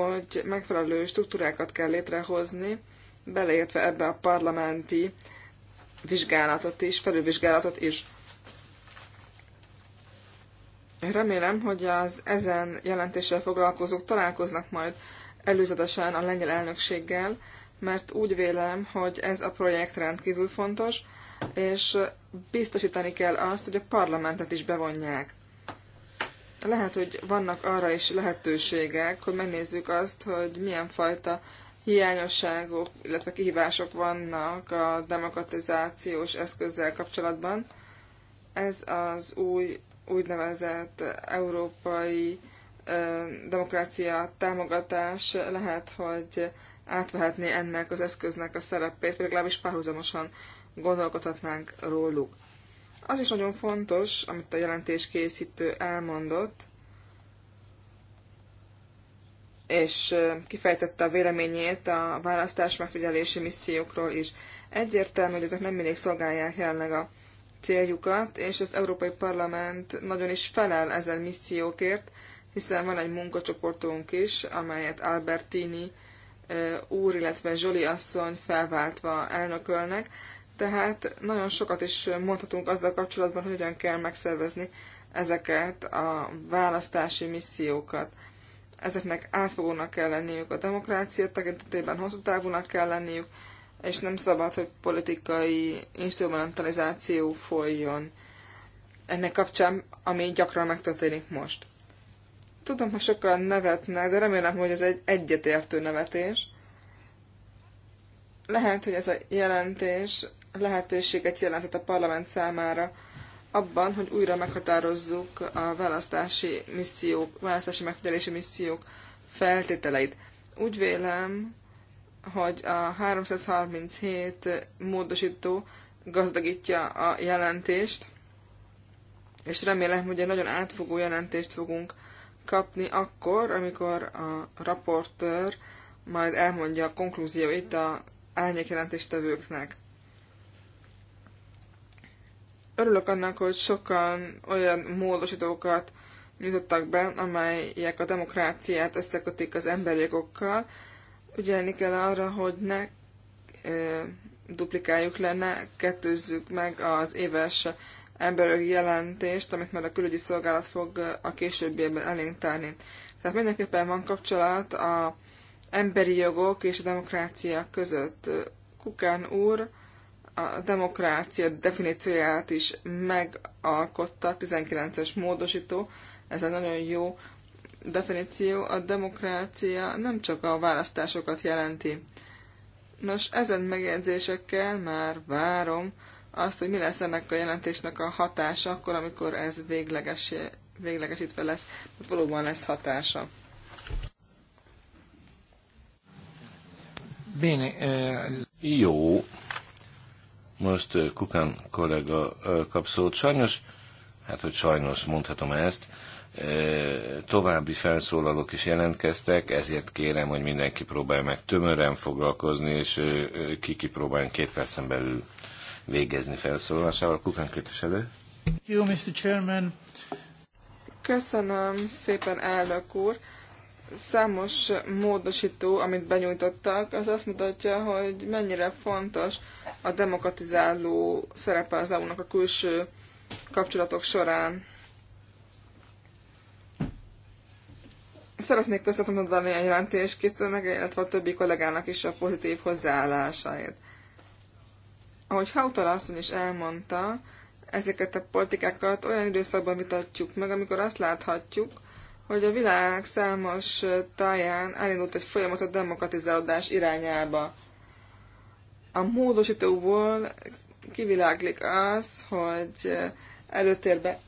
hogy megfelelő struktúrákat kell létrehozni, beleértve ebbe a parlamenti vizsgálatot is, felülvizsgálatot is. Remélem, hogy az ezen jelentéssel foglalkozók találkoznak majd előzetesen a lengyel elnökséggel, mert úgy vélem, hogy ez a projekt rendkívül fontos, és biztosítani kell azt, hogy a parlamentet is bevonják lehet, hogy vannak arra is lehetőségek, hogy megnézzük azt, hogy milyen fajta hiányosságok, illetve kihívások vannak a demokratizációs eszközzel kapcsolatban. Ez az új úgynevezett európai demokrácia támogatás lehet, hogy átvehetné ennek az eszköznek a szerepét, legalábbis párhuzamosan gondolkodhatnánk róluk. Az is nagyon fontos, amit a jelentés készítő elmondott, és kifejtette a véleményét a választás megfigyelési missziókról is. Egyértelmű, hogy ezek nem mindig szolgálják jelenleg a céljukat, és az Európai Parlament nagyon is felel ezen missziókért, hiszen van egy munkacsoportunk is, amelyet Albertini úr, illetve Zsoli asszony felváltva elnökölnek, tehát nagyon sokat is mondhatunk azzal kapcsolatban, hogy hogyan kell megszervezni ezeket a választási missziókat. Ezeknek átfogónak kell lenniük a demokrácia tekintetében, hosszú távúnak kell lenniük, és nem szabad, hogy politikai instrumentalizáció folyjon ennek kapcsán, ami gyakran megtörténik most. Tudom, hogy sokan nevetnek, de remélem, hogy ez egy egyetértő nevetés. Lehet, hogy ez a jelentés lehetőséget jelentett a parlament számára abban, hogy újra meghatározzuk a választási missziók, választási megfigyelési missziók feltételeit. Úgy vélem, hogy a 337 módosító gazdagítja a jelentést, és remélem, hogy egy nagyon átfogó jelentést fogunk kapni akkor, amikor a raportőr majd elmondja a konklúzióit a jelentéstevőknek. Örülök annak, hogy sokan olyan módosítókat nyitottak be, amelyek a demokráciát összekötik az emberi jogokkal. Ügyelni kell arra, hogy ne e, duplikáljuk le, ne kettőzzük meg az éves emberi jelentést, amit már a külügyi szolgálat fog a későbbiekben elénk tárni. Tehát mindenképpen van kapcsolat a emberi jogok és a demokrácia között. Kukán úr a demokrácia definícióját is megalkotta 19-es módosító, ez egy nagyon jó definíció, a demokrácia nem csak a választásokat jelenti. Nos, ezen megjegyzésekkel már várom azt, hogy mi lesz ennek a jelentésnek a hatása, akkor, amikor ez végleges, véglegesítve lesz, valóban lesz hatása. Bene, eh... Jó, most Kukan kollega kap szót. Sajnos, hát hogy sajnos mondhatom ezt, további felszólalók is jelentkeztek, ezért kérem, hogy mindenki próbálja meg tömören foglalkozni, és kiki próbáljon két percen belül végezni felszólalásával. Kukan képviselő. Jó, Mr. Chairman. Köszönöm szépen, elnök úr számos módosító, amit benyújtottak, az azt mutatja, hogy mennyire fontos a demokratizáló szerepe az EU-nak a külső kapcsolatok során. Szeretnék köszönetet mondani a készítőnek, illetve a többi kollégának is a pozitív hozzáállásáért. Ahogy Hautala asszony is elmondta, ezeket a politikákat olyan időszakban vitatjuk meg, amikor azt láthatjuk, hogy a világ számos táján elindult egy folyamat a demokratizálódás irányába. A módosítóból kiviláglik az, hogy előtérbe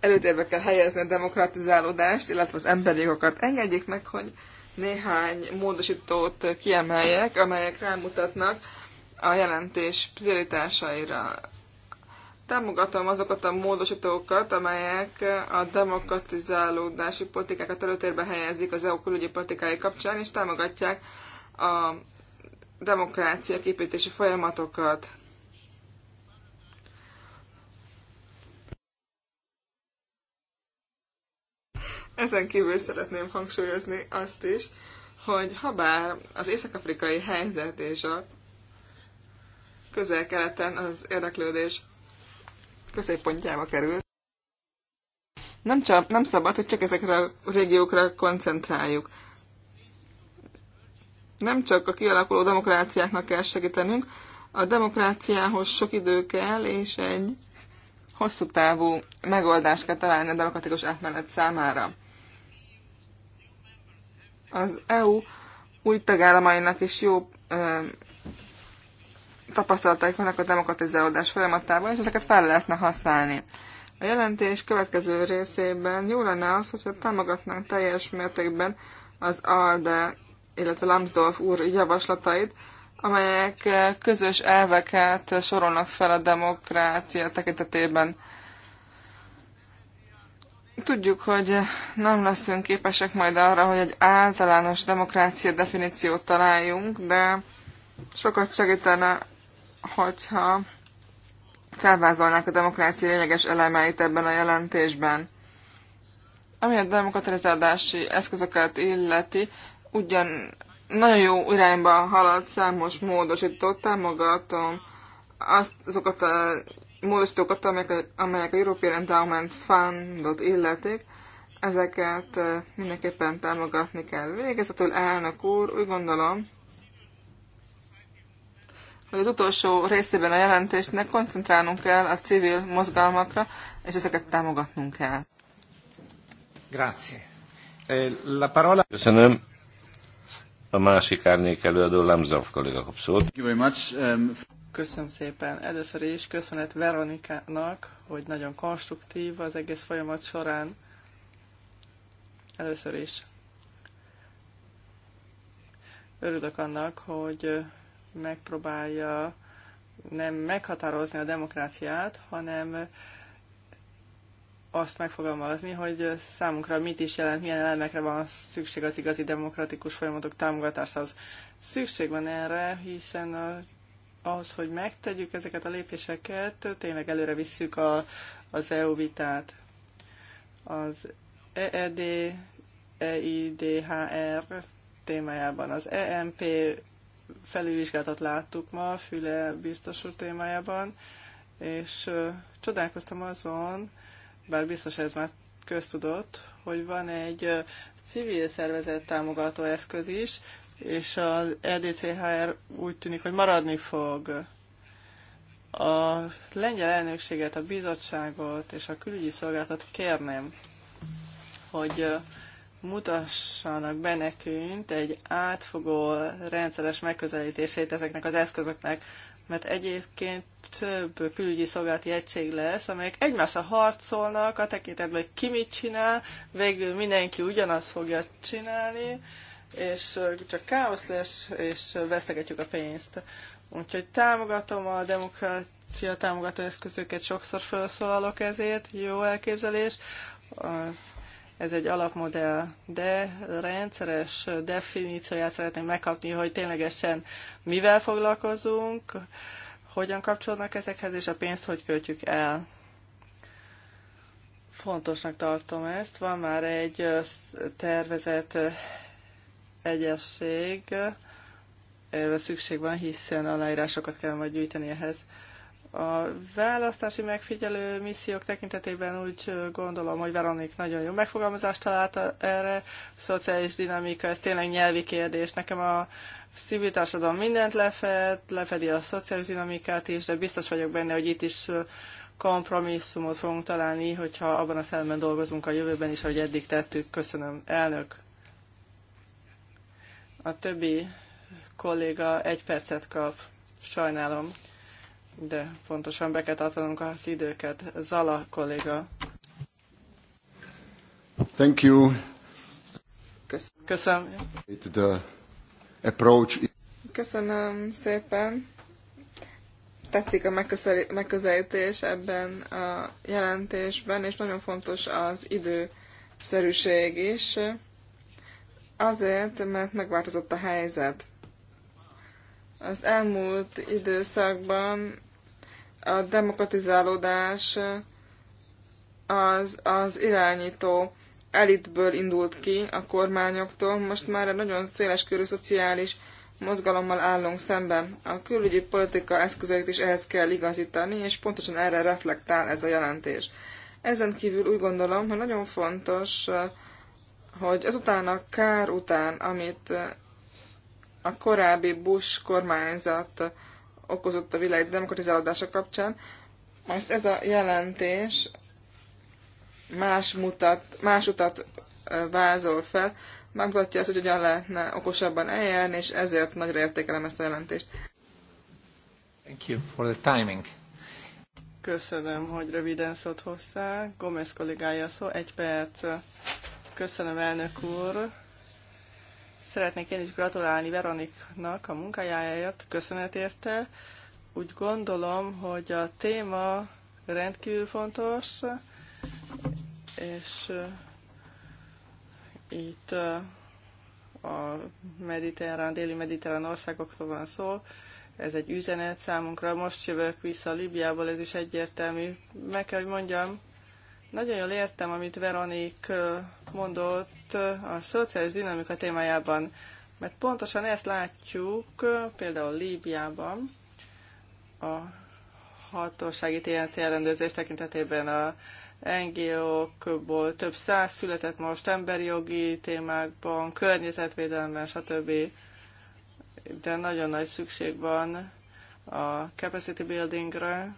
előtérbe kell helyezni a demokratizálódást, illetve az emberjogokat. Engedjék meg, hogy néhány módosítót kiemeljek, amelyek rámutatnak a jelentés prioritásaira. Támogatom azokat a módosítókat, amelyek a demokratizálódási politikákat előtérbe helyezik az EU külügyi politikái kapcsán, és támogatják a demokrácia képítési folyamatokat. Ezen kívül szeretném hangsúlyozni azt is, hogy ha bár az észak-afrikai helyzet és a közel-keleten az érdeklődés középpontjába került. Nem, csak, nem szabad, hogy csak ezekre a régiókra koncentráljuk. Nem csak a kialakuló demokráciáknak kell segítenünk, a demokráciához sok idő kell, és egy hosszú távú megoldást kell találni a demokratikus átmenet számára. Az EU új tagállamainak is jó tapasztalataik vannak a demokratizálódás folyamatában, és ezeket fel lehetne használni. A jelentés következő részében jó lenne az, hogyha támogatnánk teljes mértékben az ALDE, illetve Lambsdorff úr javaslatait, amelyek közös elveket sorolnak fel a demokrácia tekintetében. Tudjuk, hogy nem leszünk képesek majd arra, hogy egy általános demokrácia definíciót találjunk, de sokat segítene hogyha felvázolnák a demokrácia lényeges elemeit ebben a jelentésben. Ami a demokratizálási eszközöket illeti, ugyan nagyon jó irányba haladt számos módosított, támogatom azt, azokat a módosítókat, amelyek a, amelyek a European Endowment Fundot illetik, ezeket mindenképpen támogatni kell. Végezetül elnök úr, úgy gondolom, hogy az utolsó részében a jelentésnek koncentrálnunk kell a civil mozgalmakra, és ezeket támogatnunk kell. Grazie. Eh, parola... Köszönöm. A másik árnyék előadó Lemzov kolléga kap szót. Um, Köszönöm szépen. Először is köszönet Veronikának, hogy nagyon konstruktív az egész folyamat során. Először is örülök annak, hogy megpróbálja nem meghatározni a demokráciát, hanem azt megfogalmazni, hogy számunkra mit is jelent, milyen elemekre van szükség az igazi demokratikus folyamatok támogatásához. Szükség van erre, hiszen a, ahhoz, hogy megtegyük ezeket a lépéseket, tényleg előre visszük a, az EU vitát. Az EED, EIDHR témájában az EMP felülvizsgálatot láttuk ma Füle biztos úr témájában, és csodálkoztam azon, bár biztos ez már köztudott, hogy van egy civil szervezet támogató eszköz is, és az LDCHR e úgy tűnik, hogy maradni fog. A lengyel elnökséget, a bizottságot és a külügyi szolgáltat kérném, hogy mutassanak be nekünk egy átfogó rendszeres megközelítését ezeknek az eszközöknek, mert egyébként több külügyi szolgálati egység lesz, amelyek egymással harcolnak a tekintetben, hogy ki mit csinál, végül mindenki ugyanazt fogja csinálni, és csak káosz lesz, és vesztegetjük a pénzt. Úgyhogy támogatom a demokrácia támogató eszközöket, sokszor felszólalok ezért, jó elképzelés ez egy alapmodell, de rendszeres definícióját szeretném megkapni, hogy ténylegesen mivel foglalkozunk, hogyan kapcsolódnak ezekhez, és a pénzt hogy költjük el. Fontosnak tartom ezt. Van már egy tervezett egyesség, erre szükség van, hiszen aláírásokat kell majd gyűjteni ehhez. A választási megfigyelő missziók tekintetében úgy gondolom, hogy Veronik nagyon jó megfogalmazást találta erre. Szociális dinamika, ez tényleg nyelvi kérdés. Nekem a civil társadalom mindent lefed, lefedi a szociális dinamikát is, de biztos vagyok benne, hogy itt is kompromisszumot fogunk találni, hogyha abban a szellemben dolgozunk a jövőben is, ahogy eddig tettük. Köszönöm, elnök. A többi kolléga egy percet kap. Sajnálom de fontosan be kell tartanunk az időket. Zala kolléga. Thank you. Köszönöm. The approach. Köszönöm szépen. Tetszik a megközelítés ebben a jelentésben, és nagyon fontos az időszerűség is. Azért, mert megváltozott a helyzet. Az elmúlt időszakban a demokratizálódás eh, az, az irányító elitből indult ki a kormányoktól, most már egy nagyon körű szociális mozgalommal állunk szemben. A külügyi politika eszközeit is ehhez kell igazítani, és pontosan erre reflektál ez a jelentés. Ezen kívül úgy gondolom, hogy nagyon fontos, eh, hogy azután a kár után, amit eh, a korábbi Bush kormányzat okozott a világ demokratizálódása kapcsán. Most ez a jelentés más, mutat, más utat vázol fel, megmutatja azt, hogy hogyan lehetne okosabban eljárni, és ezért nagyra értékelem ezt a jelentést. Thank you for the timing. Köszönöm, hogy röviden szólt hozzá. Gomez kollégája szó, egy perc. Köszönöm, elnök úr Szeretnék én is gratulálni Veroniknak a munkájáért, köszönet érte. Úgy gondolom, hogy a téma rendkívül fontos, és itt a mediterrán, déli mediterrán országokról van szó. Ez egy üzenet számunkra. Most jövök vissza Libiából, ez is egyértelmű. Meg kell, hogy mondjam, nagyon jól értem, amit Veronik mondott a szociális dinamika témájában, mert pontosan ezt látjuk például Líbiában, a hatósági TNC ellenőrzés tekintetében a NGO-kból több száz született most emberi jogi témákban, környezetvédelemben, stb. De nagyon nagy szükség van a capacity buildingre,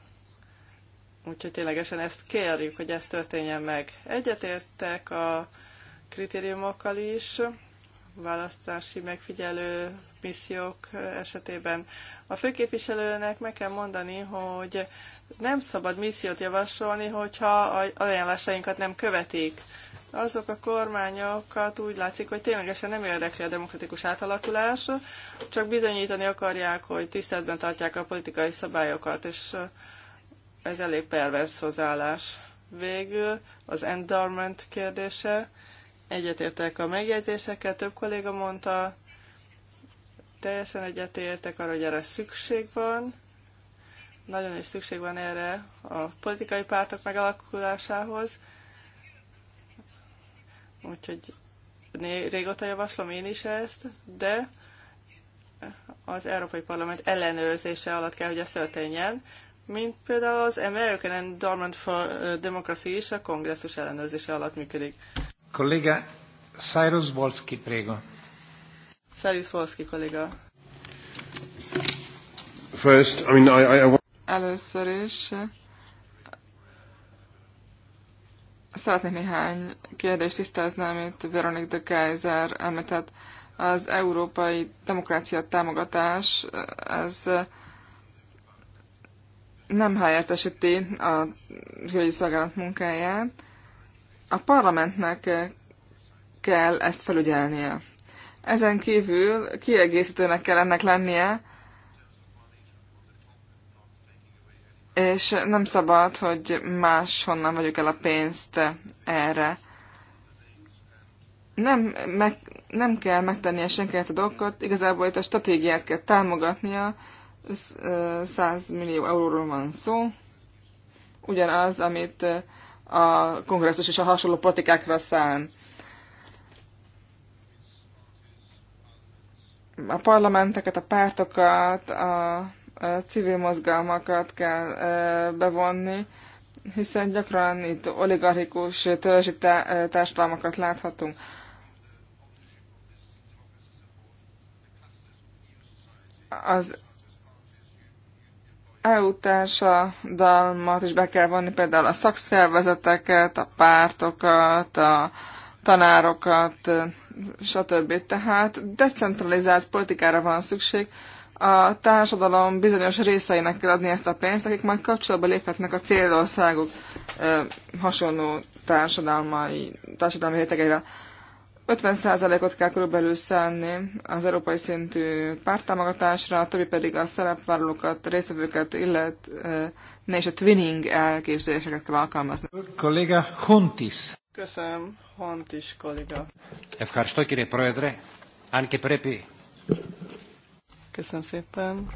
Úgyhogy ténylegesen ezt kérjük, hogy ez történjen meg. Egyetértek a kritériumokkal is, választási megfigyelő missziók esetében. A főképviselőnek meg kell mondani, hogy nem szabad missziót javasolni, hogyha a ajánlásainkat nem követik. Azok a kormányokat úgy látszik, hogy ténylegesen nem érdekli a demokratikus átalakulás, csak bizonyítani akarják, hogy tiszteletben tartják a politikai szabályokat, és ez elég pervers hozzáállás. Végül az endowment kérdése. Egyetértek a megjegyzésekkel, több kolléga mondta, teljesen egyetértek arra, hogy erre szükség van, nagyon is szükség van erre a politikai pártok megalakulásához. Úgyhogy régóta javaslom én is ezt, de az Európai Parlament ellenőrzése alatt kell, hogy ez történjen mint például az American Endowment for uh, Democracy is a kongresszus ellenőrzése alatt működik. Kolléga Cyrus Wolski, prégo. Cyrus Wolski kolléga. First, I mean, I, I, I... Először is uh, szeretnék néhány kérdést tisztázni, amit Veronique de Kaiser említett. Az európai demokrácia támogatás, uh, ez nem helyettesíti a külügyi szolgálat munkáját. A parlamentnek kell ezt felügyelnie. Ezen kívül kiegészítőnek kell ennek lennie, és nem szabad, hogy máshonnan vagyok el a pénzt erre. Nem, meg, nem kell megtennie senkinek a dolgokat, igazából itt a stratégiát kell támogatnia, 100 millió euróról van szó. Ugyanaz, amit a kongresszus és a hasonló politikákra szán. A parlamenteket, a pártokat, a civil mozgalmakat kell bevonni, hiszen gyakran itt oligarchikus törzsi társadalmakat láthatunk. Az EU társadalmat is be kell vonni, például a szakszervezeteket, a pártokat, a tanárokat, stb. Tehát decentralizált politikára van szükség. A társadalom bizonyos részeinek kell adni ezt a pénzt, akik majd kapcsolatba léphetnek a célországok hasonló társadalmi, társadalmi rétegeivel. 50%-ot kell körülbelül szánni az európai szintű pártámogatásra, a többi pedig a szerepvállalókat, részvevőket illetne, és a twinning elképzeléseket kell alkalmazni. Kolléga Hontis. Köszönöm, Hontis kolléga. Ευχαριστώ Stokiré Proedre, Anke Prepi. Köszönöm szépen.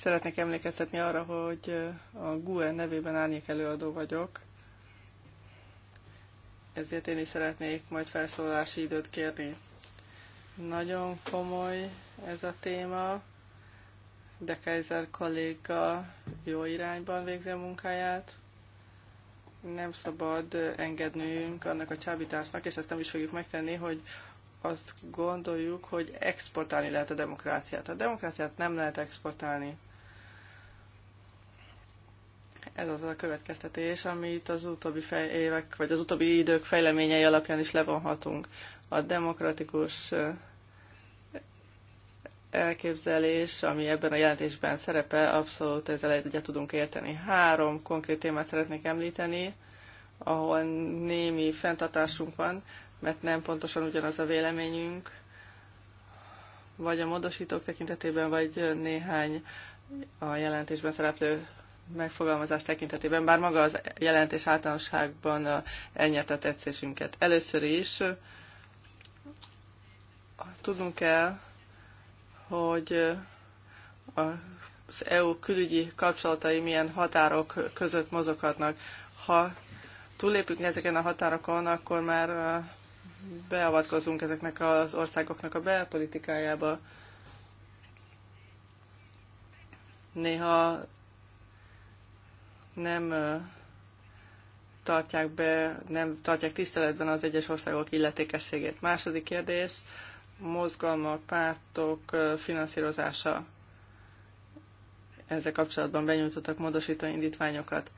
Szeretnék emlékeztetni arra, hogy a GUE nevében árnyék előadó vagyok ezért én is szeretnék majd felszólalási időt kérni. Nagyon komoly ez a téma, de Kaiser kolléga jó irányban végzi a munkáját. Nem szabad engednünk annak a csábításnak, és ezt nem is fogjuk megtenni, hogy azt gondoljuk, hogy exportálni lehet a demokráciát. A demokráciát nem lehet exportálni. Ez az a következtetés, amit az utóbbi fej, évek, vagy az utóbbi idők fejleményei alapján is levonhatunk. A demokratikus eh, elképzelés, ami ebben a jelentésben szerepel, abszolút ezzel egyet tudunk érteni. Három konkrét témát szeretnék említeni, ahol némi fenntartásunk van, mert nem pontosan ugyanaz a véleményünk, vagy a módosítók tekintetében, vagy néhány a jelentésben szereplő megfogalmazás tekintetében, bár maga az jelentés általánosságban elnyerte a tetszésünket. Először is tudnunk kell, hogy az EU külügyi kapcsolatai milyen határok között mozoghatnak. Ha túllépünk ezeken a határokon, akkor már beavatkozunk ezeknek az országoknak a belpolitikájába. Néha nem tartják be, nem tartják tiszteletben az egyes országok illetékességét. Második kérdés, mozgalmak, pártok finanszírozása. Ezzel kapcsolatban benyújtottak módosító indítványokat.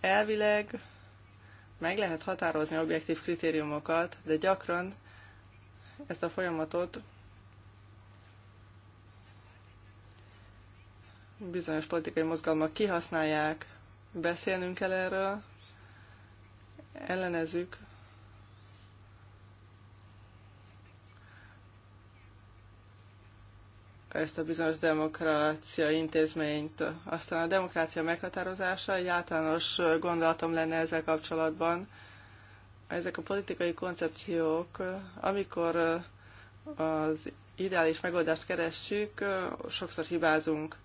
Elvileg meg lehet határozni objektív kritériumokat, de gyakran ezt a folyamatot bizonyos politikai mozgalmak kihasználják, beszélnünk kell erről, ellenezzük ezt a bizonyos demokrácia intézményt. Aztán a demokrácia meghatározása egy általános gondolatom lenne ezzel kapcsolatban. Ezek a politikai koncepciók, amikor az ideális megoldást keressük, sokszor hibázunk.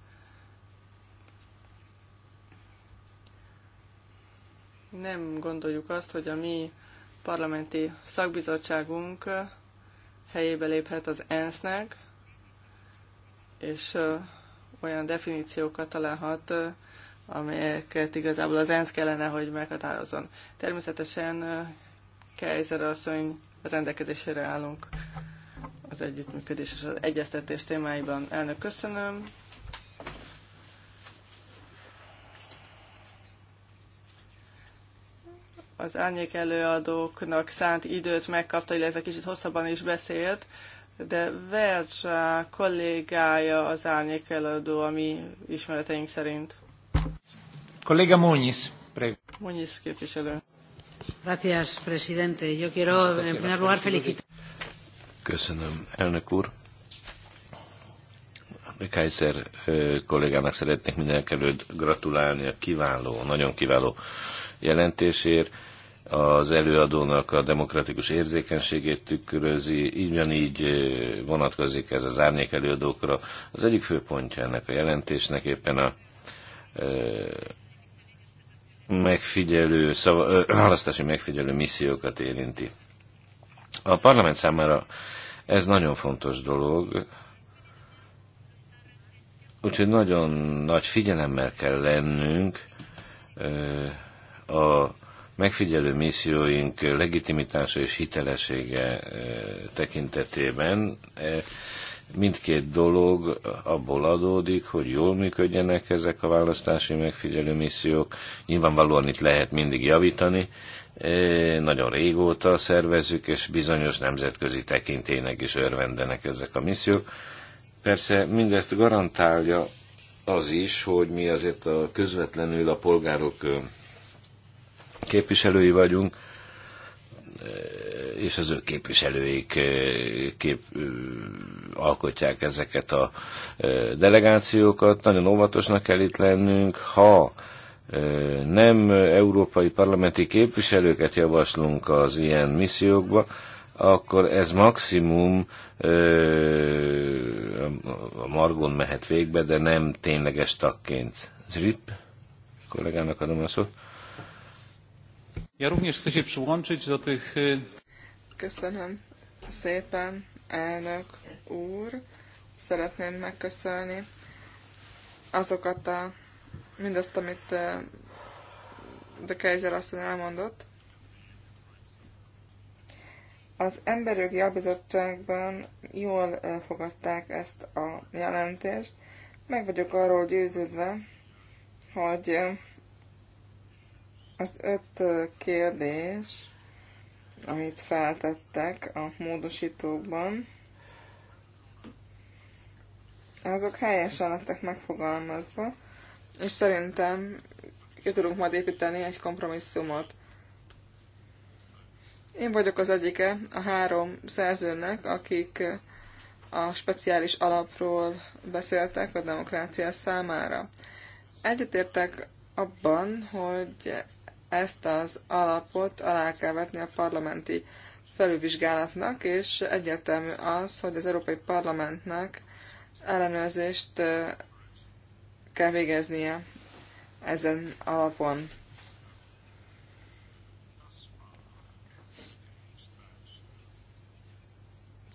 nem gondoljuk azt, hogy a mi parlamenti szakbizottságunk helyébe léphet az ENSZ-nek, és olyan definíciókat találhat, amelyeket igazából az ENSZ kellene, hogy meghatározzon. Természetesen Kejzer asszony rendelkezésére állunk az együttműködés és az egyeztetés témáiban. Elnök, köszönöm. az árnyék előadóknak szánt időt megkapta, illetve kicsit hosszabban is beszélt, de Versa kollégája az árnyék előadó, ami ismereteink szerint. Kolléga Muñiz, prego. Muñiz képviselő. Gracias, presidente. Yo quiero, en primer lugar, felicitar. Köszönöm, elnök úr. Kaiser kollégának szeretnék mindenek előtt gratulálni a kiváló, nagyon kiváló jelentésért az előadónak a demokratikus érzékenységét tükrözi, így van így vonatkozik ez az árnyék előadókra. Az egyik főpontja ennek a jelentésnek éppen a megfigyelő, szava, [clears throat] választási megfigyelő missziókat érinti. A parlament számára ez nagyon fontos dolog, úgyhogy nagyon nagy figyelemmel kell lennünk a megfigyelő misszióink legitimitása és hitelessége eh, tekintetében eh, mindkét dolog abból adódik, hogy jól működjenek ezek a választási megfigyelő missziók. Nyilvánvalóan itt lehet mindig javítani. Eh, nagyon régóta szervezzük, és bizonyos nemzetközi tekintének is örvendenek ezek a missziók. Persze mindezt garantálja az is, hogy mi azért a közvetlenül a polgárok képviselői vagyunk, és az ő képviselőik eh, kép, eh, alkotják ezeket a eh, delegációkat. Nagyon óvatosnak kell itt lennünk, ha nem európai parlamenti képviselőket javaslunk az ilyen missziókba, akkor ez maximum a Margon mehet végbe, de nem tényleges tagként. Zrip kollégának adom a szót. Ja również chcę się przyłączyć do tych... Köszönöm szépen, elnök úr. Szeretném megköszönni azokat a, mindazt, amit de Kaiser asszony elmondott. Az Emberjogi Albizottságban jól fogadták ezt a jelentést. Meg vagyok arról győződve, hogy az öt kérdés, amit feltettek a módosítókban, azok helyesen lettek megfogalmazva, és szerintem ki tudunk majd építeni egy kompromisszumot. Én vagyok az egyike a három szerzőnek, akik a speciális alapról beszéltek a demokrácia számára. Egyetértek abban, hogy ezt az alapot alá kell vetni a parlamenti felülvizsgálatnak, és egyértelmű az, hogy az Európai Parlamentnek ellenőrzést kell végeznie ezen alapon.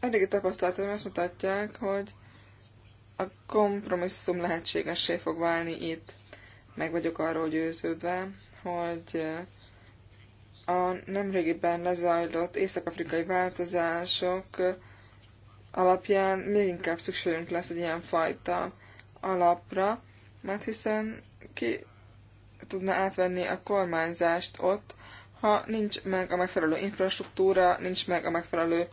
Eddigi tapasztalataim azt mutatják, hogy a kompromisszum lehetségessé fog válni itt. Meg vagyok arról győződve, hogy a nemrégiben lezajlott észak-afrikai változások alapján még inkább szükségünk lesz egy ilyen fajta alapra, mert hiszen ki tudna átvenni a kormányzást ott, ha nincs meg a megfelelő infrastruktúra, nincs meg a megfelelő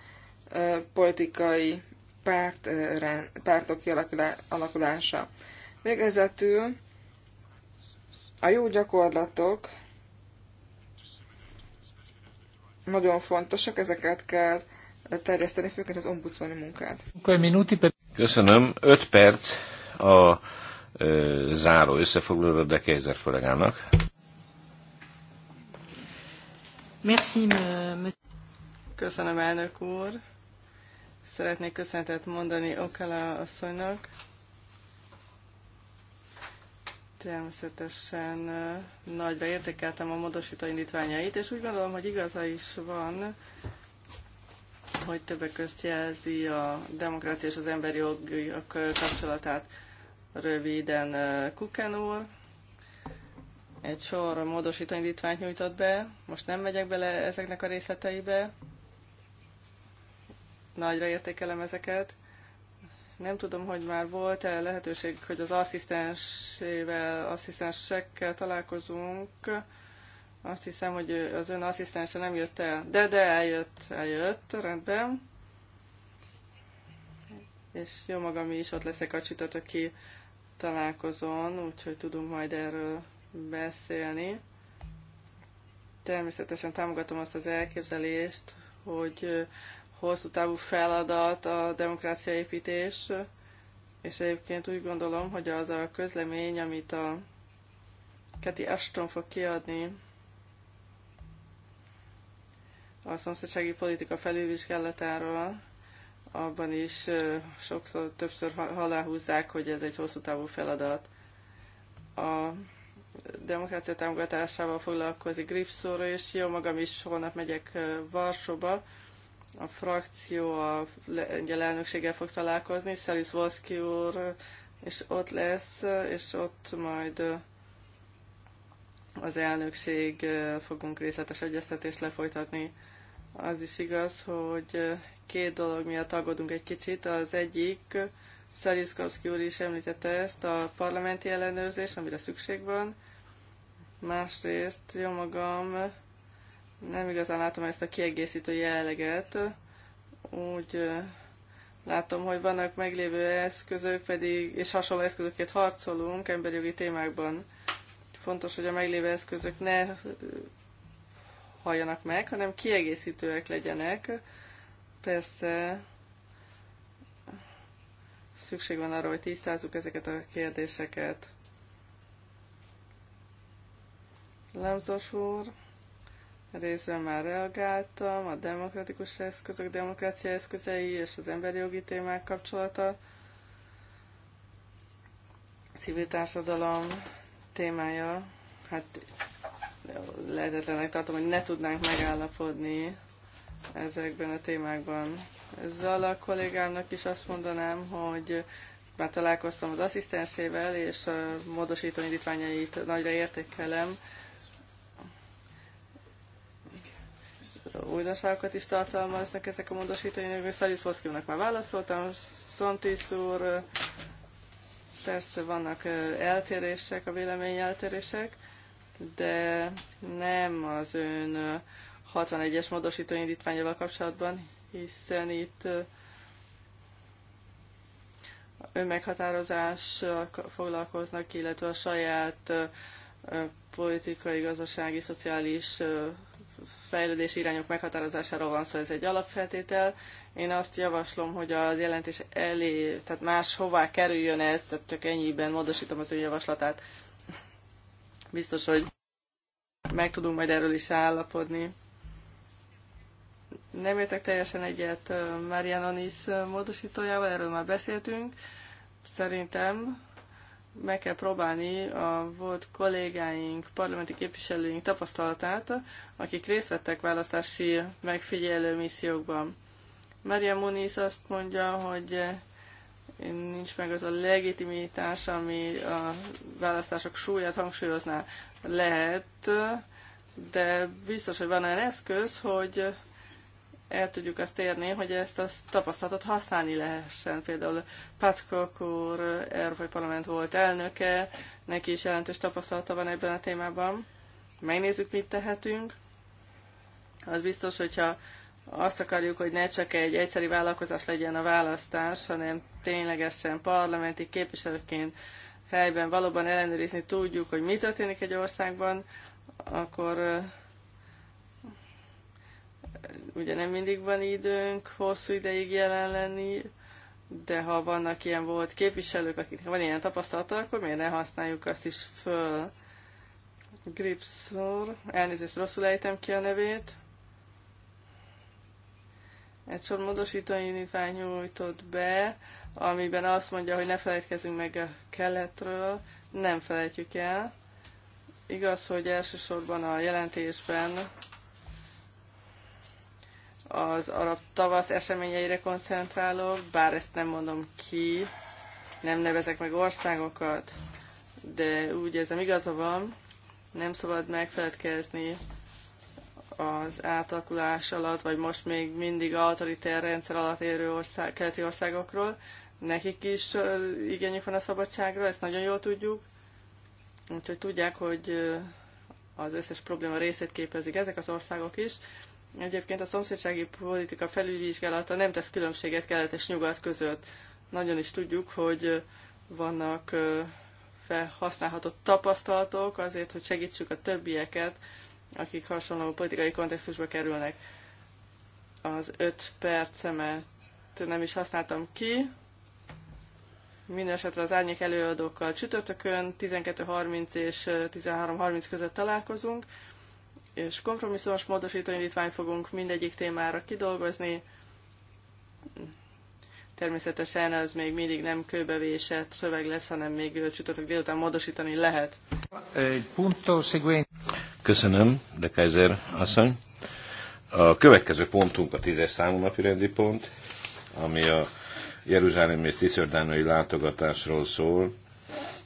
ö, politikai párt, ö, párt, pártok alakulása. Végezetül a jó gyakorlatok nagyon fontosak, ezeket kell terjeszteni, főként az ombudsmani munkát. Köszönöm. 5 perc a ö, záró összefoglalóra de Kejzer kollégának. Merci, Köszönöm, elnök úr. Szeretnék köszönetet mondani Okala asszonynak Természetesen nagyra értékeltem a módosító indítványait, és úgy gondolom, hogy igaza is van, hogy többek közt jelzi a demokrácia és az emberi jogok kapcsolatát röviden Kuken úr. Egy sor módosító indítványt nyújtott be, most nem megyek bele ezeknek a részleteibe. Nagyra értékelem ezeket. Nem tudom, hogy már volt-e lehetőség, hogy az asszisztensével, asszisztensekkel találkozunk. Azt hiszem, hogy az ön asszisztense nem jött el. De, de eljött, eljött, rendben. És jó magam is ott leszek a csütörtöki találkozón, úgyhogy tudunk majd erről beszélni. Természetesen támogatom azt az elképzelést, hogy hosszú távú feladat a demokráciaépítés, és egyébként úgy gondolom, hogy az a közlemény, amit a Keti Ashton fog kiadni a szomszédsági politika felülvizsgálatáról, abban is sokszor, többször aláhúzzák, hogy ez egy hosszú távú feladat. A demokrácia támogatásával foglalkozik Gripszóra, és jó magam is holnap megyek Varsóba, a frakció a lengyel elnökséggel fog találkozni, Szerűz Volszki úr, és ott lesz, és ott majd az elnökség fogunk részletes egyeztetést lefolytatni. Az is igaz, hogy két dolog miatt aggódunk egy kicsit. Az egyik, Szariszkowski úr is említette ezt, a parlamenti ellenőrzés, amire szükség van. Másrészt jó magam nem igazán látom ezt a kiegészítő jelleget. Úgy látom, hogy vannak meglévő eszközök, pedig, és hasonló eszközöket harcolunk emberjogi témákban. Fontos, hogy a meglévő eszközök ne halljanak meg, hanem kiegészítőek legyenek. Persze szükség van arra, hogy tisztázzuk ezeket a kérdéseket. Lemzos úr részben már reagáltam, a demokratikus eszközök, demokrácia eszközei és az emberi jogi témák kapcsolata, civil társadalom témája, hát lehetetlenek tartom, hogy ne tudnánk megállapodni ezekben a témákban. Zala kollégámnak is azt mondanám, hogy már találkoztam az asszisztensével, és a módosító indítványait nagyra értékelem, újdonságokat is tartalmaznak ezek a módosítóanyagok. Szalisz Foszkinak már válaszoltam, Szontis úr, persze vannak eltérések, a vélemény eltérések, de nem az ön 61-es módosító indítványával kapcsolatban, hiszen itt önmeghatározás foglalkoznak, illetve a saját politikai, gazdasági, szociális fejlődési irányok meghatározásáról van szó, ez egy alapfeltétel. Én azt javaslom, hogy a jelentés elé, tehát máshová kerüljön ez, tehát csak ennyiben módosítom az ő javaslatát. Biztos, hogy meg tudunk majd erről is állapodni. Nem értek teljesen egyet Marianonis módosítójával, erről már beszéltünk. Szerintem meg kell próbálni a volt kollégáink, parlamenti képviselőink tapasztalatát, akik részt vettek választási megfigyelő missziókban. Maria Muniz azt mondja, hogy nincs meg az a legitimitás, ami a választások súlyát hangsúlyozná. Lehet, de biztos, hogy van olyan eszköz, hogy el tudjuk azt érni, hogy ezt a tapasztalatot használni lehessen. Például Packok úr, Európai Parlament volt elnöke, neki is jelentős tapasztalata van ebben a témában. Megnézzük, mit tehetünk. Az biztos, hogyha azt akarjuk, hogy ne csak egy egyszerű vállalkozás legyen a választás, hanem ténylegesen parlamenti képviselőként helyben valóban ellenőrizni tudjuk, hogy mi történik egy országban, akkor Ugye nem mindig van időnk hosszú ideig jelen lenni, de ha vannak ilyen volt képviselők, akiknek van ilyen tapasztalata, akkor miért ne használjuk azt is föl. Gripszor, elnézést, rosszul ejtem ki a nevét. Egy sor módosítói indítvány nyújtott be, amiben azt mondja, hogy ne felejtkezünk meg a keletről, nem felejtjük el. Igaz, hogy elsősorban a jelentésben az arab tavasz eseményeire koncentrálok, bár ezt nem mondom ki, nem nevezek meg országokat, de úgy érzem igaza van, nem szabad megfeledkezni az átalakulás alatt, vagy most még mindig autoritár rendszer alatt érő ország, keleti országokról. Nekik is igényük van a szabadságra, ezt nagyon jól tudjuk. Úgyhogy tudják, hogy az összes probléma részét képezik ezek az országok is, Egyébként a szomszédsági politika felülvizsgálata nem tesz különbséget kelet és nyugat között. Nagyon is tudjuk, hogy vannak felhasználható tapasztalatok azért, hogy segítsük a többieket, akik hasonló politikai kontextusba kerülnek. Az öt percemet nem is használtam ki. Mindenesetre az árnyék előadókkal csütörtökön 12.30 és 13.30 között találkozunk és kompromisszumos módosítóindítványt fogunk mindegyik témára kidolgozni. Természetesen az még mindig nem kőbevésett szöveg lesz, hanem még csütörtök délután módosítani lehet. Köszönöm, de Kaiser asszony. A következő pontunk a tízes számú napi rendi pont, ami a Jeruzsálem és Tiszördánai látogatásról szól,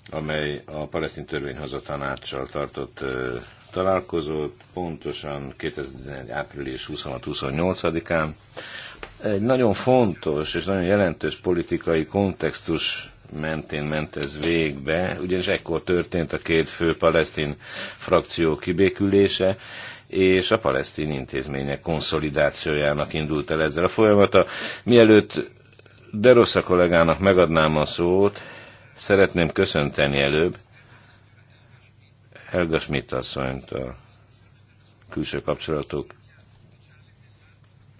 amely a palesztin törvényhozatanácssal tartott találkozott pontosan 2001. április 26-28-án. Egy nagyon fontos és nagyon jelentős politikai kontextus mentén ment ez végbe, ugyanis ekkor történt a két fő palesztin frakció kibékülése, és a palesztin intézmények konszolidációjának indult el ezzel a folyamata. Mielőtt Derosza kollégának megadnám a szót, szeretném köszönteni előbb Helga Schmidt asszonyt a külső kapcsolatok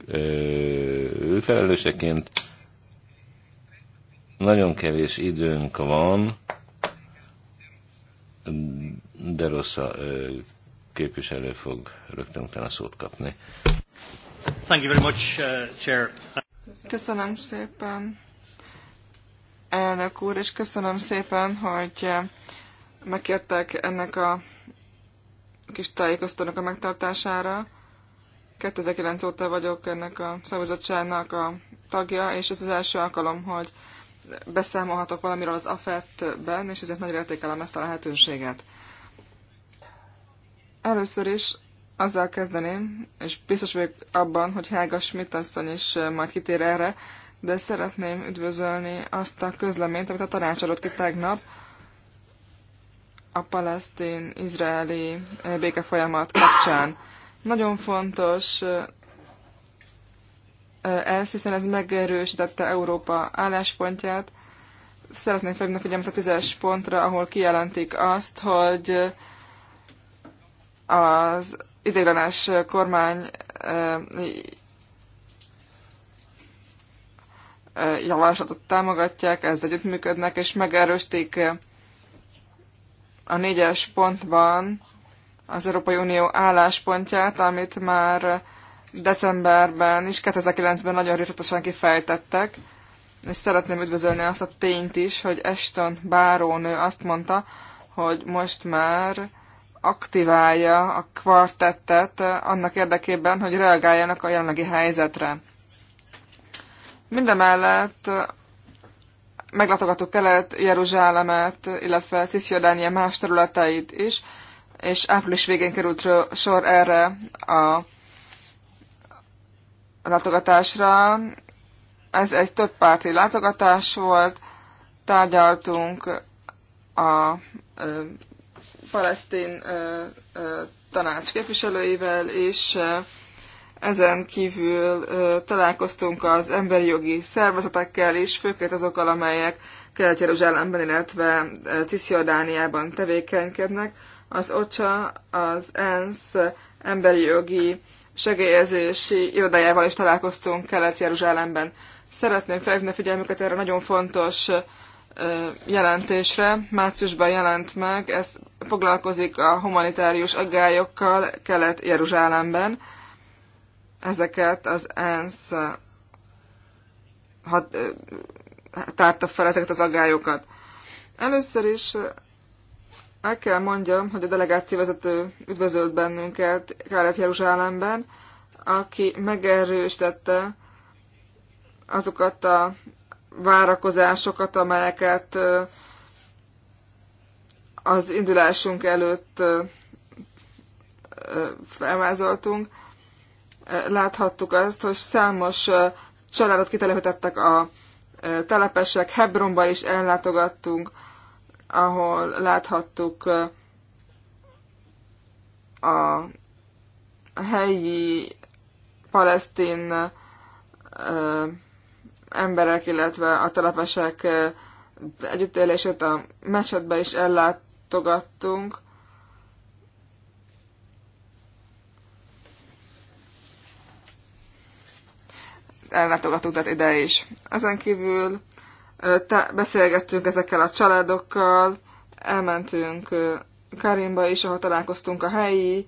ő felelőseként nagyon kevés időnk van, de rossz a képviselő fog rögtön utána szót kapni. Thank you very much, uh, Chair. Köszönöm szépen, elnök úr, és köszönöm szépen, hogy megkértek ennek a kis tájékoztatónak a megtartására. 2009 óta vagyok ennek a szakbizottságnak a tagja, és ez az első alkalom, hogy beszámolhatok valamiről az AFET-ben, és ezért nagy értékelem ezt a lehetőséget. Először is azzal kezdeném, és biztos vagyok abban, hogy Helga Schmidt asszony is majd kitér erre, de szeretném üdvözölni azt a közleményt, amit a tanács adott ki tegnap, a palesztin-izraeli eh, békefolyamat kapcsán. Nagyon fontos eh, ez, hiszen ez megerősítette Európa álláspontját. Szeretném felhívni a figyelmet a tízes pontra, ahol kijelentik azt, hogy az ideiglenes kormány eh, javaslatot támogatják, ezzel együttműködnek, és megerősítik a négyes pontban az Európai Unió álláspontját, amit már decemberben és 2009-ben nagyon részletesen kifejtettek, és szeretném üdvözölni azt a tényt is, hogy Eston Bárónő azt mondta, hogy most már aktiválja a kvartettet annak érdekében, hogy reagáljanak a jelenlegi helyzetre. Mindemellett meglátogattuk Kelet-Jeruzsálemet, illetve Cisziadánia más területeit is, és április végén került sor erre a látogatásra. Ez egy több párti látogatás volt, tárgyaltunk a ö, palesztin ö, ö, tanács képviselőivel, és ö, ezen kívül találkoztunk az emberi jogi szervezetekkel is, főként azokkal, amelyek Kelet-Jeruzsálemben, illetve Cisziordániában tevékenykednek. Az OCSA, az ENSZ emberi jogi segélyezési irodájával is találkoztunk Kelet-Jeruzsálemben. Szeretném felhívni a figyelmüket erre nagyon fontos jelentésre. Márciusban jelent meg, ez foglalkozik a humanitárius aggályokkal Kelet-Jeruzsálemben ezeket az ENSZ eh, hat, eh, tárta fel ezeket az agályokat. Először is eh, el kell mondjam, hogy a delegációvezető üdvözölt bennünket Kálef Jeruzsálemben, aki megerősítette azokat a várakozásokat, amelyeket az indulásunk előtt felvázoltunk láthattuk azt, hogy számos családot kitelepítettek a telepesek, Hebronba is ellátogattunk, ahol láthattuk a helyi palesztin emberek, illetve a telepesek együttélését a mecsetbe is ellátogattunk. ellátogatunk, tehát ide is. Ezen kívül beszélgettünk ezekkel a családokkal, elmentünk Karimba is, ahol találkoztunk a helyi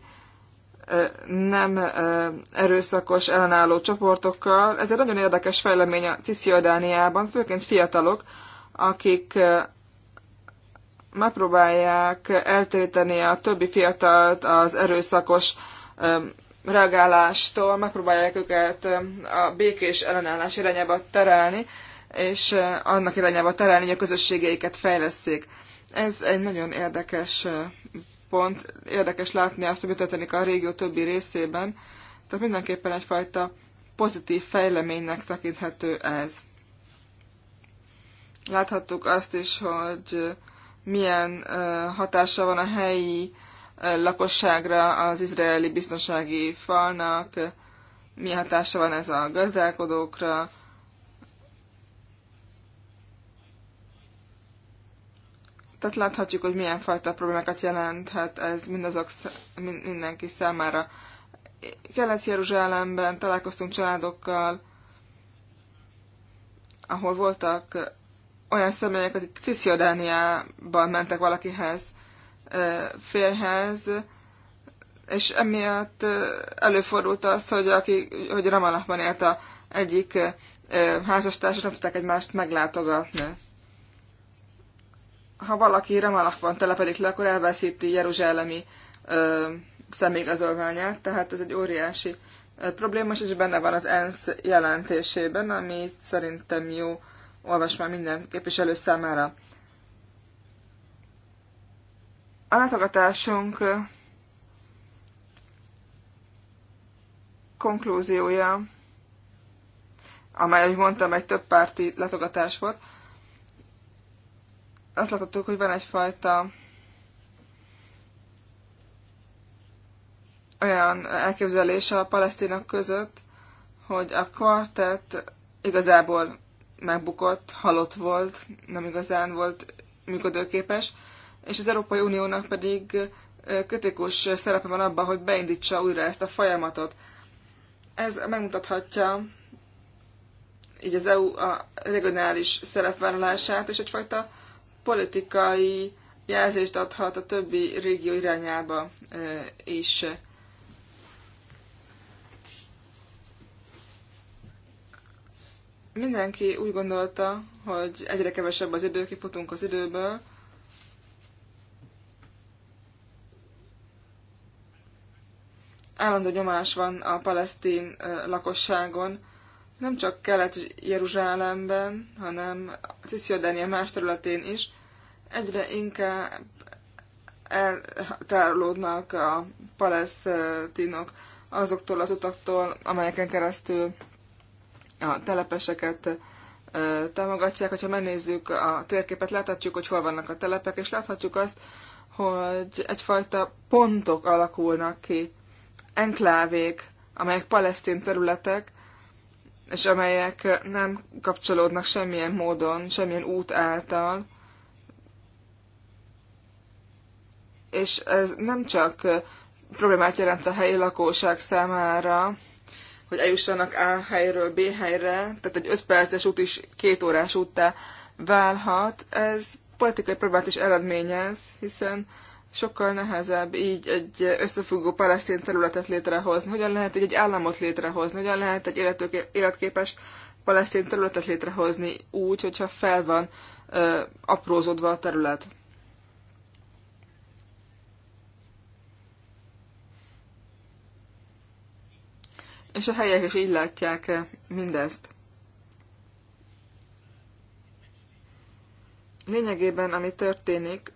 nem erőszakos ellenálló csoportokkal. Ez egy nagyon érdekes fejlemény a Cisziordániában, főként fiatalok, akik megpróbálják eltéríteni a többi fiatalt az erőszakos reagálástól megpróbálják őket a békés ellenállás irányába terelni, és annak irányába terelni, hogy a közösségeiket fejleszik. Ez egy nagyon érdekes pont, érdekes látni azt, hogy mi történik a régió többi részében, tehát mindenképpen egyfajta pozitív fejleménynek tekinthető ez. Láthattuk azt is, hogy milyen hatása van a helyi lakosságra, az izraeli biztonsági falnak, mi hatása van ez a gazdálkodókra, tehát láthatjuk, hogy milyen fajta problémákat jelenthet ez mindazok mindenki számára. Kelet-Jeruzsálemben találkoztunk családokkal, ahol voltak olyan személyek, akik Cisziodániában mentek valakihez, férhez, és emiatt előfordult az, hogy, aki, hogy Ramallahban élt a egyik házastársa, nem tudták egymást meglátogatni. Ha valaki Ramallahban telepedik le, akkor elveszíti Jeruzsálemi személyigazolványát, tehát ez egy óriási probléma, és benne van az ENSZ jelentésében, ami szerintem jó olvasmány minden képviselő számára. A látogatásunk konklúziója, amely, ahogy mondtam, egy több párti látogatás volt, azt láthattuk, hogy van egyfajta olyan elképzelés a palesztinok között, hogy a kvartett igazából megbukott, halott volt, nem igazán volt működőképes, és az Európai Uniónak pedig kritikus szerepe van abban, hogy beindítsa újra ezt a folyamatot. Ez megmutathatja így az EU a regionális szerepvállalását, és egyfajta politikai jelzést adhat a többi régió irányába is. Mindenki úgy gondolta, hogy egyre kevesebb az idő, kifutunk az időből, állandó nyomás van a palesztin lakosságon, nem csak Kelet-Jeruzsálemben, hanem Cisziodánia más területén is. Egyre inkább eltárolódnak a palesztinok azoktól az utaktól, amelyeken keresztül a telepeseket támogatják. ha megnézzük a térképet, láthatjuk, hogy hol vannak a telepek, és láthatjuk azt, hogy egyfajta pontok alakulnak ki enklávék, amelyek palesztin területek, és amelyek nem kapcsolódnak semmilyen módon, semmilyen út által. És ez nem csak problémát jelent a helyi lakóság számára, hogy eljussanak A helyről B helyre, tehát egy 5 perces út is két órás úttá válhat. Ez politikai problémát is eredményez, hiszen sokkal nehezebb így egy összefüggő palesztin területet létrehozni, hogyan lehet így egy államot létrehozni, hogyan lehet egy életképes palesztin területet létrehozni úgy, hogyha fel van ö, aprózódva a terület. És a helyek is így látják mindezt. Lényegében, ami történik,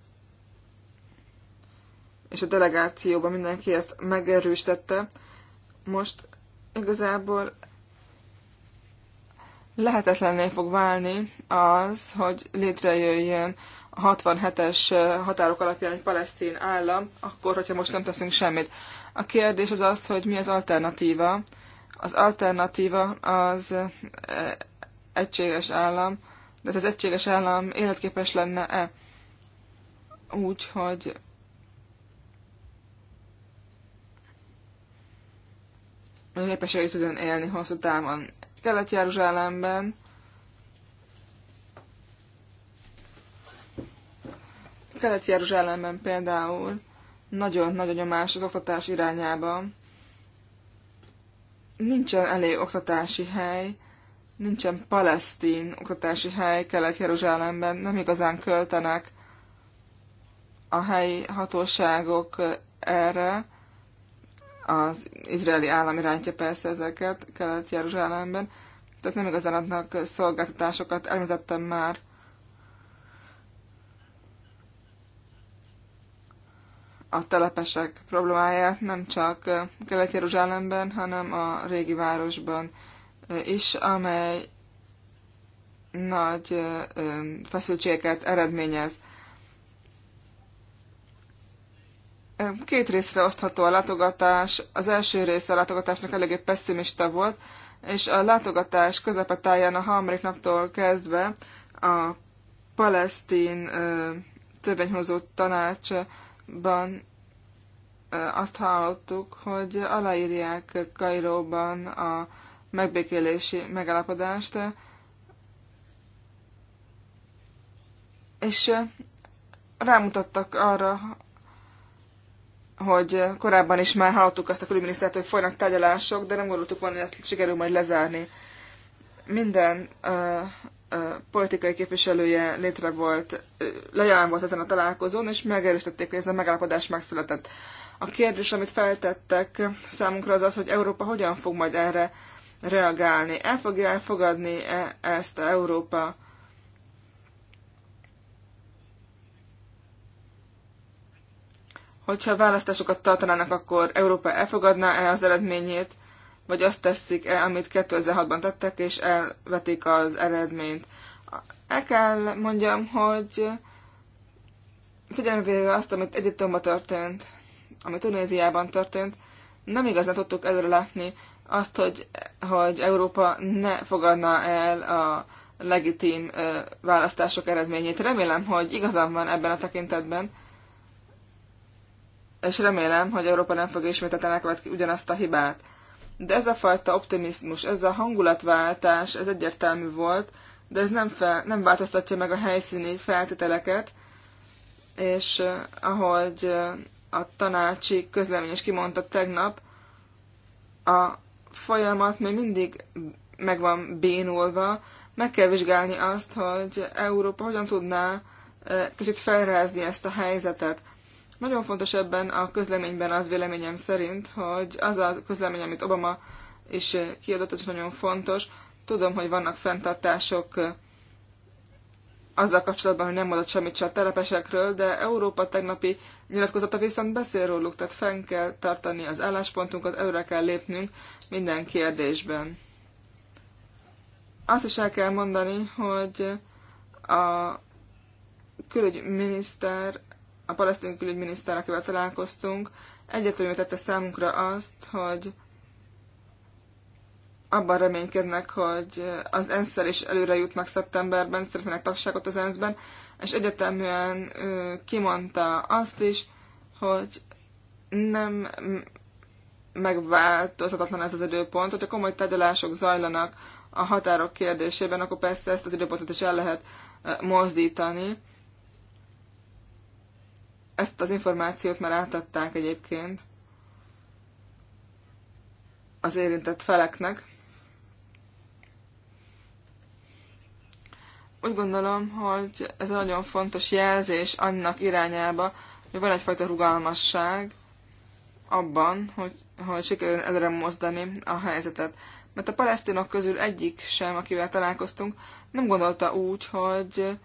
és a delegációban mindenki ezt megerősítette. Most igazából lehetetlenné fog válni az, hogy létrejöjjön a 67-es határok alapján egy palesztin állam, akkor, hogyha most nem teszünk semmit. A kérdés az az, hogy mi az alternatíva. Az alternatíva az eh, egységes állam, de az egységes állam életképes lenne-e úgy, hogy népesség tudjon élni hosszú távon. Kelet-Jeruzsálemben Kelet-Jeruzsálemben például nagyon nagy nyomás az oktatás irányába. Nincsen elég oktatási hely, nincsen palesztin oktatási hely Kelet-Jeruzsálemben, nem igazán költenek a helyi hatóságok erre az izraeli állam irányítja persze ezeket Kelet-Jeruzsálemben, tehát nem igazán adnak szolgáltatásokat, elmítettem már a telepesek problémáját nem csak Kelet-Jeruzsálemben, hanem a régi városban is, amely nagy feszültségeket eredményez. Két részre osztható a látogatás. Az első része a látogatásnak eléggé pessimista volt, és a látogatás közepetáján a harmadik naptól kezdve a palesztin törvényhozó tanácsban azt hallottuk, hogy aláírják Kairóban a megbékélési megállapodást, és rámutattak arra, hogy korábban is már hallottuk azt a külügyminisztert, hogy folynak tárgyalások, de nem gondoltuk volna, hogy ezt sikerül majd lezárni. Minden uh, uh, politikai képviselője létre volt, uh, lejelen volt ezen a találkozón, és megerősítették, hogy ez a megállapodás megszületett. A kérdés, amit feltettek számunkra az az, hogy Európa hogyan fog majd erre reagálni. El fogja elfogadni -e ezt Európa hogyha választásokat tartanának, akkor Európa elfogadná-e az eredményét, vagy azt teszik-e, amit 2006-ban tettek, és elvetik az eredményt. El kell mondjam, hogy figyelembe azt, amit Egyiptomban történt, ami Tunéziában történt, nem igazán tudtuk előre látni azt, hogy, hogy Európa ne fogadná el a legitim választások eredményét. Remélem, hogy igazam van ebben a tekintetben, és remélem, hogy Európa nem fog ismételten elkövetni ugyanazt a hibát. De ez a fajta optimizmus, ez a hangulatváltás, ez egyértelmű volt, de ez nem, fel, nem változtatja meg a helyszíni feltételeket, és eh, ahogy eh, a tanácsi közlemény is kimondta tegnap, a folyamat még mindig meg van bénulva, meg kell vizsgálni azt, hogy Európa hogyan tudná eh, kicsit felrázni ezt a helyzetet. Nagyon fontos ebben a közleményben az véleményem szerint, hogy az a közlemény, amit Obama is kiadott, az nagyon fontos. Tudom, hogy vannak fenntartások azzal kapcsolatban, hogy nem mondott semmit se a telepesekről, de Európa tegnapi nyilatkozata viszont beszél róluk, tehát fenn kell tartani az álláspontunkat, előre kell lépnünk minden kérdésben. Azt is el kell mondani, hogy a külügyminiszter a palesztin külügyminiszter, akivel találkoztunk, egyetlenül tette számunkra azt, hogy abban reménykednek, hogy az ensz is előre jutnak szeptemberben, szeretnének tagságot az ENSZ-ben, és egyeteműen kimondta azt is, hogy nem megváltozhatatlan ez az időpont. Hogyha komoly tárgyalások zajlanak a határok kérdésében, akkor persze ezt az időpontot is el lehet mozdítani, ezt az információt már átadták egyébként az érintett feleknek. Úgy gondolom, hogy ez egy nagyon fontos jelzés annak irányába, hogy van egyfajta rugalmasság abban, hogy, hogy sikerül előre mozdani a helyzetet. Mert a palesztinok közül egyik sem, akivel találkoztunk, nem gondolta úgy, hogy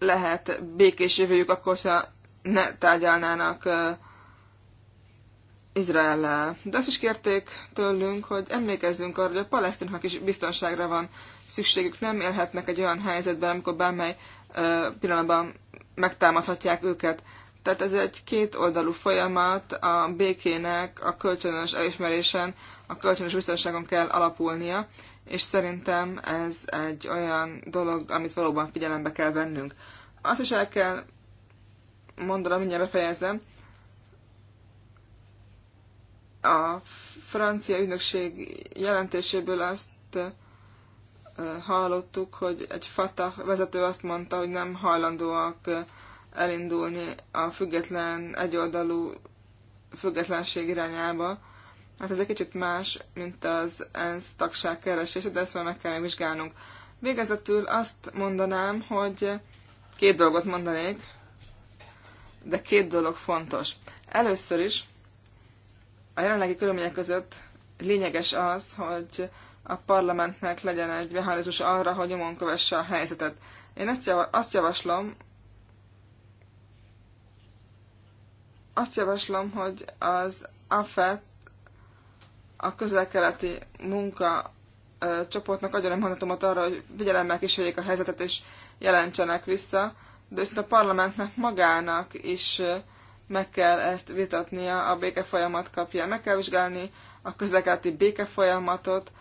lehet békés jövőjük, akkor ha ne tárgyalnának Izraellel. De azt is kérték tőlünk, hogy emlékezzünk arra, hogy a palesztinoknak is biztonságra van szükségük. Nem élhetnek egy olyan helyzetben, amikor bármely pillanatban megtámadhatják őket. Tehát ez egy kétoldalú folyamat, a békének, a kölcsönös elismerésen, a kölcsönös biztonságon kell alapulnia, és szerintem ez egy olyan dolog, amit valóban figyelembe kell vennünk. Azt is el kell mondanom, mindjárt befejezem, a francia ügynökség jelentéséből azt hallottuk, hogy egy fata vezető azt mondta, hogy nem hajlandóak elindulni a független egyoldalú függetlenség irányába. Hát ez egy kicsit más, mint az ENSZ tagság keresése, de ezt már meg kell megvizsgálnunk. Végezetül azt mondanám, hogy két dolgot mondanék, de két dolog fontos. Először is a jelenlegi körülmények között lényeges az, hogy a parlamentnek legyen egy mechanizmus arra, hogy nyomon kövesse a helyzetet. Én ezt jav- azt javaslom, azt javaslom, hogy az AFET a közel-keleti munka csoportnak adjon a mandatumot arra, hogy figyelemmel kísérjék a helyzetet és jelentsenek vissza, de viszont a parlamentnek magának is meg kell ezt vitatnia a folyamat kapja. Meg kell vizsgálni a béke folyamatot.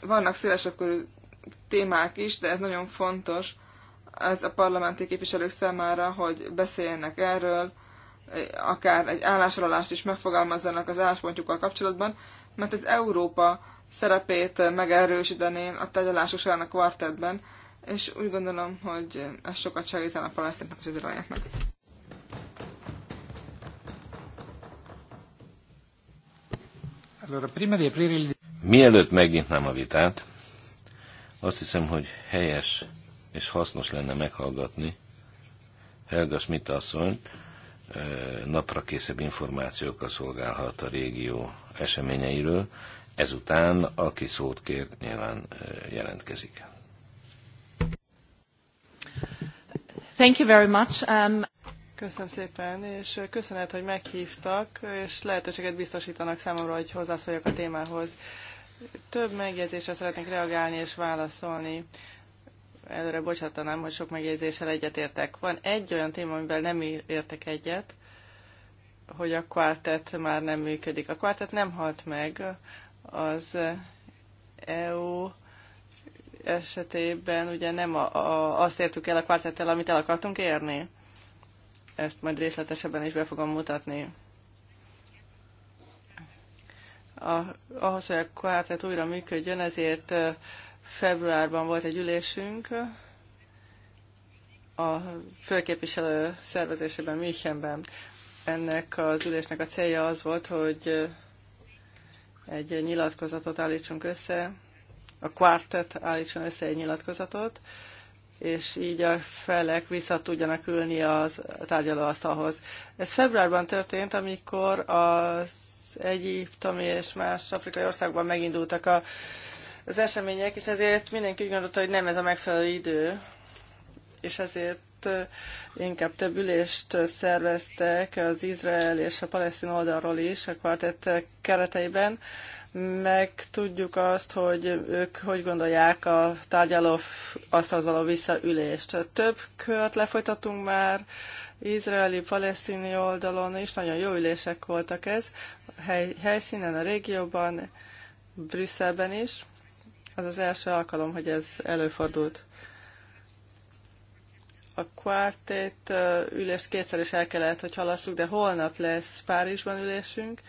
Vannak szélesebb témák is, de ez nagyon fontos ez a parlamenti képviselők számára, hogy beszéljenek erről, akár egy állásolást is megfogalmazzanak az álláspontjukkal kapcsolatban, mert az Európa szerepét megerősíteni a tárgyalások során a kvartetben, és úgy gondolom, hogy ez sokat segítene a palesztinnak és az irányoknak. Mielőtt megnyitnám a vitát, azt hiszem, hogy helyes és hasznos lenne meghallgatni Helga Schmidt asszony eh, napra készebb információkkal szolgálhat a régió eseményeiről. Ezután, aki szót kér, nyilván jelentkezik. Thank you very much. Um... Köszönöm szépen, és köszönet, hogy meghívtak, és lehetőséget biztosítanak számomra, hogy hozzászóljak a témához. Több megjegyzésre szeretnék reagálni és válaszolni. Előre bocsátanám, hogy sok megjegyzéssel egyetértek. Van egy olyan téma, amivel nem értek egyet, hogy a kvartett már nem működik. A kvartett nem halt meg, az EU esetében ugye nem a, a, azt értük el a kvartettel, amit el akartunk érni. Ezt majd részletesebben is be fogom mutatni. A, ahhoz, hogy a kvartett újra működjön, ezért februárban volt egy ülésünk a főképviselő szervezésében Münchenben ennek az ülésnek a célja az volt, hogy egy nyilatkozatot állítsunk össze, a quartet állítson össze egy nyilatkozatot, és így a felek vissza tudjanak ülni az tárgyalóasztalhoz. Ez februárban történt, amikor az egyiptomi és más afrikai országban megindultak a, az események, és ezért mindenki úgy gondolta, hogy nem ez a megfelelő idő, és ezért inkább több ülést szerveztek az Izrael és a palesztin oldalról is a kvartett kereteiben. Meg tudjuk azt, hogy ők hogy gondolják a tárgyaló asztalhoz való visszaülést. Több kört lefolytatunk már, izraeli-palesztini oldalon is, nagyon jó ülések voltak ez, hely, helyszínen, a régióban, Brüsszelben is. Az az első alkalom, hogy ez előfordult a kvártét ülést kétszer is el kellett, hogy halasszuk, de holnap lesz Párizsban ülésünk,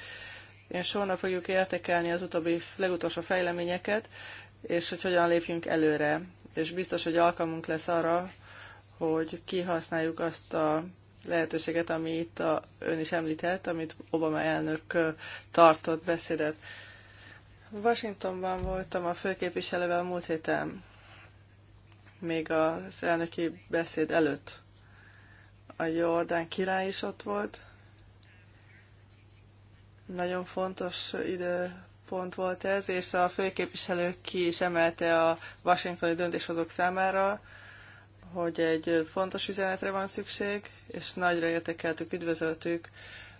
és holnap fogjuk értékelni az utóbbi, legutolsó fejleményeket, és hogy hogyan lépjünk előre. És biztos, hogy alkalmunk lesz arra, hogy kihasználjuk azt a lehetőséget, amit a, ön is említett, amit Obama elnök tartott beszédet. Washingtonban voltam a főképviselővel múlt héten még az elnöki beszéd előtt. A Jordán király is ott volt. Nagyon fontos időpont volt ez, és a főképviselő ki is emelte a washingtoni döntéshozók számára, hogy egy fontos üzenetre van szükség, és nagyra értékeltük, üdvözöltük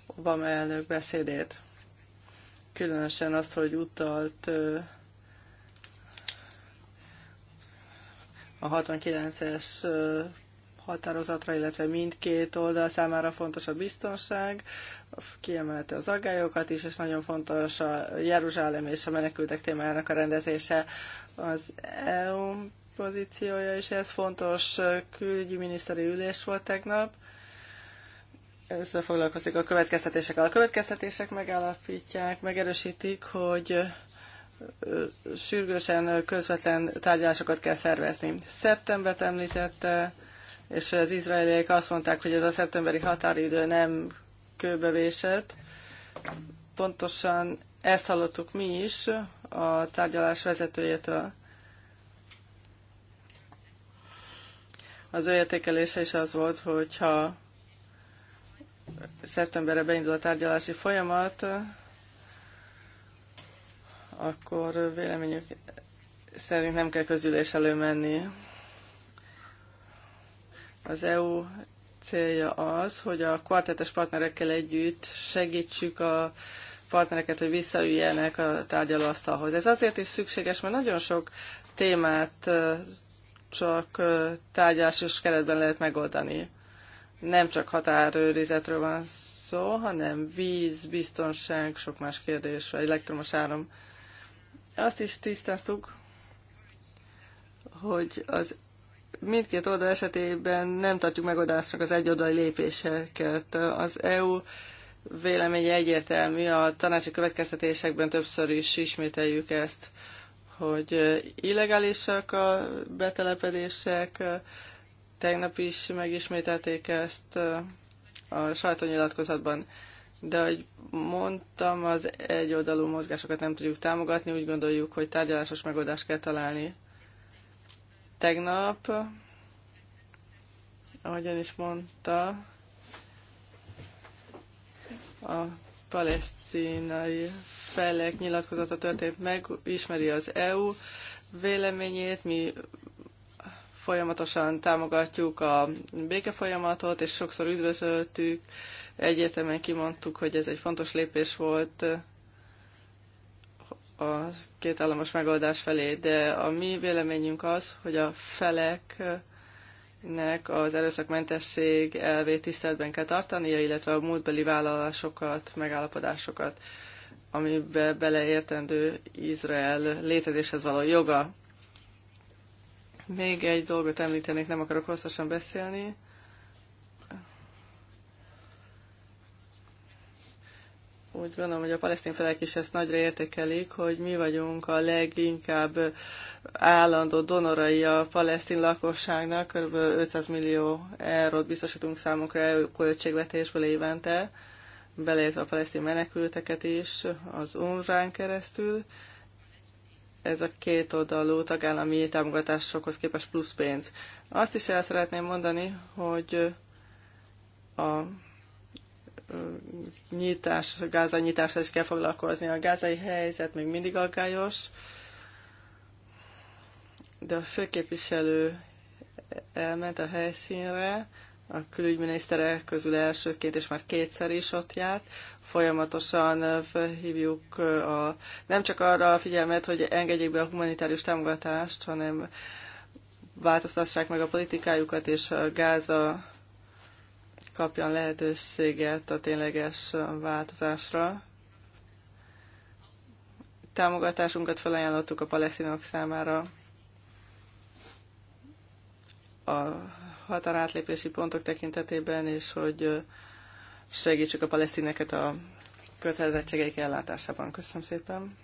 Obama elnök beszédét. Különösen azt, hogy utalt a 69-es határozatra, illetve mindkét oldal számára fontos a biztonság, kiemelte az aggályokat is, és nagyon fontos a Jeruzsálem és a menekültek témájának a rendezése. Az EU pozíciója, és ez fontos külügyi miniszteri ülés volt tegnap. Ezzel foglalkozik a következtetésekkel. A következtetések megállapítják, megerősítik, hogy sürgősen közvetlen tárgyalásokat kell szervezni. Szeptembert említette, és az izraeliek azt mondták, hogy ez a szeptemberi határidő nem kőbevésett. Pontosan ezt hallottuk mi is a tárgyalás vezetőjétől. Az ő értékelése is az volt, hogyha szeptemberre beindul a tárgyalási folyamat, akkor véleményük szerint nem kell közülés előmenni. Az EU célja az, hogy a kvartetes partnerekkel együtt segítsük a partnereket, hogy visszaüljenek a tárgyalóasztalhoz. Ez azért is szükséges, mert nagyon sok témát csak tárgyalásos keretben lehet megoldani. Nem csak határőrizetről van szó, hanem víz, biztonság, sok más kérdés, vagy elektromos áram. Azt is tisztáztuk, hogy az mindkét oldal esetében nem tartjuk megoldásnak az egyoldali lépéseket. Az EU véleménye egyértelmű, a tanácsi következtetésekben többször is ismételjük ezt, hogy illegálisak a betelepedések, tegnap is megismételték ezt a sajtónyilatkozatban. De ahogy mondtam, az egyoldalú mozgásokat nem tudjuk támogatni, úgy gondoljuk, hogy tárgyalásos megoldást kell találni. Tegnap, ahogyan is mondta, a palesztinai felek nyilatkozata történt meg, ismeri az EU véleményét, mi folyamatosan támogatjuk a békefolyamatot, és sokszor üdvözöltük Egyértelműen kimondtuk, hogy ez egy fontos lépés volt eh, a két államos megoldás felé, de a mi véleményünk az, hogy a feleknek az erőszakmentesség elvét tiszteletben kell tartania, illetve a múltbeli vállalásokat, megállapodásokat, amiben beleértendő Izrael létezéshez való joga. Még egy dolgot említenék, nem akarok hosszasan beszélni. úgy gondolom, hogy a palesztin felek is ezt nagyra értékelik, hogy mi vagyunk a leginkább állandó donorai a palesztin lakosságnak, kb. 500 millió eurót biztosítunk számunkra a költségvetésből évente, beleértve a palesztin menekülteket is az UNRWA-n keresztül. Ez a két oldalú tagállami támogatásokhoz képest plusz pénz. Azt is el szeretném mondani, hogy a nyitás, gázai nyitásra is kell foglalkozni. A gázai helyzet még mindig aggályos, de a főképviselő elment a helyszínre, a külügyminiszterek közül elsőként, és már kétszer is ott járt. Folyamatosan felhívjuk a, nem csak arra a figyelmet, hogy engedjék be a humanitárius támogatást, hanem változtassák meg a politikájukat, és a Gáza kapjon lehetőséget a tényleges változásra. Támogatásunkat felajánlottuk a palesztinok számára. A határátlépési pontok tekintetében, és hogy segítsük a palesztineket a kötelezettségeik ellátásában. Köszönöm szépen.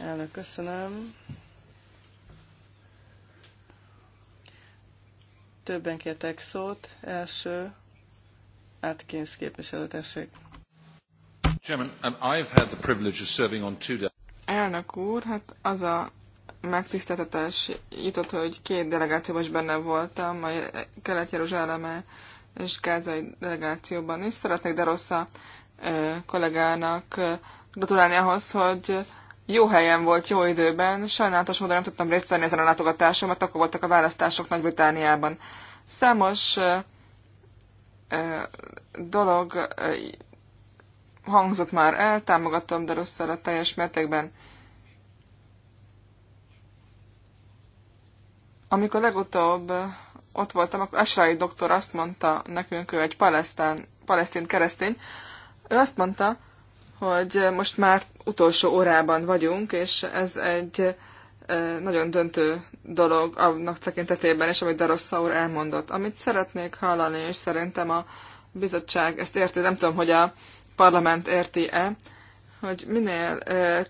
Elnök, köszönöm. Többen kértek szót. Első, Atkins képviselőtesség. Um, Elnök úr, hát az a megtiszteltetés jutott, hogy két delegációban is benne voltam, a Kelet-Jeruzsáleme és Gázai delegációban is. Szeretnék de rossz kollégának gratulálni ahhoz, hogy jó helyen volt, jó időben. Sajnálatos módon nem tudtam részt venni ezen a látogatáson, mert akkor voltak a választások Nagy-Britániában. Számos ö, ö, dolog ö, hangzott már el, támogatom de Darusszal a teljes mértékben. Amikor legutóbb ott voltam, akkor Esrai doktor azt mondta nekünk, ő egy palesztán, palesztin keresztény, ő azt mondta, hogy most már utolsó órában vagyunk, és ez egy nagyon döntő dolog annak tekintetében, és amit Darossa úr elmondott. Amit szeretnék hallani, és szerintem a bizottság ezt érti, nem tudom, hogy a parlament érti-e, hogy minél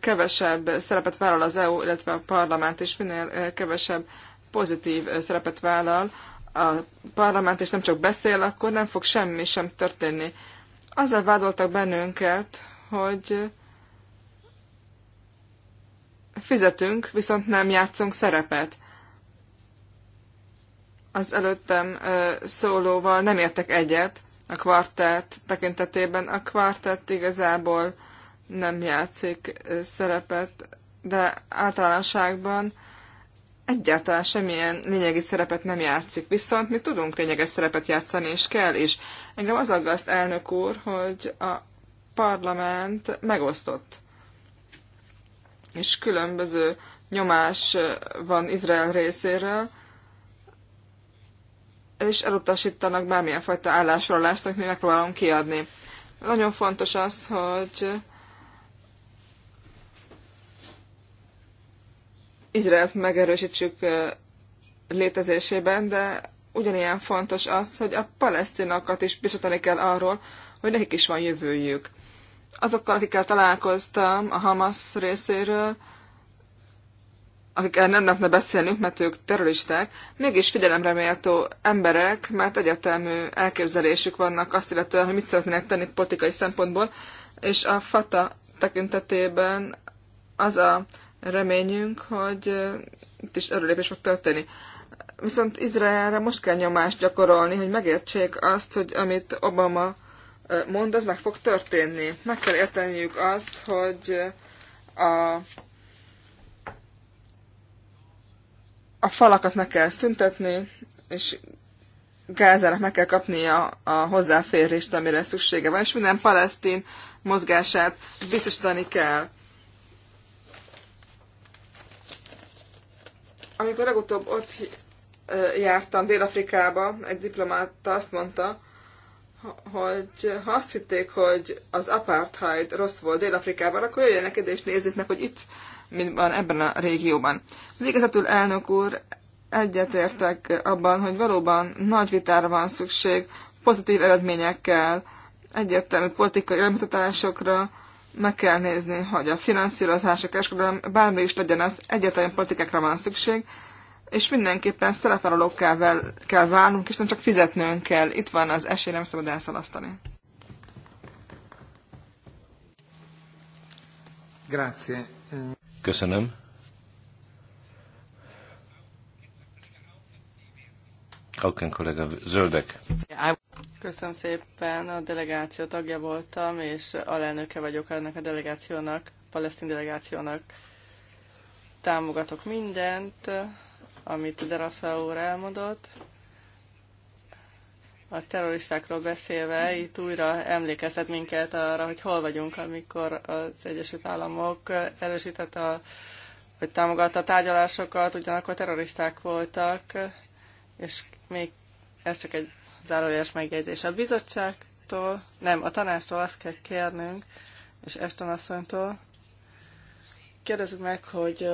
kevesebb szerepet vállal az EU, illetve a parlament, és minél kevesebb pozitív szerepet vállal a parlament, és nem csak beszél, akkor nem fog semmi sem történni. Azzal vádoltak bennünket, hogy fizetünk, viszont nem játszunk szerepet. Az előttem szólóval nem értek egyet a kvartett tekintetében. A kvartett igazából nem játszik szerepet, de általánosságban egyáltalán semmilyen lényegi szerepet nem játszik. Viszont mi tudunk lényeges szerepet játszani, és kell is. Engem az aggaszt, elnök úr, hogy a parlament megosztott. És különböző nyomás van Izrael részéről, és elutasítanak bármilyen fajta állásfoglalást, amit mi megpróbálunk kiadni. Nagyon fontos az, hogy Izraelt megerősítsük létezésében, de ugyanilyen fontos az, hogy a palesztinakat is biztosítani kell arról, hogy nekik is van jövőjük azokkal, akikkel találkoztam a Hamas részéről, akikkel nem lehetne beszélnünk, mert ők terroristák, mégis figyelemre méltó emberek, mert egyetemű elképzelésük vannak azt illetően, hogy mit szeretnének tenni politikai szempontból, és a FATA tekintetében az a reményünk, hogy itt is erőlépés fog történni. Viszont Izraelre most kell nyomást gyakorolni, hogy megértsék azt, hogy amit Obama mond, az meg fog történni. Meg kell érteniük azt, hogy a, a falakat meg kell szüntetni, és Gázának meg kell kapnia a hozzáférést, amire szüksége van, és minden palesztin mozgását biztosítani kell. Amikor legutóbb ott jártam Dél-Afrikába, egy diplomata azt mondta, hogy ha azt hitték, hogy az apartheid rossz volt Dél-Afrikában, akkor jöjjenek ide és nézzék meg, hogy itt mint van ebben a régióban. Végezetül elnök úr, egyetértek abban, hogy valóban nagy vitára van szükség, pozitív eredményekkel, egyértelmű politikai elmutatásokra, meg kell nézni, hogy a finanszírozás, a kereskedelem, bármi is legyen az, egyértelmű politikákra van szükség, és mindenképpen szerepvállalókká kell kell válnunk, és nem csak fizetnünk kell. Itt van az esély, nem szabad elszalasztani. Grazie. Köszönöm. Auken kollega, zöldek. Köszönöm szépen, a delegáció tagja voltam, és alelnöke vagyok ennek a delegációnak, a palesztin delegációnak. Támogatok mindent, amit Derasza úr elmondott. A terroristákról beszélve itt újra emlékeztet minket arra, hogy hol vagyunk, amikor az Egyesült Államok erősített a vagy támogatta a tárgyalásokat, ugyanakkor terroristák voltak, és még ez csak egy zárójeles megjegyzés. A bizottságtól, nem, a tanástól azt kell kérnünk, és Eston asszonytól, kérdezzük meg, hogy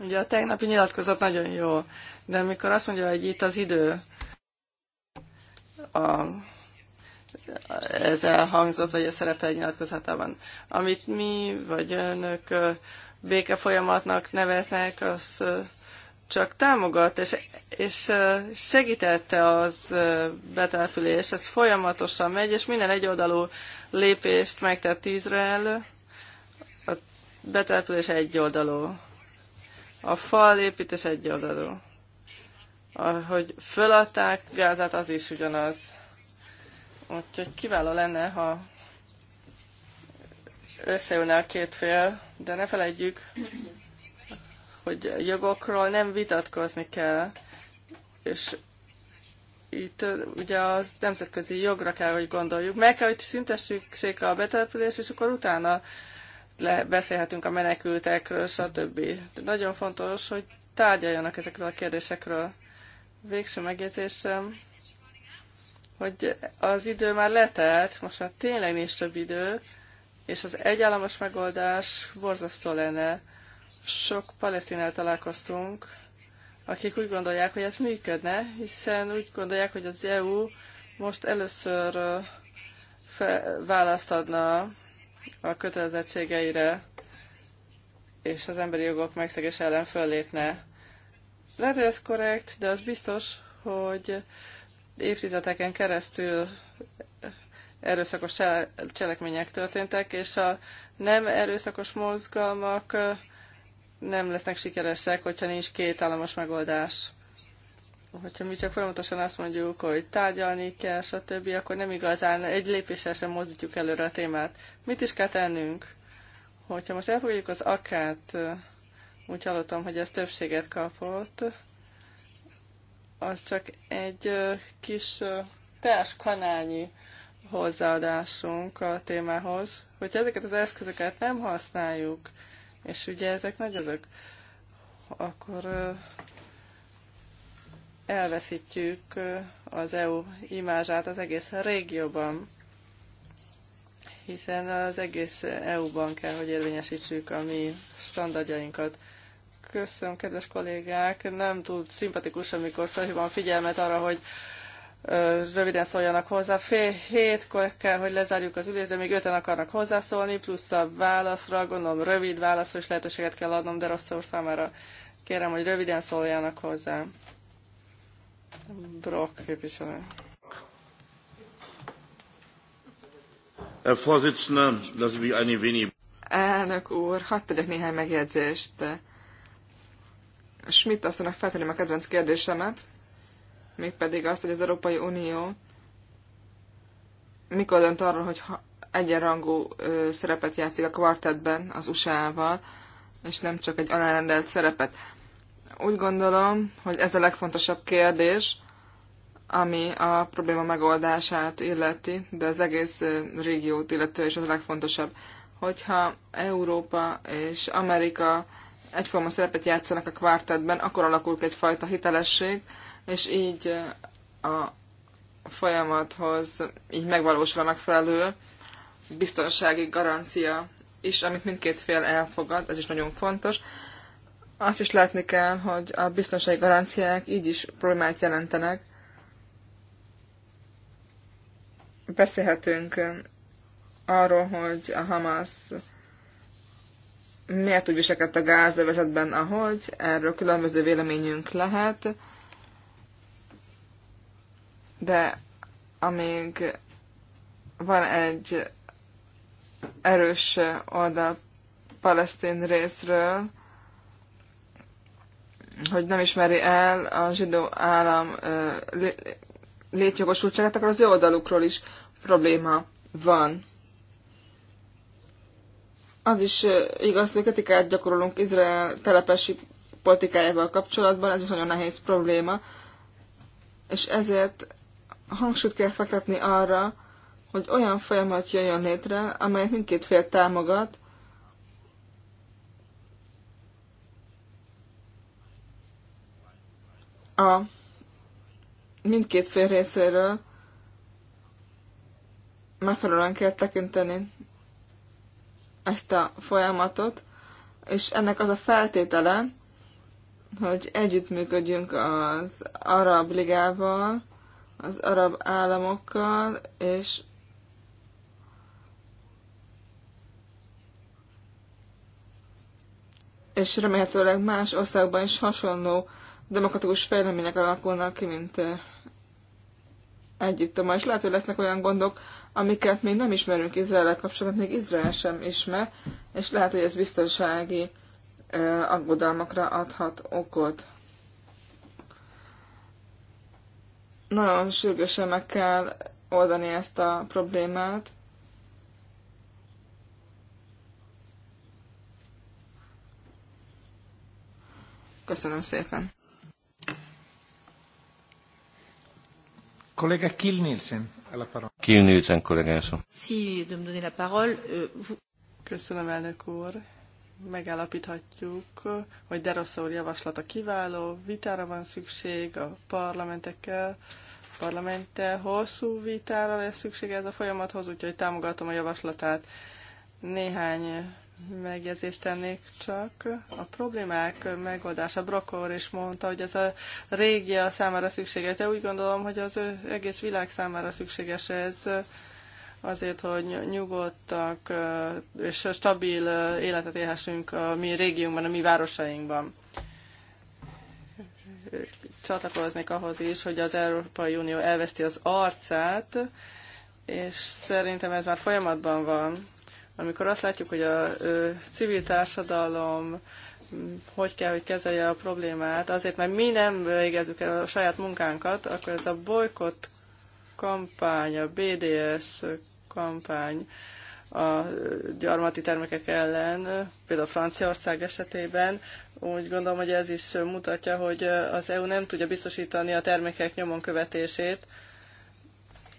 Ugye a tegnapi nyilatkozat nagyon jó, de amikor azt mondja, hogy itt az idő, a, ez elhangzott, vagy a szerepel nyilatkozatában, amit mi, vagy önök béke folyamatnak neveznek, az csak támogat és, és segítette az betelepülés, ez folyamatosan megy, és minden egyoldalú lépést megtett Izrael, a betelepülés egyoldalú. A fal építés egy oldalú. Ahogy föladták Gázát, az is ugyanaz. Úgyhogy kiváló lenne, ha összeülne a két fél, de ne felejtjük, hogy jogokról nem vitatkozni kell, és itt ugye az nemzetközi jogra kell, hogy gondoljuk. Meg kell, hogy szüntessük a betelepülést, és akkor utána le, beszélhetünk a menekültekről, stb. De nagyon fontos, hogy tárgyaljanak ezekről a kérdésekről. Végső megjegyzésem, hogy az idő már letelt, most már tényleg nincs több idő, és az egyállamos megoldás borzasztó lenne. Sok palesztinál találkoztunk, akik úgy gondolják, hogy ez működne, hiszen úgy gondolják, hogy az EU most először választ adna a kötelezettségeire és az emberi jogok megszegés ellen föllépne. Lehet, hogy ez korrekt, de az biztos, hogy évtizedeken keresztül erőszakos cselekmények történtek, és a nem erőszakos mozgalmak nem lesznek sikeresek, hogyha nincs két államos megoldás hogyha mi csak folyamatosan azt mondjuk, hogy tárgyalni kell, stb., akkor nem igazán egy lépéssel sem mozdítjuk előre a témát. Mit is kell tennünk? Hogyha most elfogadjuk az akát, úgy hallottam, hogy ez többséget kapott, az csak egy kis kanálnyi hozzáadásunk a témához, hogyha ezeket az eszközöket nem használjuk, és ugye ezek nagy azok, akkor elveszítjük az EU imázsát az egész régióban, hiszen az egész EU-ban kell, hogy érvényesítsük a mi standardjainkat. Köszönöm, kedves kollégák! Nem túl szimpatikus, amikor felhívom a figyelmet arra, hogy röviden szóljanak hozzá. Fél hétkor kell, hogy lezárjuk az ülést, de még öten akarnak hozzászólni, plusz a válaszra, gondolom rövid válaszra is lehetőséget kell adnom de rossz számára. Kérem, hogy röviden szóljanak hozzá. Brock képviselő. Elnök úr, hadd tegyek néhány megjegyzést. Schmidt asszonynak feltenném a kedvenc kérdésemet, mégpedig azt, hogy az Európai Unió mikor dönt arról, hogy egyenrangú szerepet játszik a kvartetben az USA-val, és nem csak egy alárendelt szerepet úgy gondolom, hogy ez a legfontosabb kérdés, ami a probléma megoldását illeti, de az egész régiót illető is az a legfontosabb, hogyha Európa és Amerika egyforma szerepet játszanak a kvártetben, akkor alakul egyfajta hitelesség, és így a folyamathoz így megvalósul a megfelelő biztonsági garancia is, amit mindkét fél elfogad, ez is nagyon fontos. Azt is látni kell, hogy a biztonsági garanciák így is problémát jelentenek. Beszélhetünk arról, hogy a Hamas miért úgy viselkedett a gázövezetben, ahogy. Erről különböző véleményünk lehet. De amíg van egy erős oldal palesztin részről, hogy nem ismeri el a zsidó állam létjogosultságát, akkor az ő oldalukról is probléma van. Az is igaz, hogy kritikát gyakorolunk Izrael telepesi politikájával kapcsolatban, ez is nagyon nehéz probléma, és ezért hangsúlyt kell fektetni arra, hogy olyan folyamat jöjjön létre, amelyet mindkét fél támogat, a mindkét fél részéről megfelelően kell tekinteni ezt a folyamatot, és ennek az a feltétele, hogy együttműködjünk az Arab Ligával, az arab államokkal, és és remélhetőleg más országban is hasonló demokratikus fejlemények alakulnak ki, mint eh, Egyiptom. és lehet, hogy lesznek olyan gondok, amiket még nem ismerünk Izrael kapcsolatban, még Izrael sem ismer, és lehet, hogy ez biztonsági eh, aggodalmakra adhat okot. Nagyon sürgősen meg kell oldani ezt a problémát. Köszönöm szépen! Kollega Kill Nielsen, alla parola. Kill Nielsen kollégászó. Si, de me donner la parole. Euh, Köszönöm, elnök úr. Megállapíthatjuk, hogy Derossa úr javaslata kiváló, vitára van szükség a parlamentekkel, parlamente hosszú vitára lesz szükség ez a folyamathoz, úgyhogy támogatom a javaslatát. Néhány megjegyzést tennék csak. A problémák megoldása, Brokor is mondta, hogy ez a a számára szükséges, de úgy gondolom, hogy az egész világ számára szükséges ez azért, hogy nyugodtak és stabil életet élhessünk a mi régiónkban, a mi városainkban. Csatlakoznék ahhoz is, hogy az Európai Unió elveszti az arcát, és szerintem ez már folyamatban van amikor azt látjuk, hogy a civil társadalom hogy kell, hogy kezelje a problémát, azért, mert mi nem végezzük el a saját munkánkat, akkor ez a bolykott kampány, a BDS kampány a gyarmati termékek ellen, például Franciaország esetében, úgy gondolom, hogy ez is mutatja, hogy az EU nem tudja biztosítani a termékek nyomon követését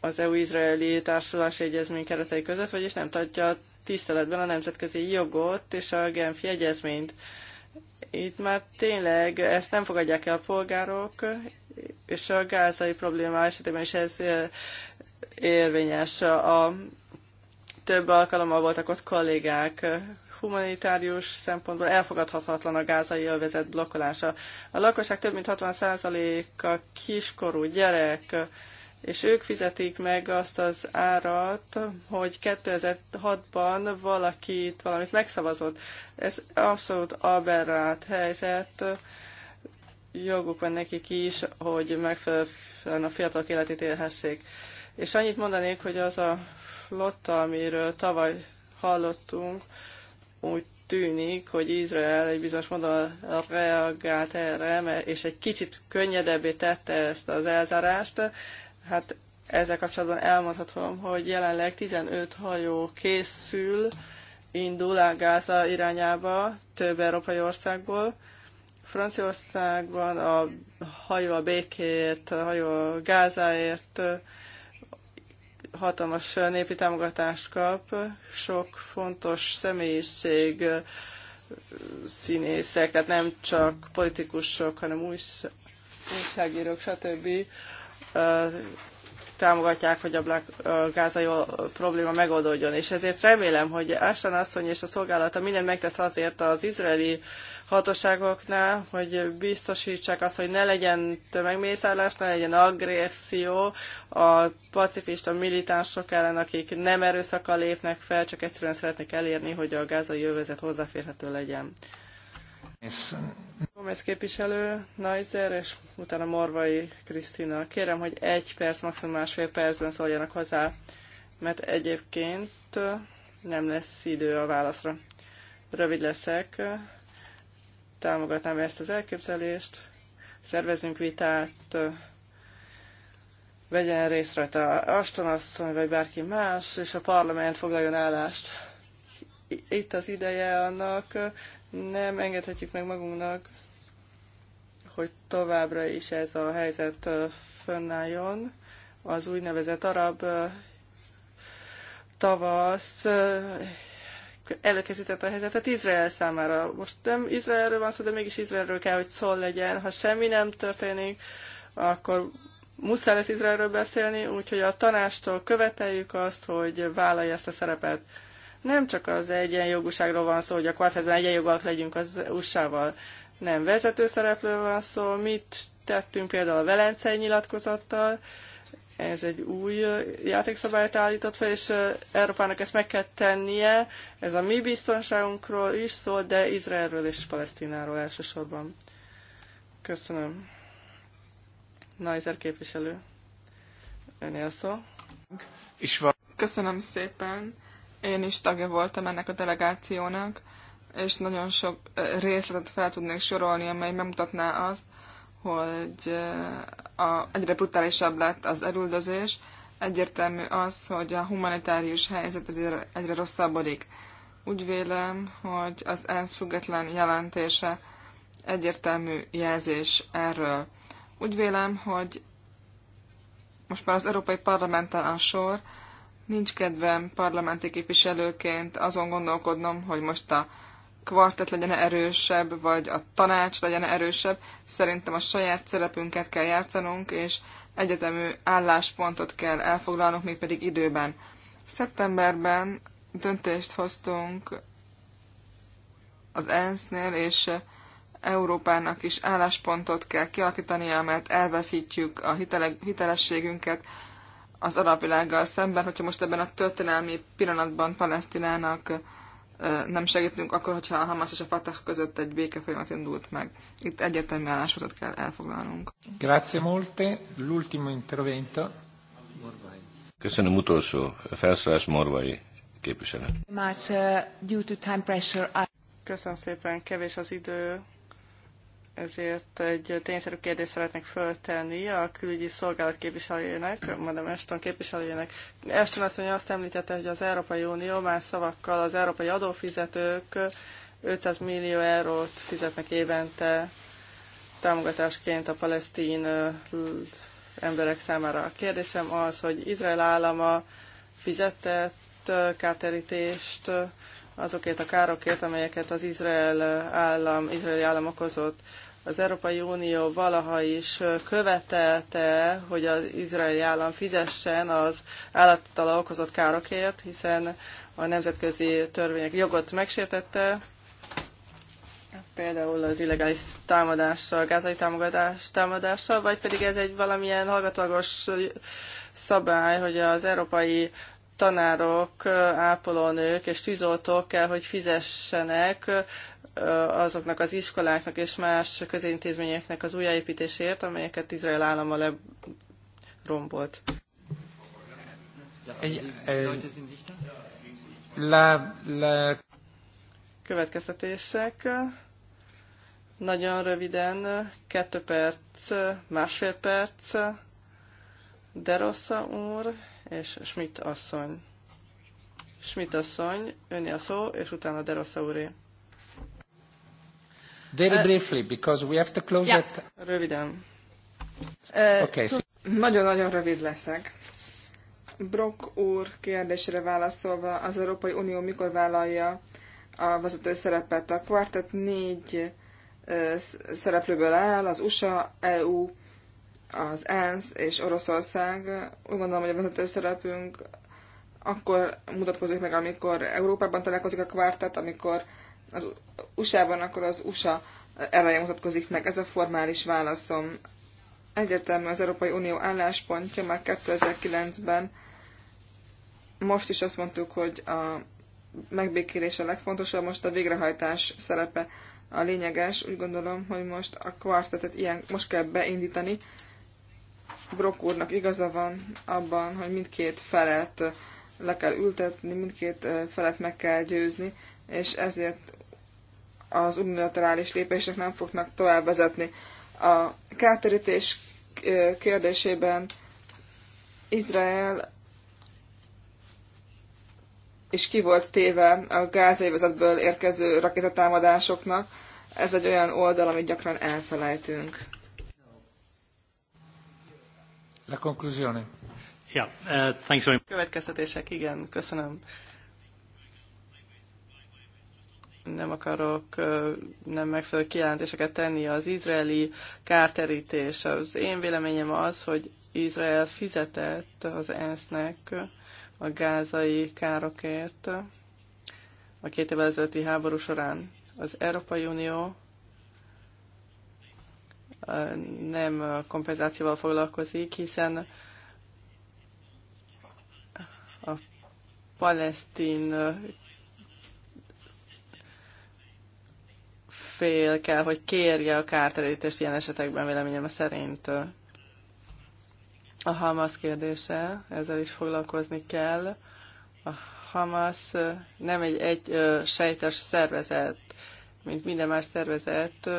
az EU-izraeli társulási egyezmény keretei között, vagyis nem tudja tiszteletben a nemzetközi jogot és a Genfi egyezményt. Itt már tényleg ezt nem fogadják el a polgárok, és a gázai probléma esetében is ez eh, érvényes. A több alkalommal voltak ott kollégák, humanitárius szempontból elfogadhatatlan a gázai övezet blokkolása. A lakosság több mint 60%-a kiskorú gyerek, és ők fizetik meg azt az árat, hogy 2006-ban valaki valamit megszavazott. Ez abszolút aberrált helyzet. Joguk van nekik is, hogy megfelelően a fiatalok életét élhessék. És annyit mondanék, hogy az a flotta, amiről tavaly hallottunk, úgy tűnik, hogy Izrael egy bizonyos módon reagált erre, és egy kicsit könnyedebbé tette ezt az elzárást, Hát ezzel kapcsolatban elmondhatom, hogy jelenleg 15 hajó készül, indul a Gáza irányába több európai országból. Franciaországban a hajó a békért, a hajó a Gázáért hatalmas népi támogatást kap, sok fontos személyiség, színészek, tehát nem csak politikusok, hanem újságírók, stb támogatják, hogy a, Black, a gázai probléma megoldódjon. És ezért remélem, hogy Ásán asszony és a szolgálata mindent megtesz azért az izraeli hatóságoknál, hogy biztosítsák azt, hogy ne legyen tömegmészárlás, ne legyen agresszió a pacifista militánsok ellen, akik nem erőszakkal lépnek fel, csak egyszerűen szeretnék elérni, hogy a gázai jövezet hozzáférhető legyen. Gomez képviselő, Neiser és utána Morvai Krisztina. Kérem, hogy egy perc, maximum másfél percben szóljanak hozzá, mert egyébként nem lesz idő a válaszra. Rövid leszek, támogatnám ezt az elképzelést, szervezünk vitát, vegyen részt rajta Aston asszony, vagy bárki más, és a parlament foglaljon állást. Itt az ideje annak, nem engedhetjük meg magunknak, hogy továbbra is ez a helyzet fönnálljon. Az úgynevezett arab tavasz előkészítette a helyzetet Izrael számára. Most nem Izraelről van szó, de mégis Izraelről kell, hogy szól legyen. Ha semmi nem történik, akkor muszáj lesz Izraelről beszélni, úgyhogy a tanástól követeljük azt, hogy vállalja ezt a szerepet. Nem csak az egyenjogúságról van szó, hogy a kvartetben egyenjogúak legyünk az USA-val. Nem vezető szereplő van szó, mit tettünk például a Velencei nyilatkozattal, ez egy új játékszabályt állított fel, és Európának ezt meg kell tennie. Ez a mi biztonságunkról is szól, de Izraelről és Palesztináról elsősorban. Köszönöm. Neiser képviselő. Önél szó. Köszönöm szépen. Én is tagja voltam ennek a delegációnak, és nagyon sok részletet fel tudnék sorolni, amely megmutatná azt, hogy a, egyre brutálisabb lett az elüldözés, egyértelmű az, hogy a humanitárius helyzet egyre, egyre rosszabbodik. Úgy vélem, hogy az ENSZ független jelentése egyértelmű jelzés erről. Úgy vélem, hogy most már az Európai Parlamenten a sor, Nincs kedvem parlamenti képviselőként azon gondolkodnom, hogy most a kvartet legyen erősebb, vagy a tanács legyen erősebb. Szerintem a saját szerepünket kell játszanunk, és egyetemű álláspontot kell elfoglalnunk, mégpedig időben. Szeptemberben döntést hoztunk az ENSZ-nél, és Európának is álláspontot kell kialakítania, mert elveszítjük a hitele, hitelességünket az arab világgal szemben, hogyha most ebben a történelmi pillanatban Palesztinának nem segítünk, akkor, hogyha a Hamas és a Fatah között egy béke folyamat indult meg. Itt egyértelmű álláspontot kell elfoglalnunk. Grazie molte. L'ultimo intervento. Morvai. Köszönöm utolsó felszólás Morvai képviselő. Uh, Köszönöm szépen, kevés az idő, ezért egy tényszerű kérdést szeretnék föltenni a külügyi szolgálat képviselőjének, mondom Eston képviselőjének. azt mondja, azt említette, hogy az Európai Unió más szavakkal az európai adófizetők 500 millió eurót fizetnek évente támogatásként a palesztin emberek számára. A kérdésem az, hogy Izrael állama fizetett kárterítést azokért a károkért, amelyeket az Izrael állam, izraeli állam okozott az Európai Unió valaha is követelte, hogy az izraeli állam fizessen az állattal okozott károkért, hiszen a nemzetközi törvények jogot megsértette, például az illegális támadással, gázai támogatás támadással, vagy pedig ez egy valamilyen hallgatagos szabály, hogy az európai tanárok, ápolónők és tűzoltók kell, hogy fizessenek azoknak az iskoláknak és más közintézményeknek az újjáépítésért, amelyeket Izrael állama lerombolt. Egy, la, la... Következtetések. Nagyon röviden, kettő perc, másfél perc, Derossa úr és Schmidt asszony. Schmidt asszony, öné a szó, és utána Derossa úré. Very uh, briefly, because we have to close yeah. it. Röviden. Uh, okay. So... Nagyon-nagyon rövid leszek. Brock úr kérdésre válaszolva, az Európai Unió mikor vállalja a vezető szerepet? A kvartett négy szereplőből áll, az USA, EU, az ENSZ és Oroszország. Úgy gondolom, hogy a vezető szerepünk akkor mutatkozik meg, amikor Európában találkozik a kvartett, amikor az USA-ban, akkor az USA eleje mutatkozik meg. Ez a formális válaszom. Egyértelmű az Európai Unió álláspontja már 2009-ben. Most is azt mondtuk, hogy a megbékélés a legfontosabb, most a végrehajtás szerepe a lényeges. Úgy gondolom, hogy most a kvartetet ilyen, most kell beindítani. Brok úrnak igaza van abban, hogy mindkét felet le kell ültetni, mindkét eh, felet meg kell győzni, és ezért az unilaterális lépések nem fognak tovább vezetni. A kártérítés kérdésében Izrael és ki volt téve a gázévezetből érkező rakétatámadásoknak. Ez egy olyan oldal, amit gyakran elfelejtünk. La conclusione. Yeah, uh, thanks very much. Következtetések, igen, köszönöm nem akarok nem megfelelő kijelentéseket tenni, az izraeli kárterítés. Az én véleményem az, hogy Izrael fizetett az ENSZ-nek a gázai károkért a két évvel ezelőtti háború során. Az Európai Unió nem kompenzációval foglalkozik, hiszen a palesztin fél kell, hogy kérje a kárterítést ilyen esetekben véleményem szerint. A Hamas kérdése, ezzel is foglalkozni kell. A Hamas nem egy, egy sejtes szervezet, mint minden más szervezet,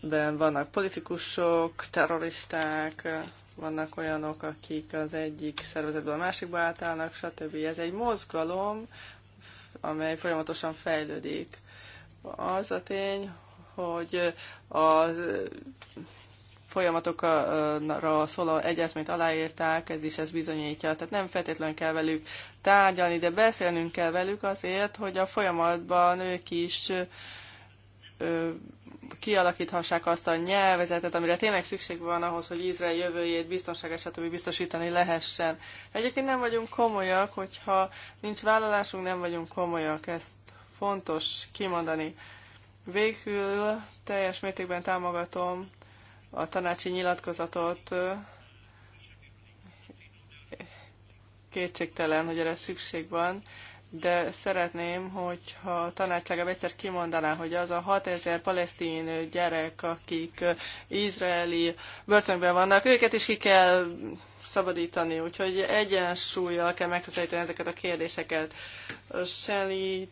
ben vannak politikusok, terroristák, vannak olyanok, akik az egyik szervezetből a másikba átállnak, stb. Ez egy mozgalom, amely folyamatosan fejlődik. Az a tény, hogy a folyamatokra szóló egyezményt aláírták, ez is ez bizonyítja. Tehát nem feltétlenül kell velük tárgyalni, de beszélnünk kell velük azért, hogy a folyamatban ők is kialakíthassák azt a nyelvezetet, amire tényleg szükség van ahhoz, hogy Izrael jövőjét biztonságos, stb. biztosítani lehessen. Egyébként nem vagyunk komolyak, hogyha nincs vállalásunk, nem vagyunk komolyak. Ezt fontos kimondani. Végül teljes mértékben támogatom a tanácsi nyilatkozatot. Kétségtelen, hogy erre szükség van de szeretném, hogyha a tanács legalább egyszer kimondaná, hogy az a 6000 palesztin gyerek, akik izraeli börtönben vannak, őket is ki kell szabadítani, úgyhogy egyensúlyjal kell megközelíteni ezeket a kérdéseket. Shelley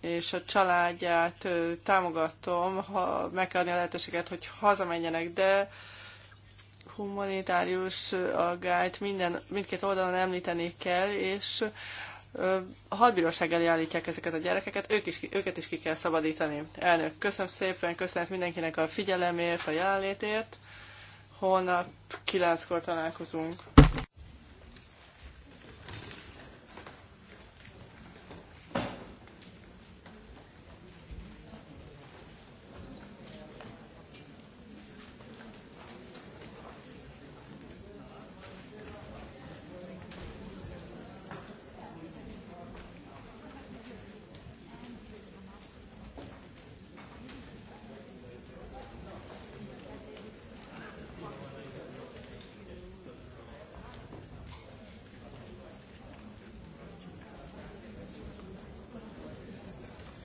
és a családját támogatom, ha meg kell adni a lehetőséget, hogy hazamenjenek, de humanitárius aggályt minden, mindkét oldalon említeni kell, és a hadbíróság elé állítják ezeket a gyerekeket, ők is, őket is ki kell szabadítani. Elnök, köszönöm szépen, köszönöm mindenkinek a figyelemért, a jelenlétért. Holnap kilenckor találkozunk.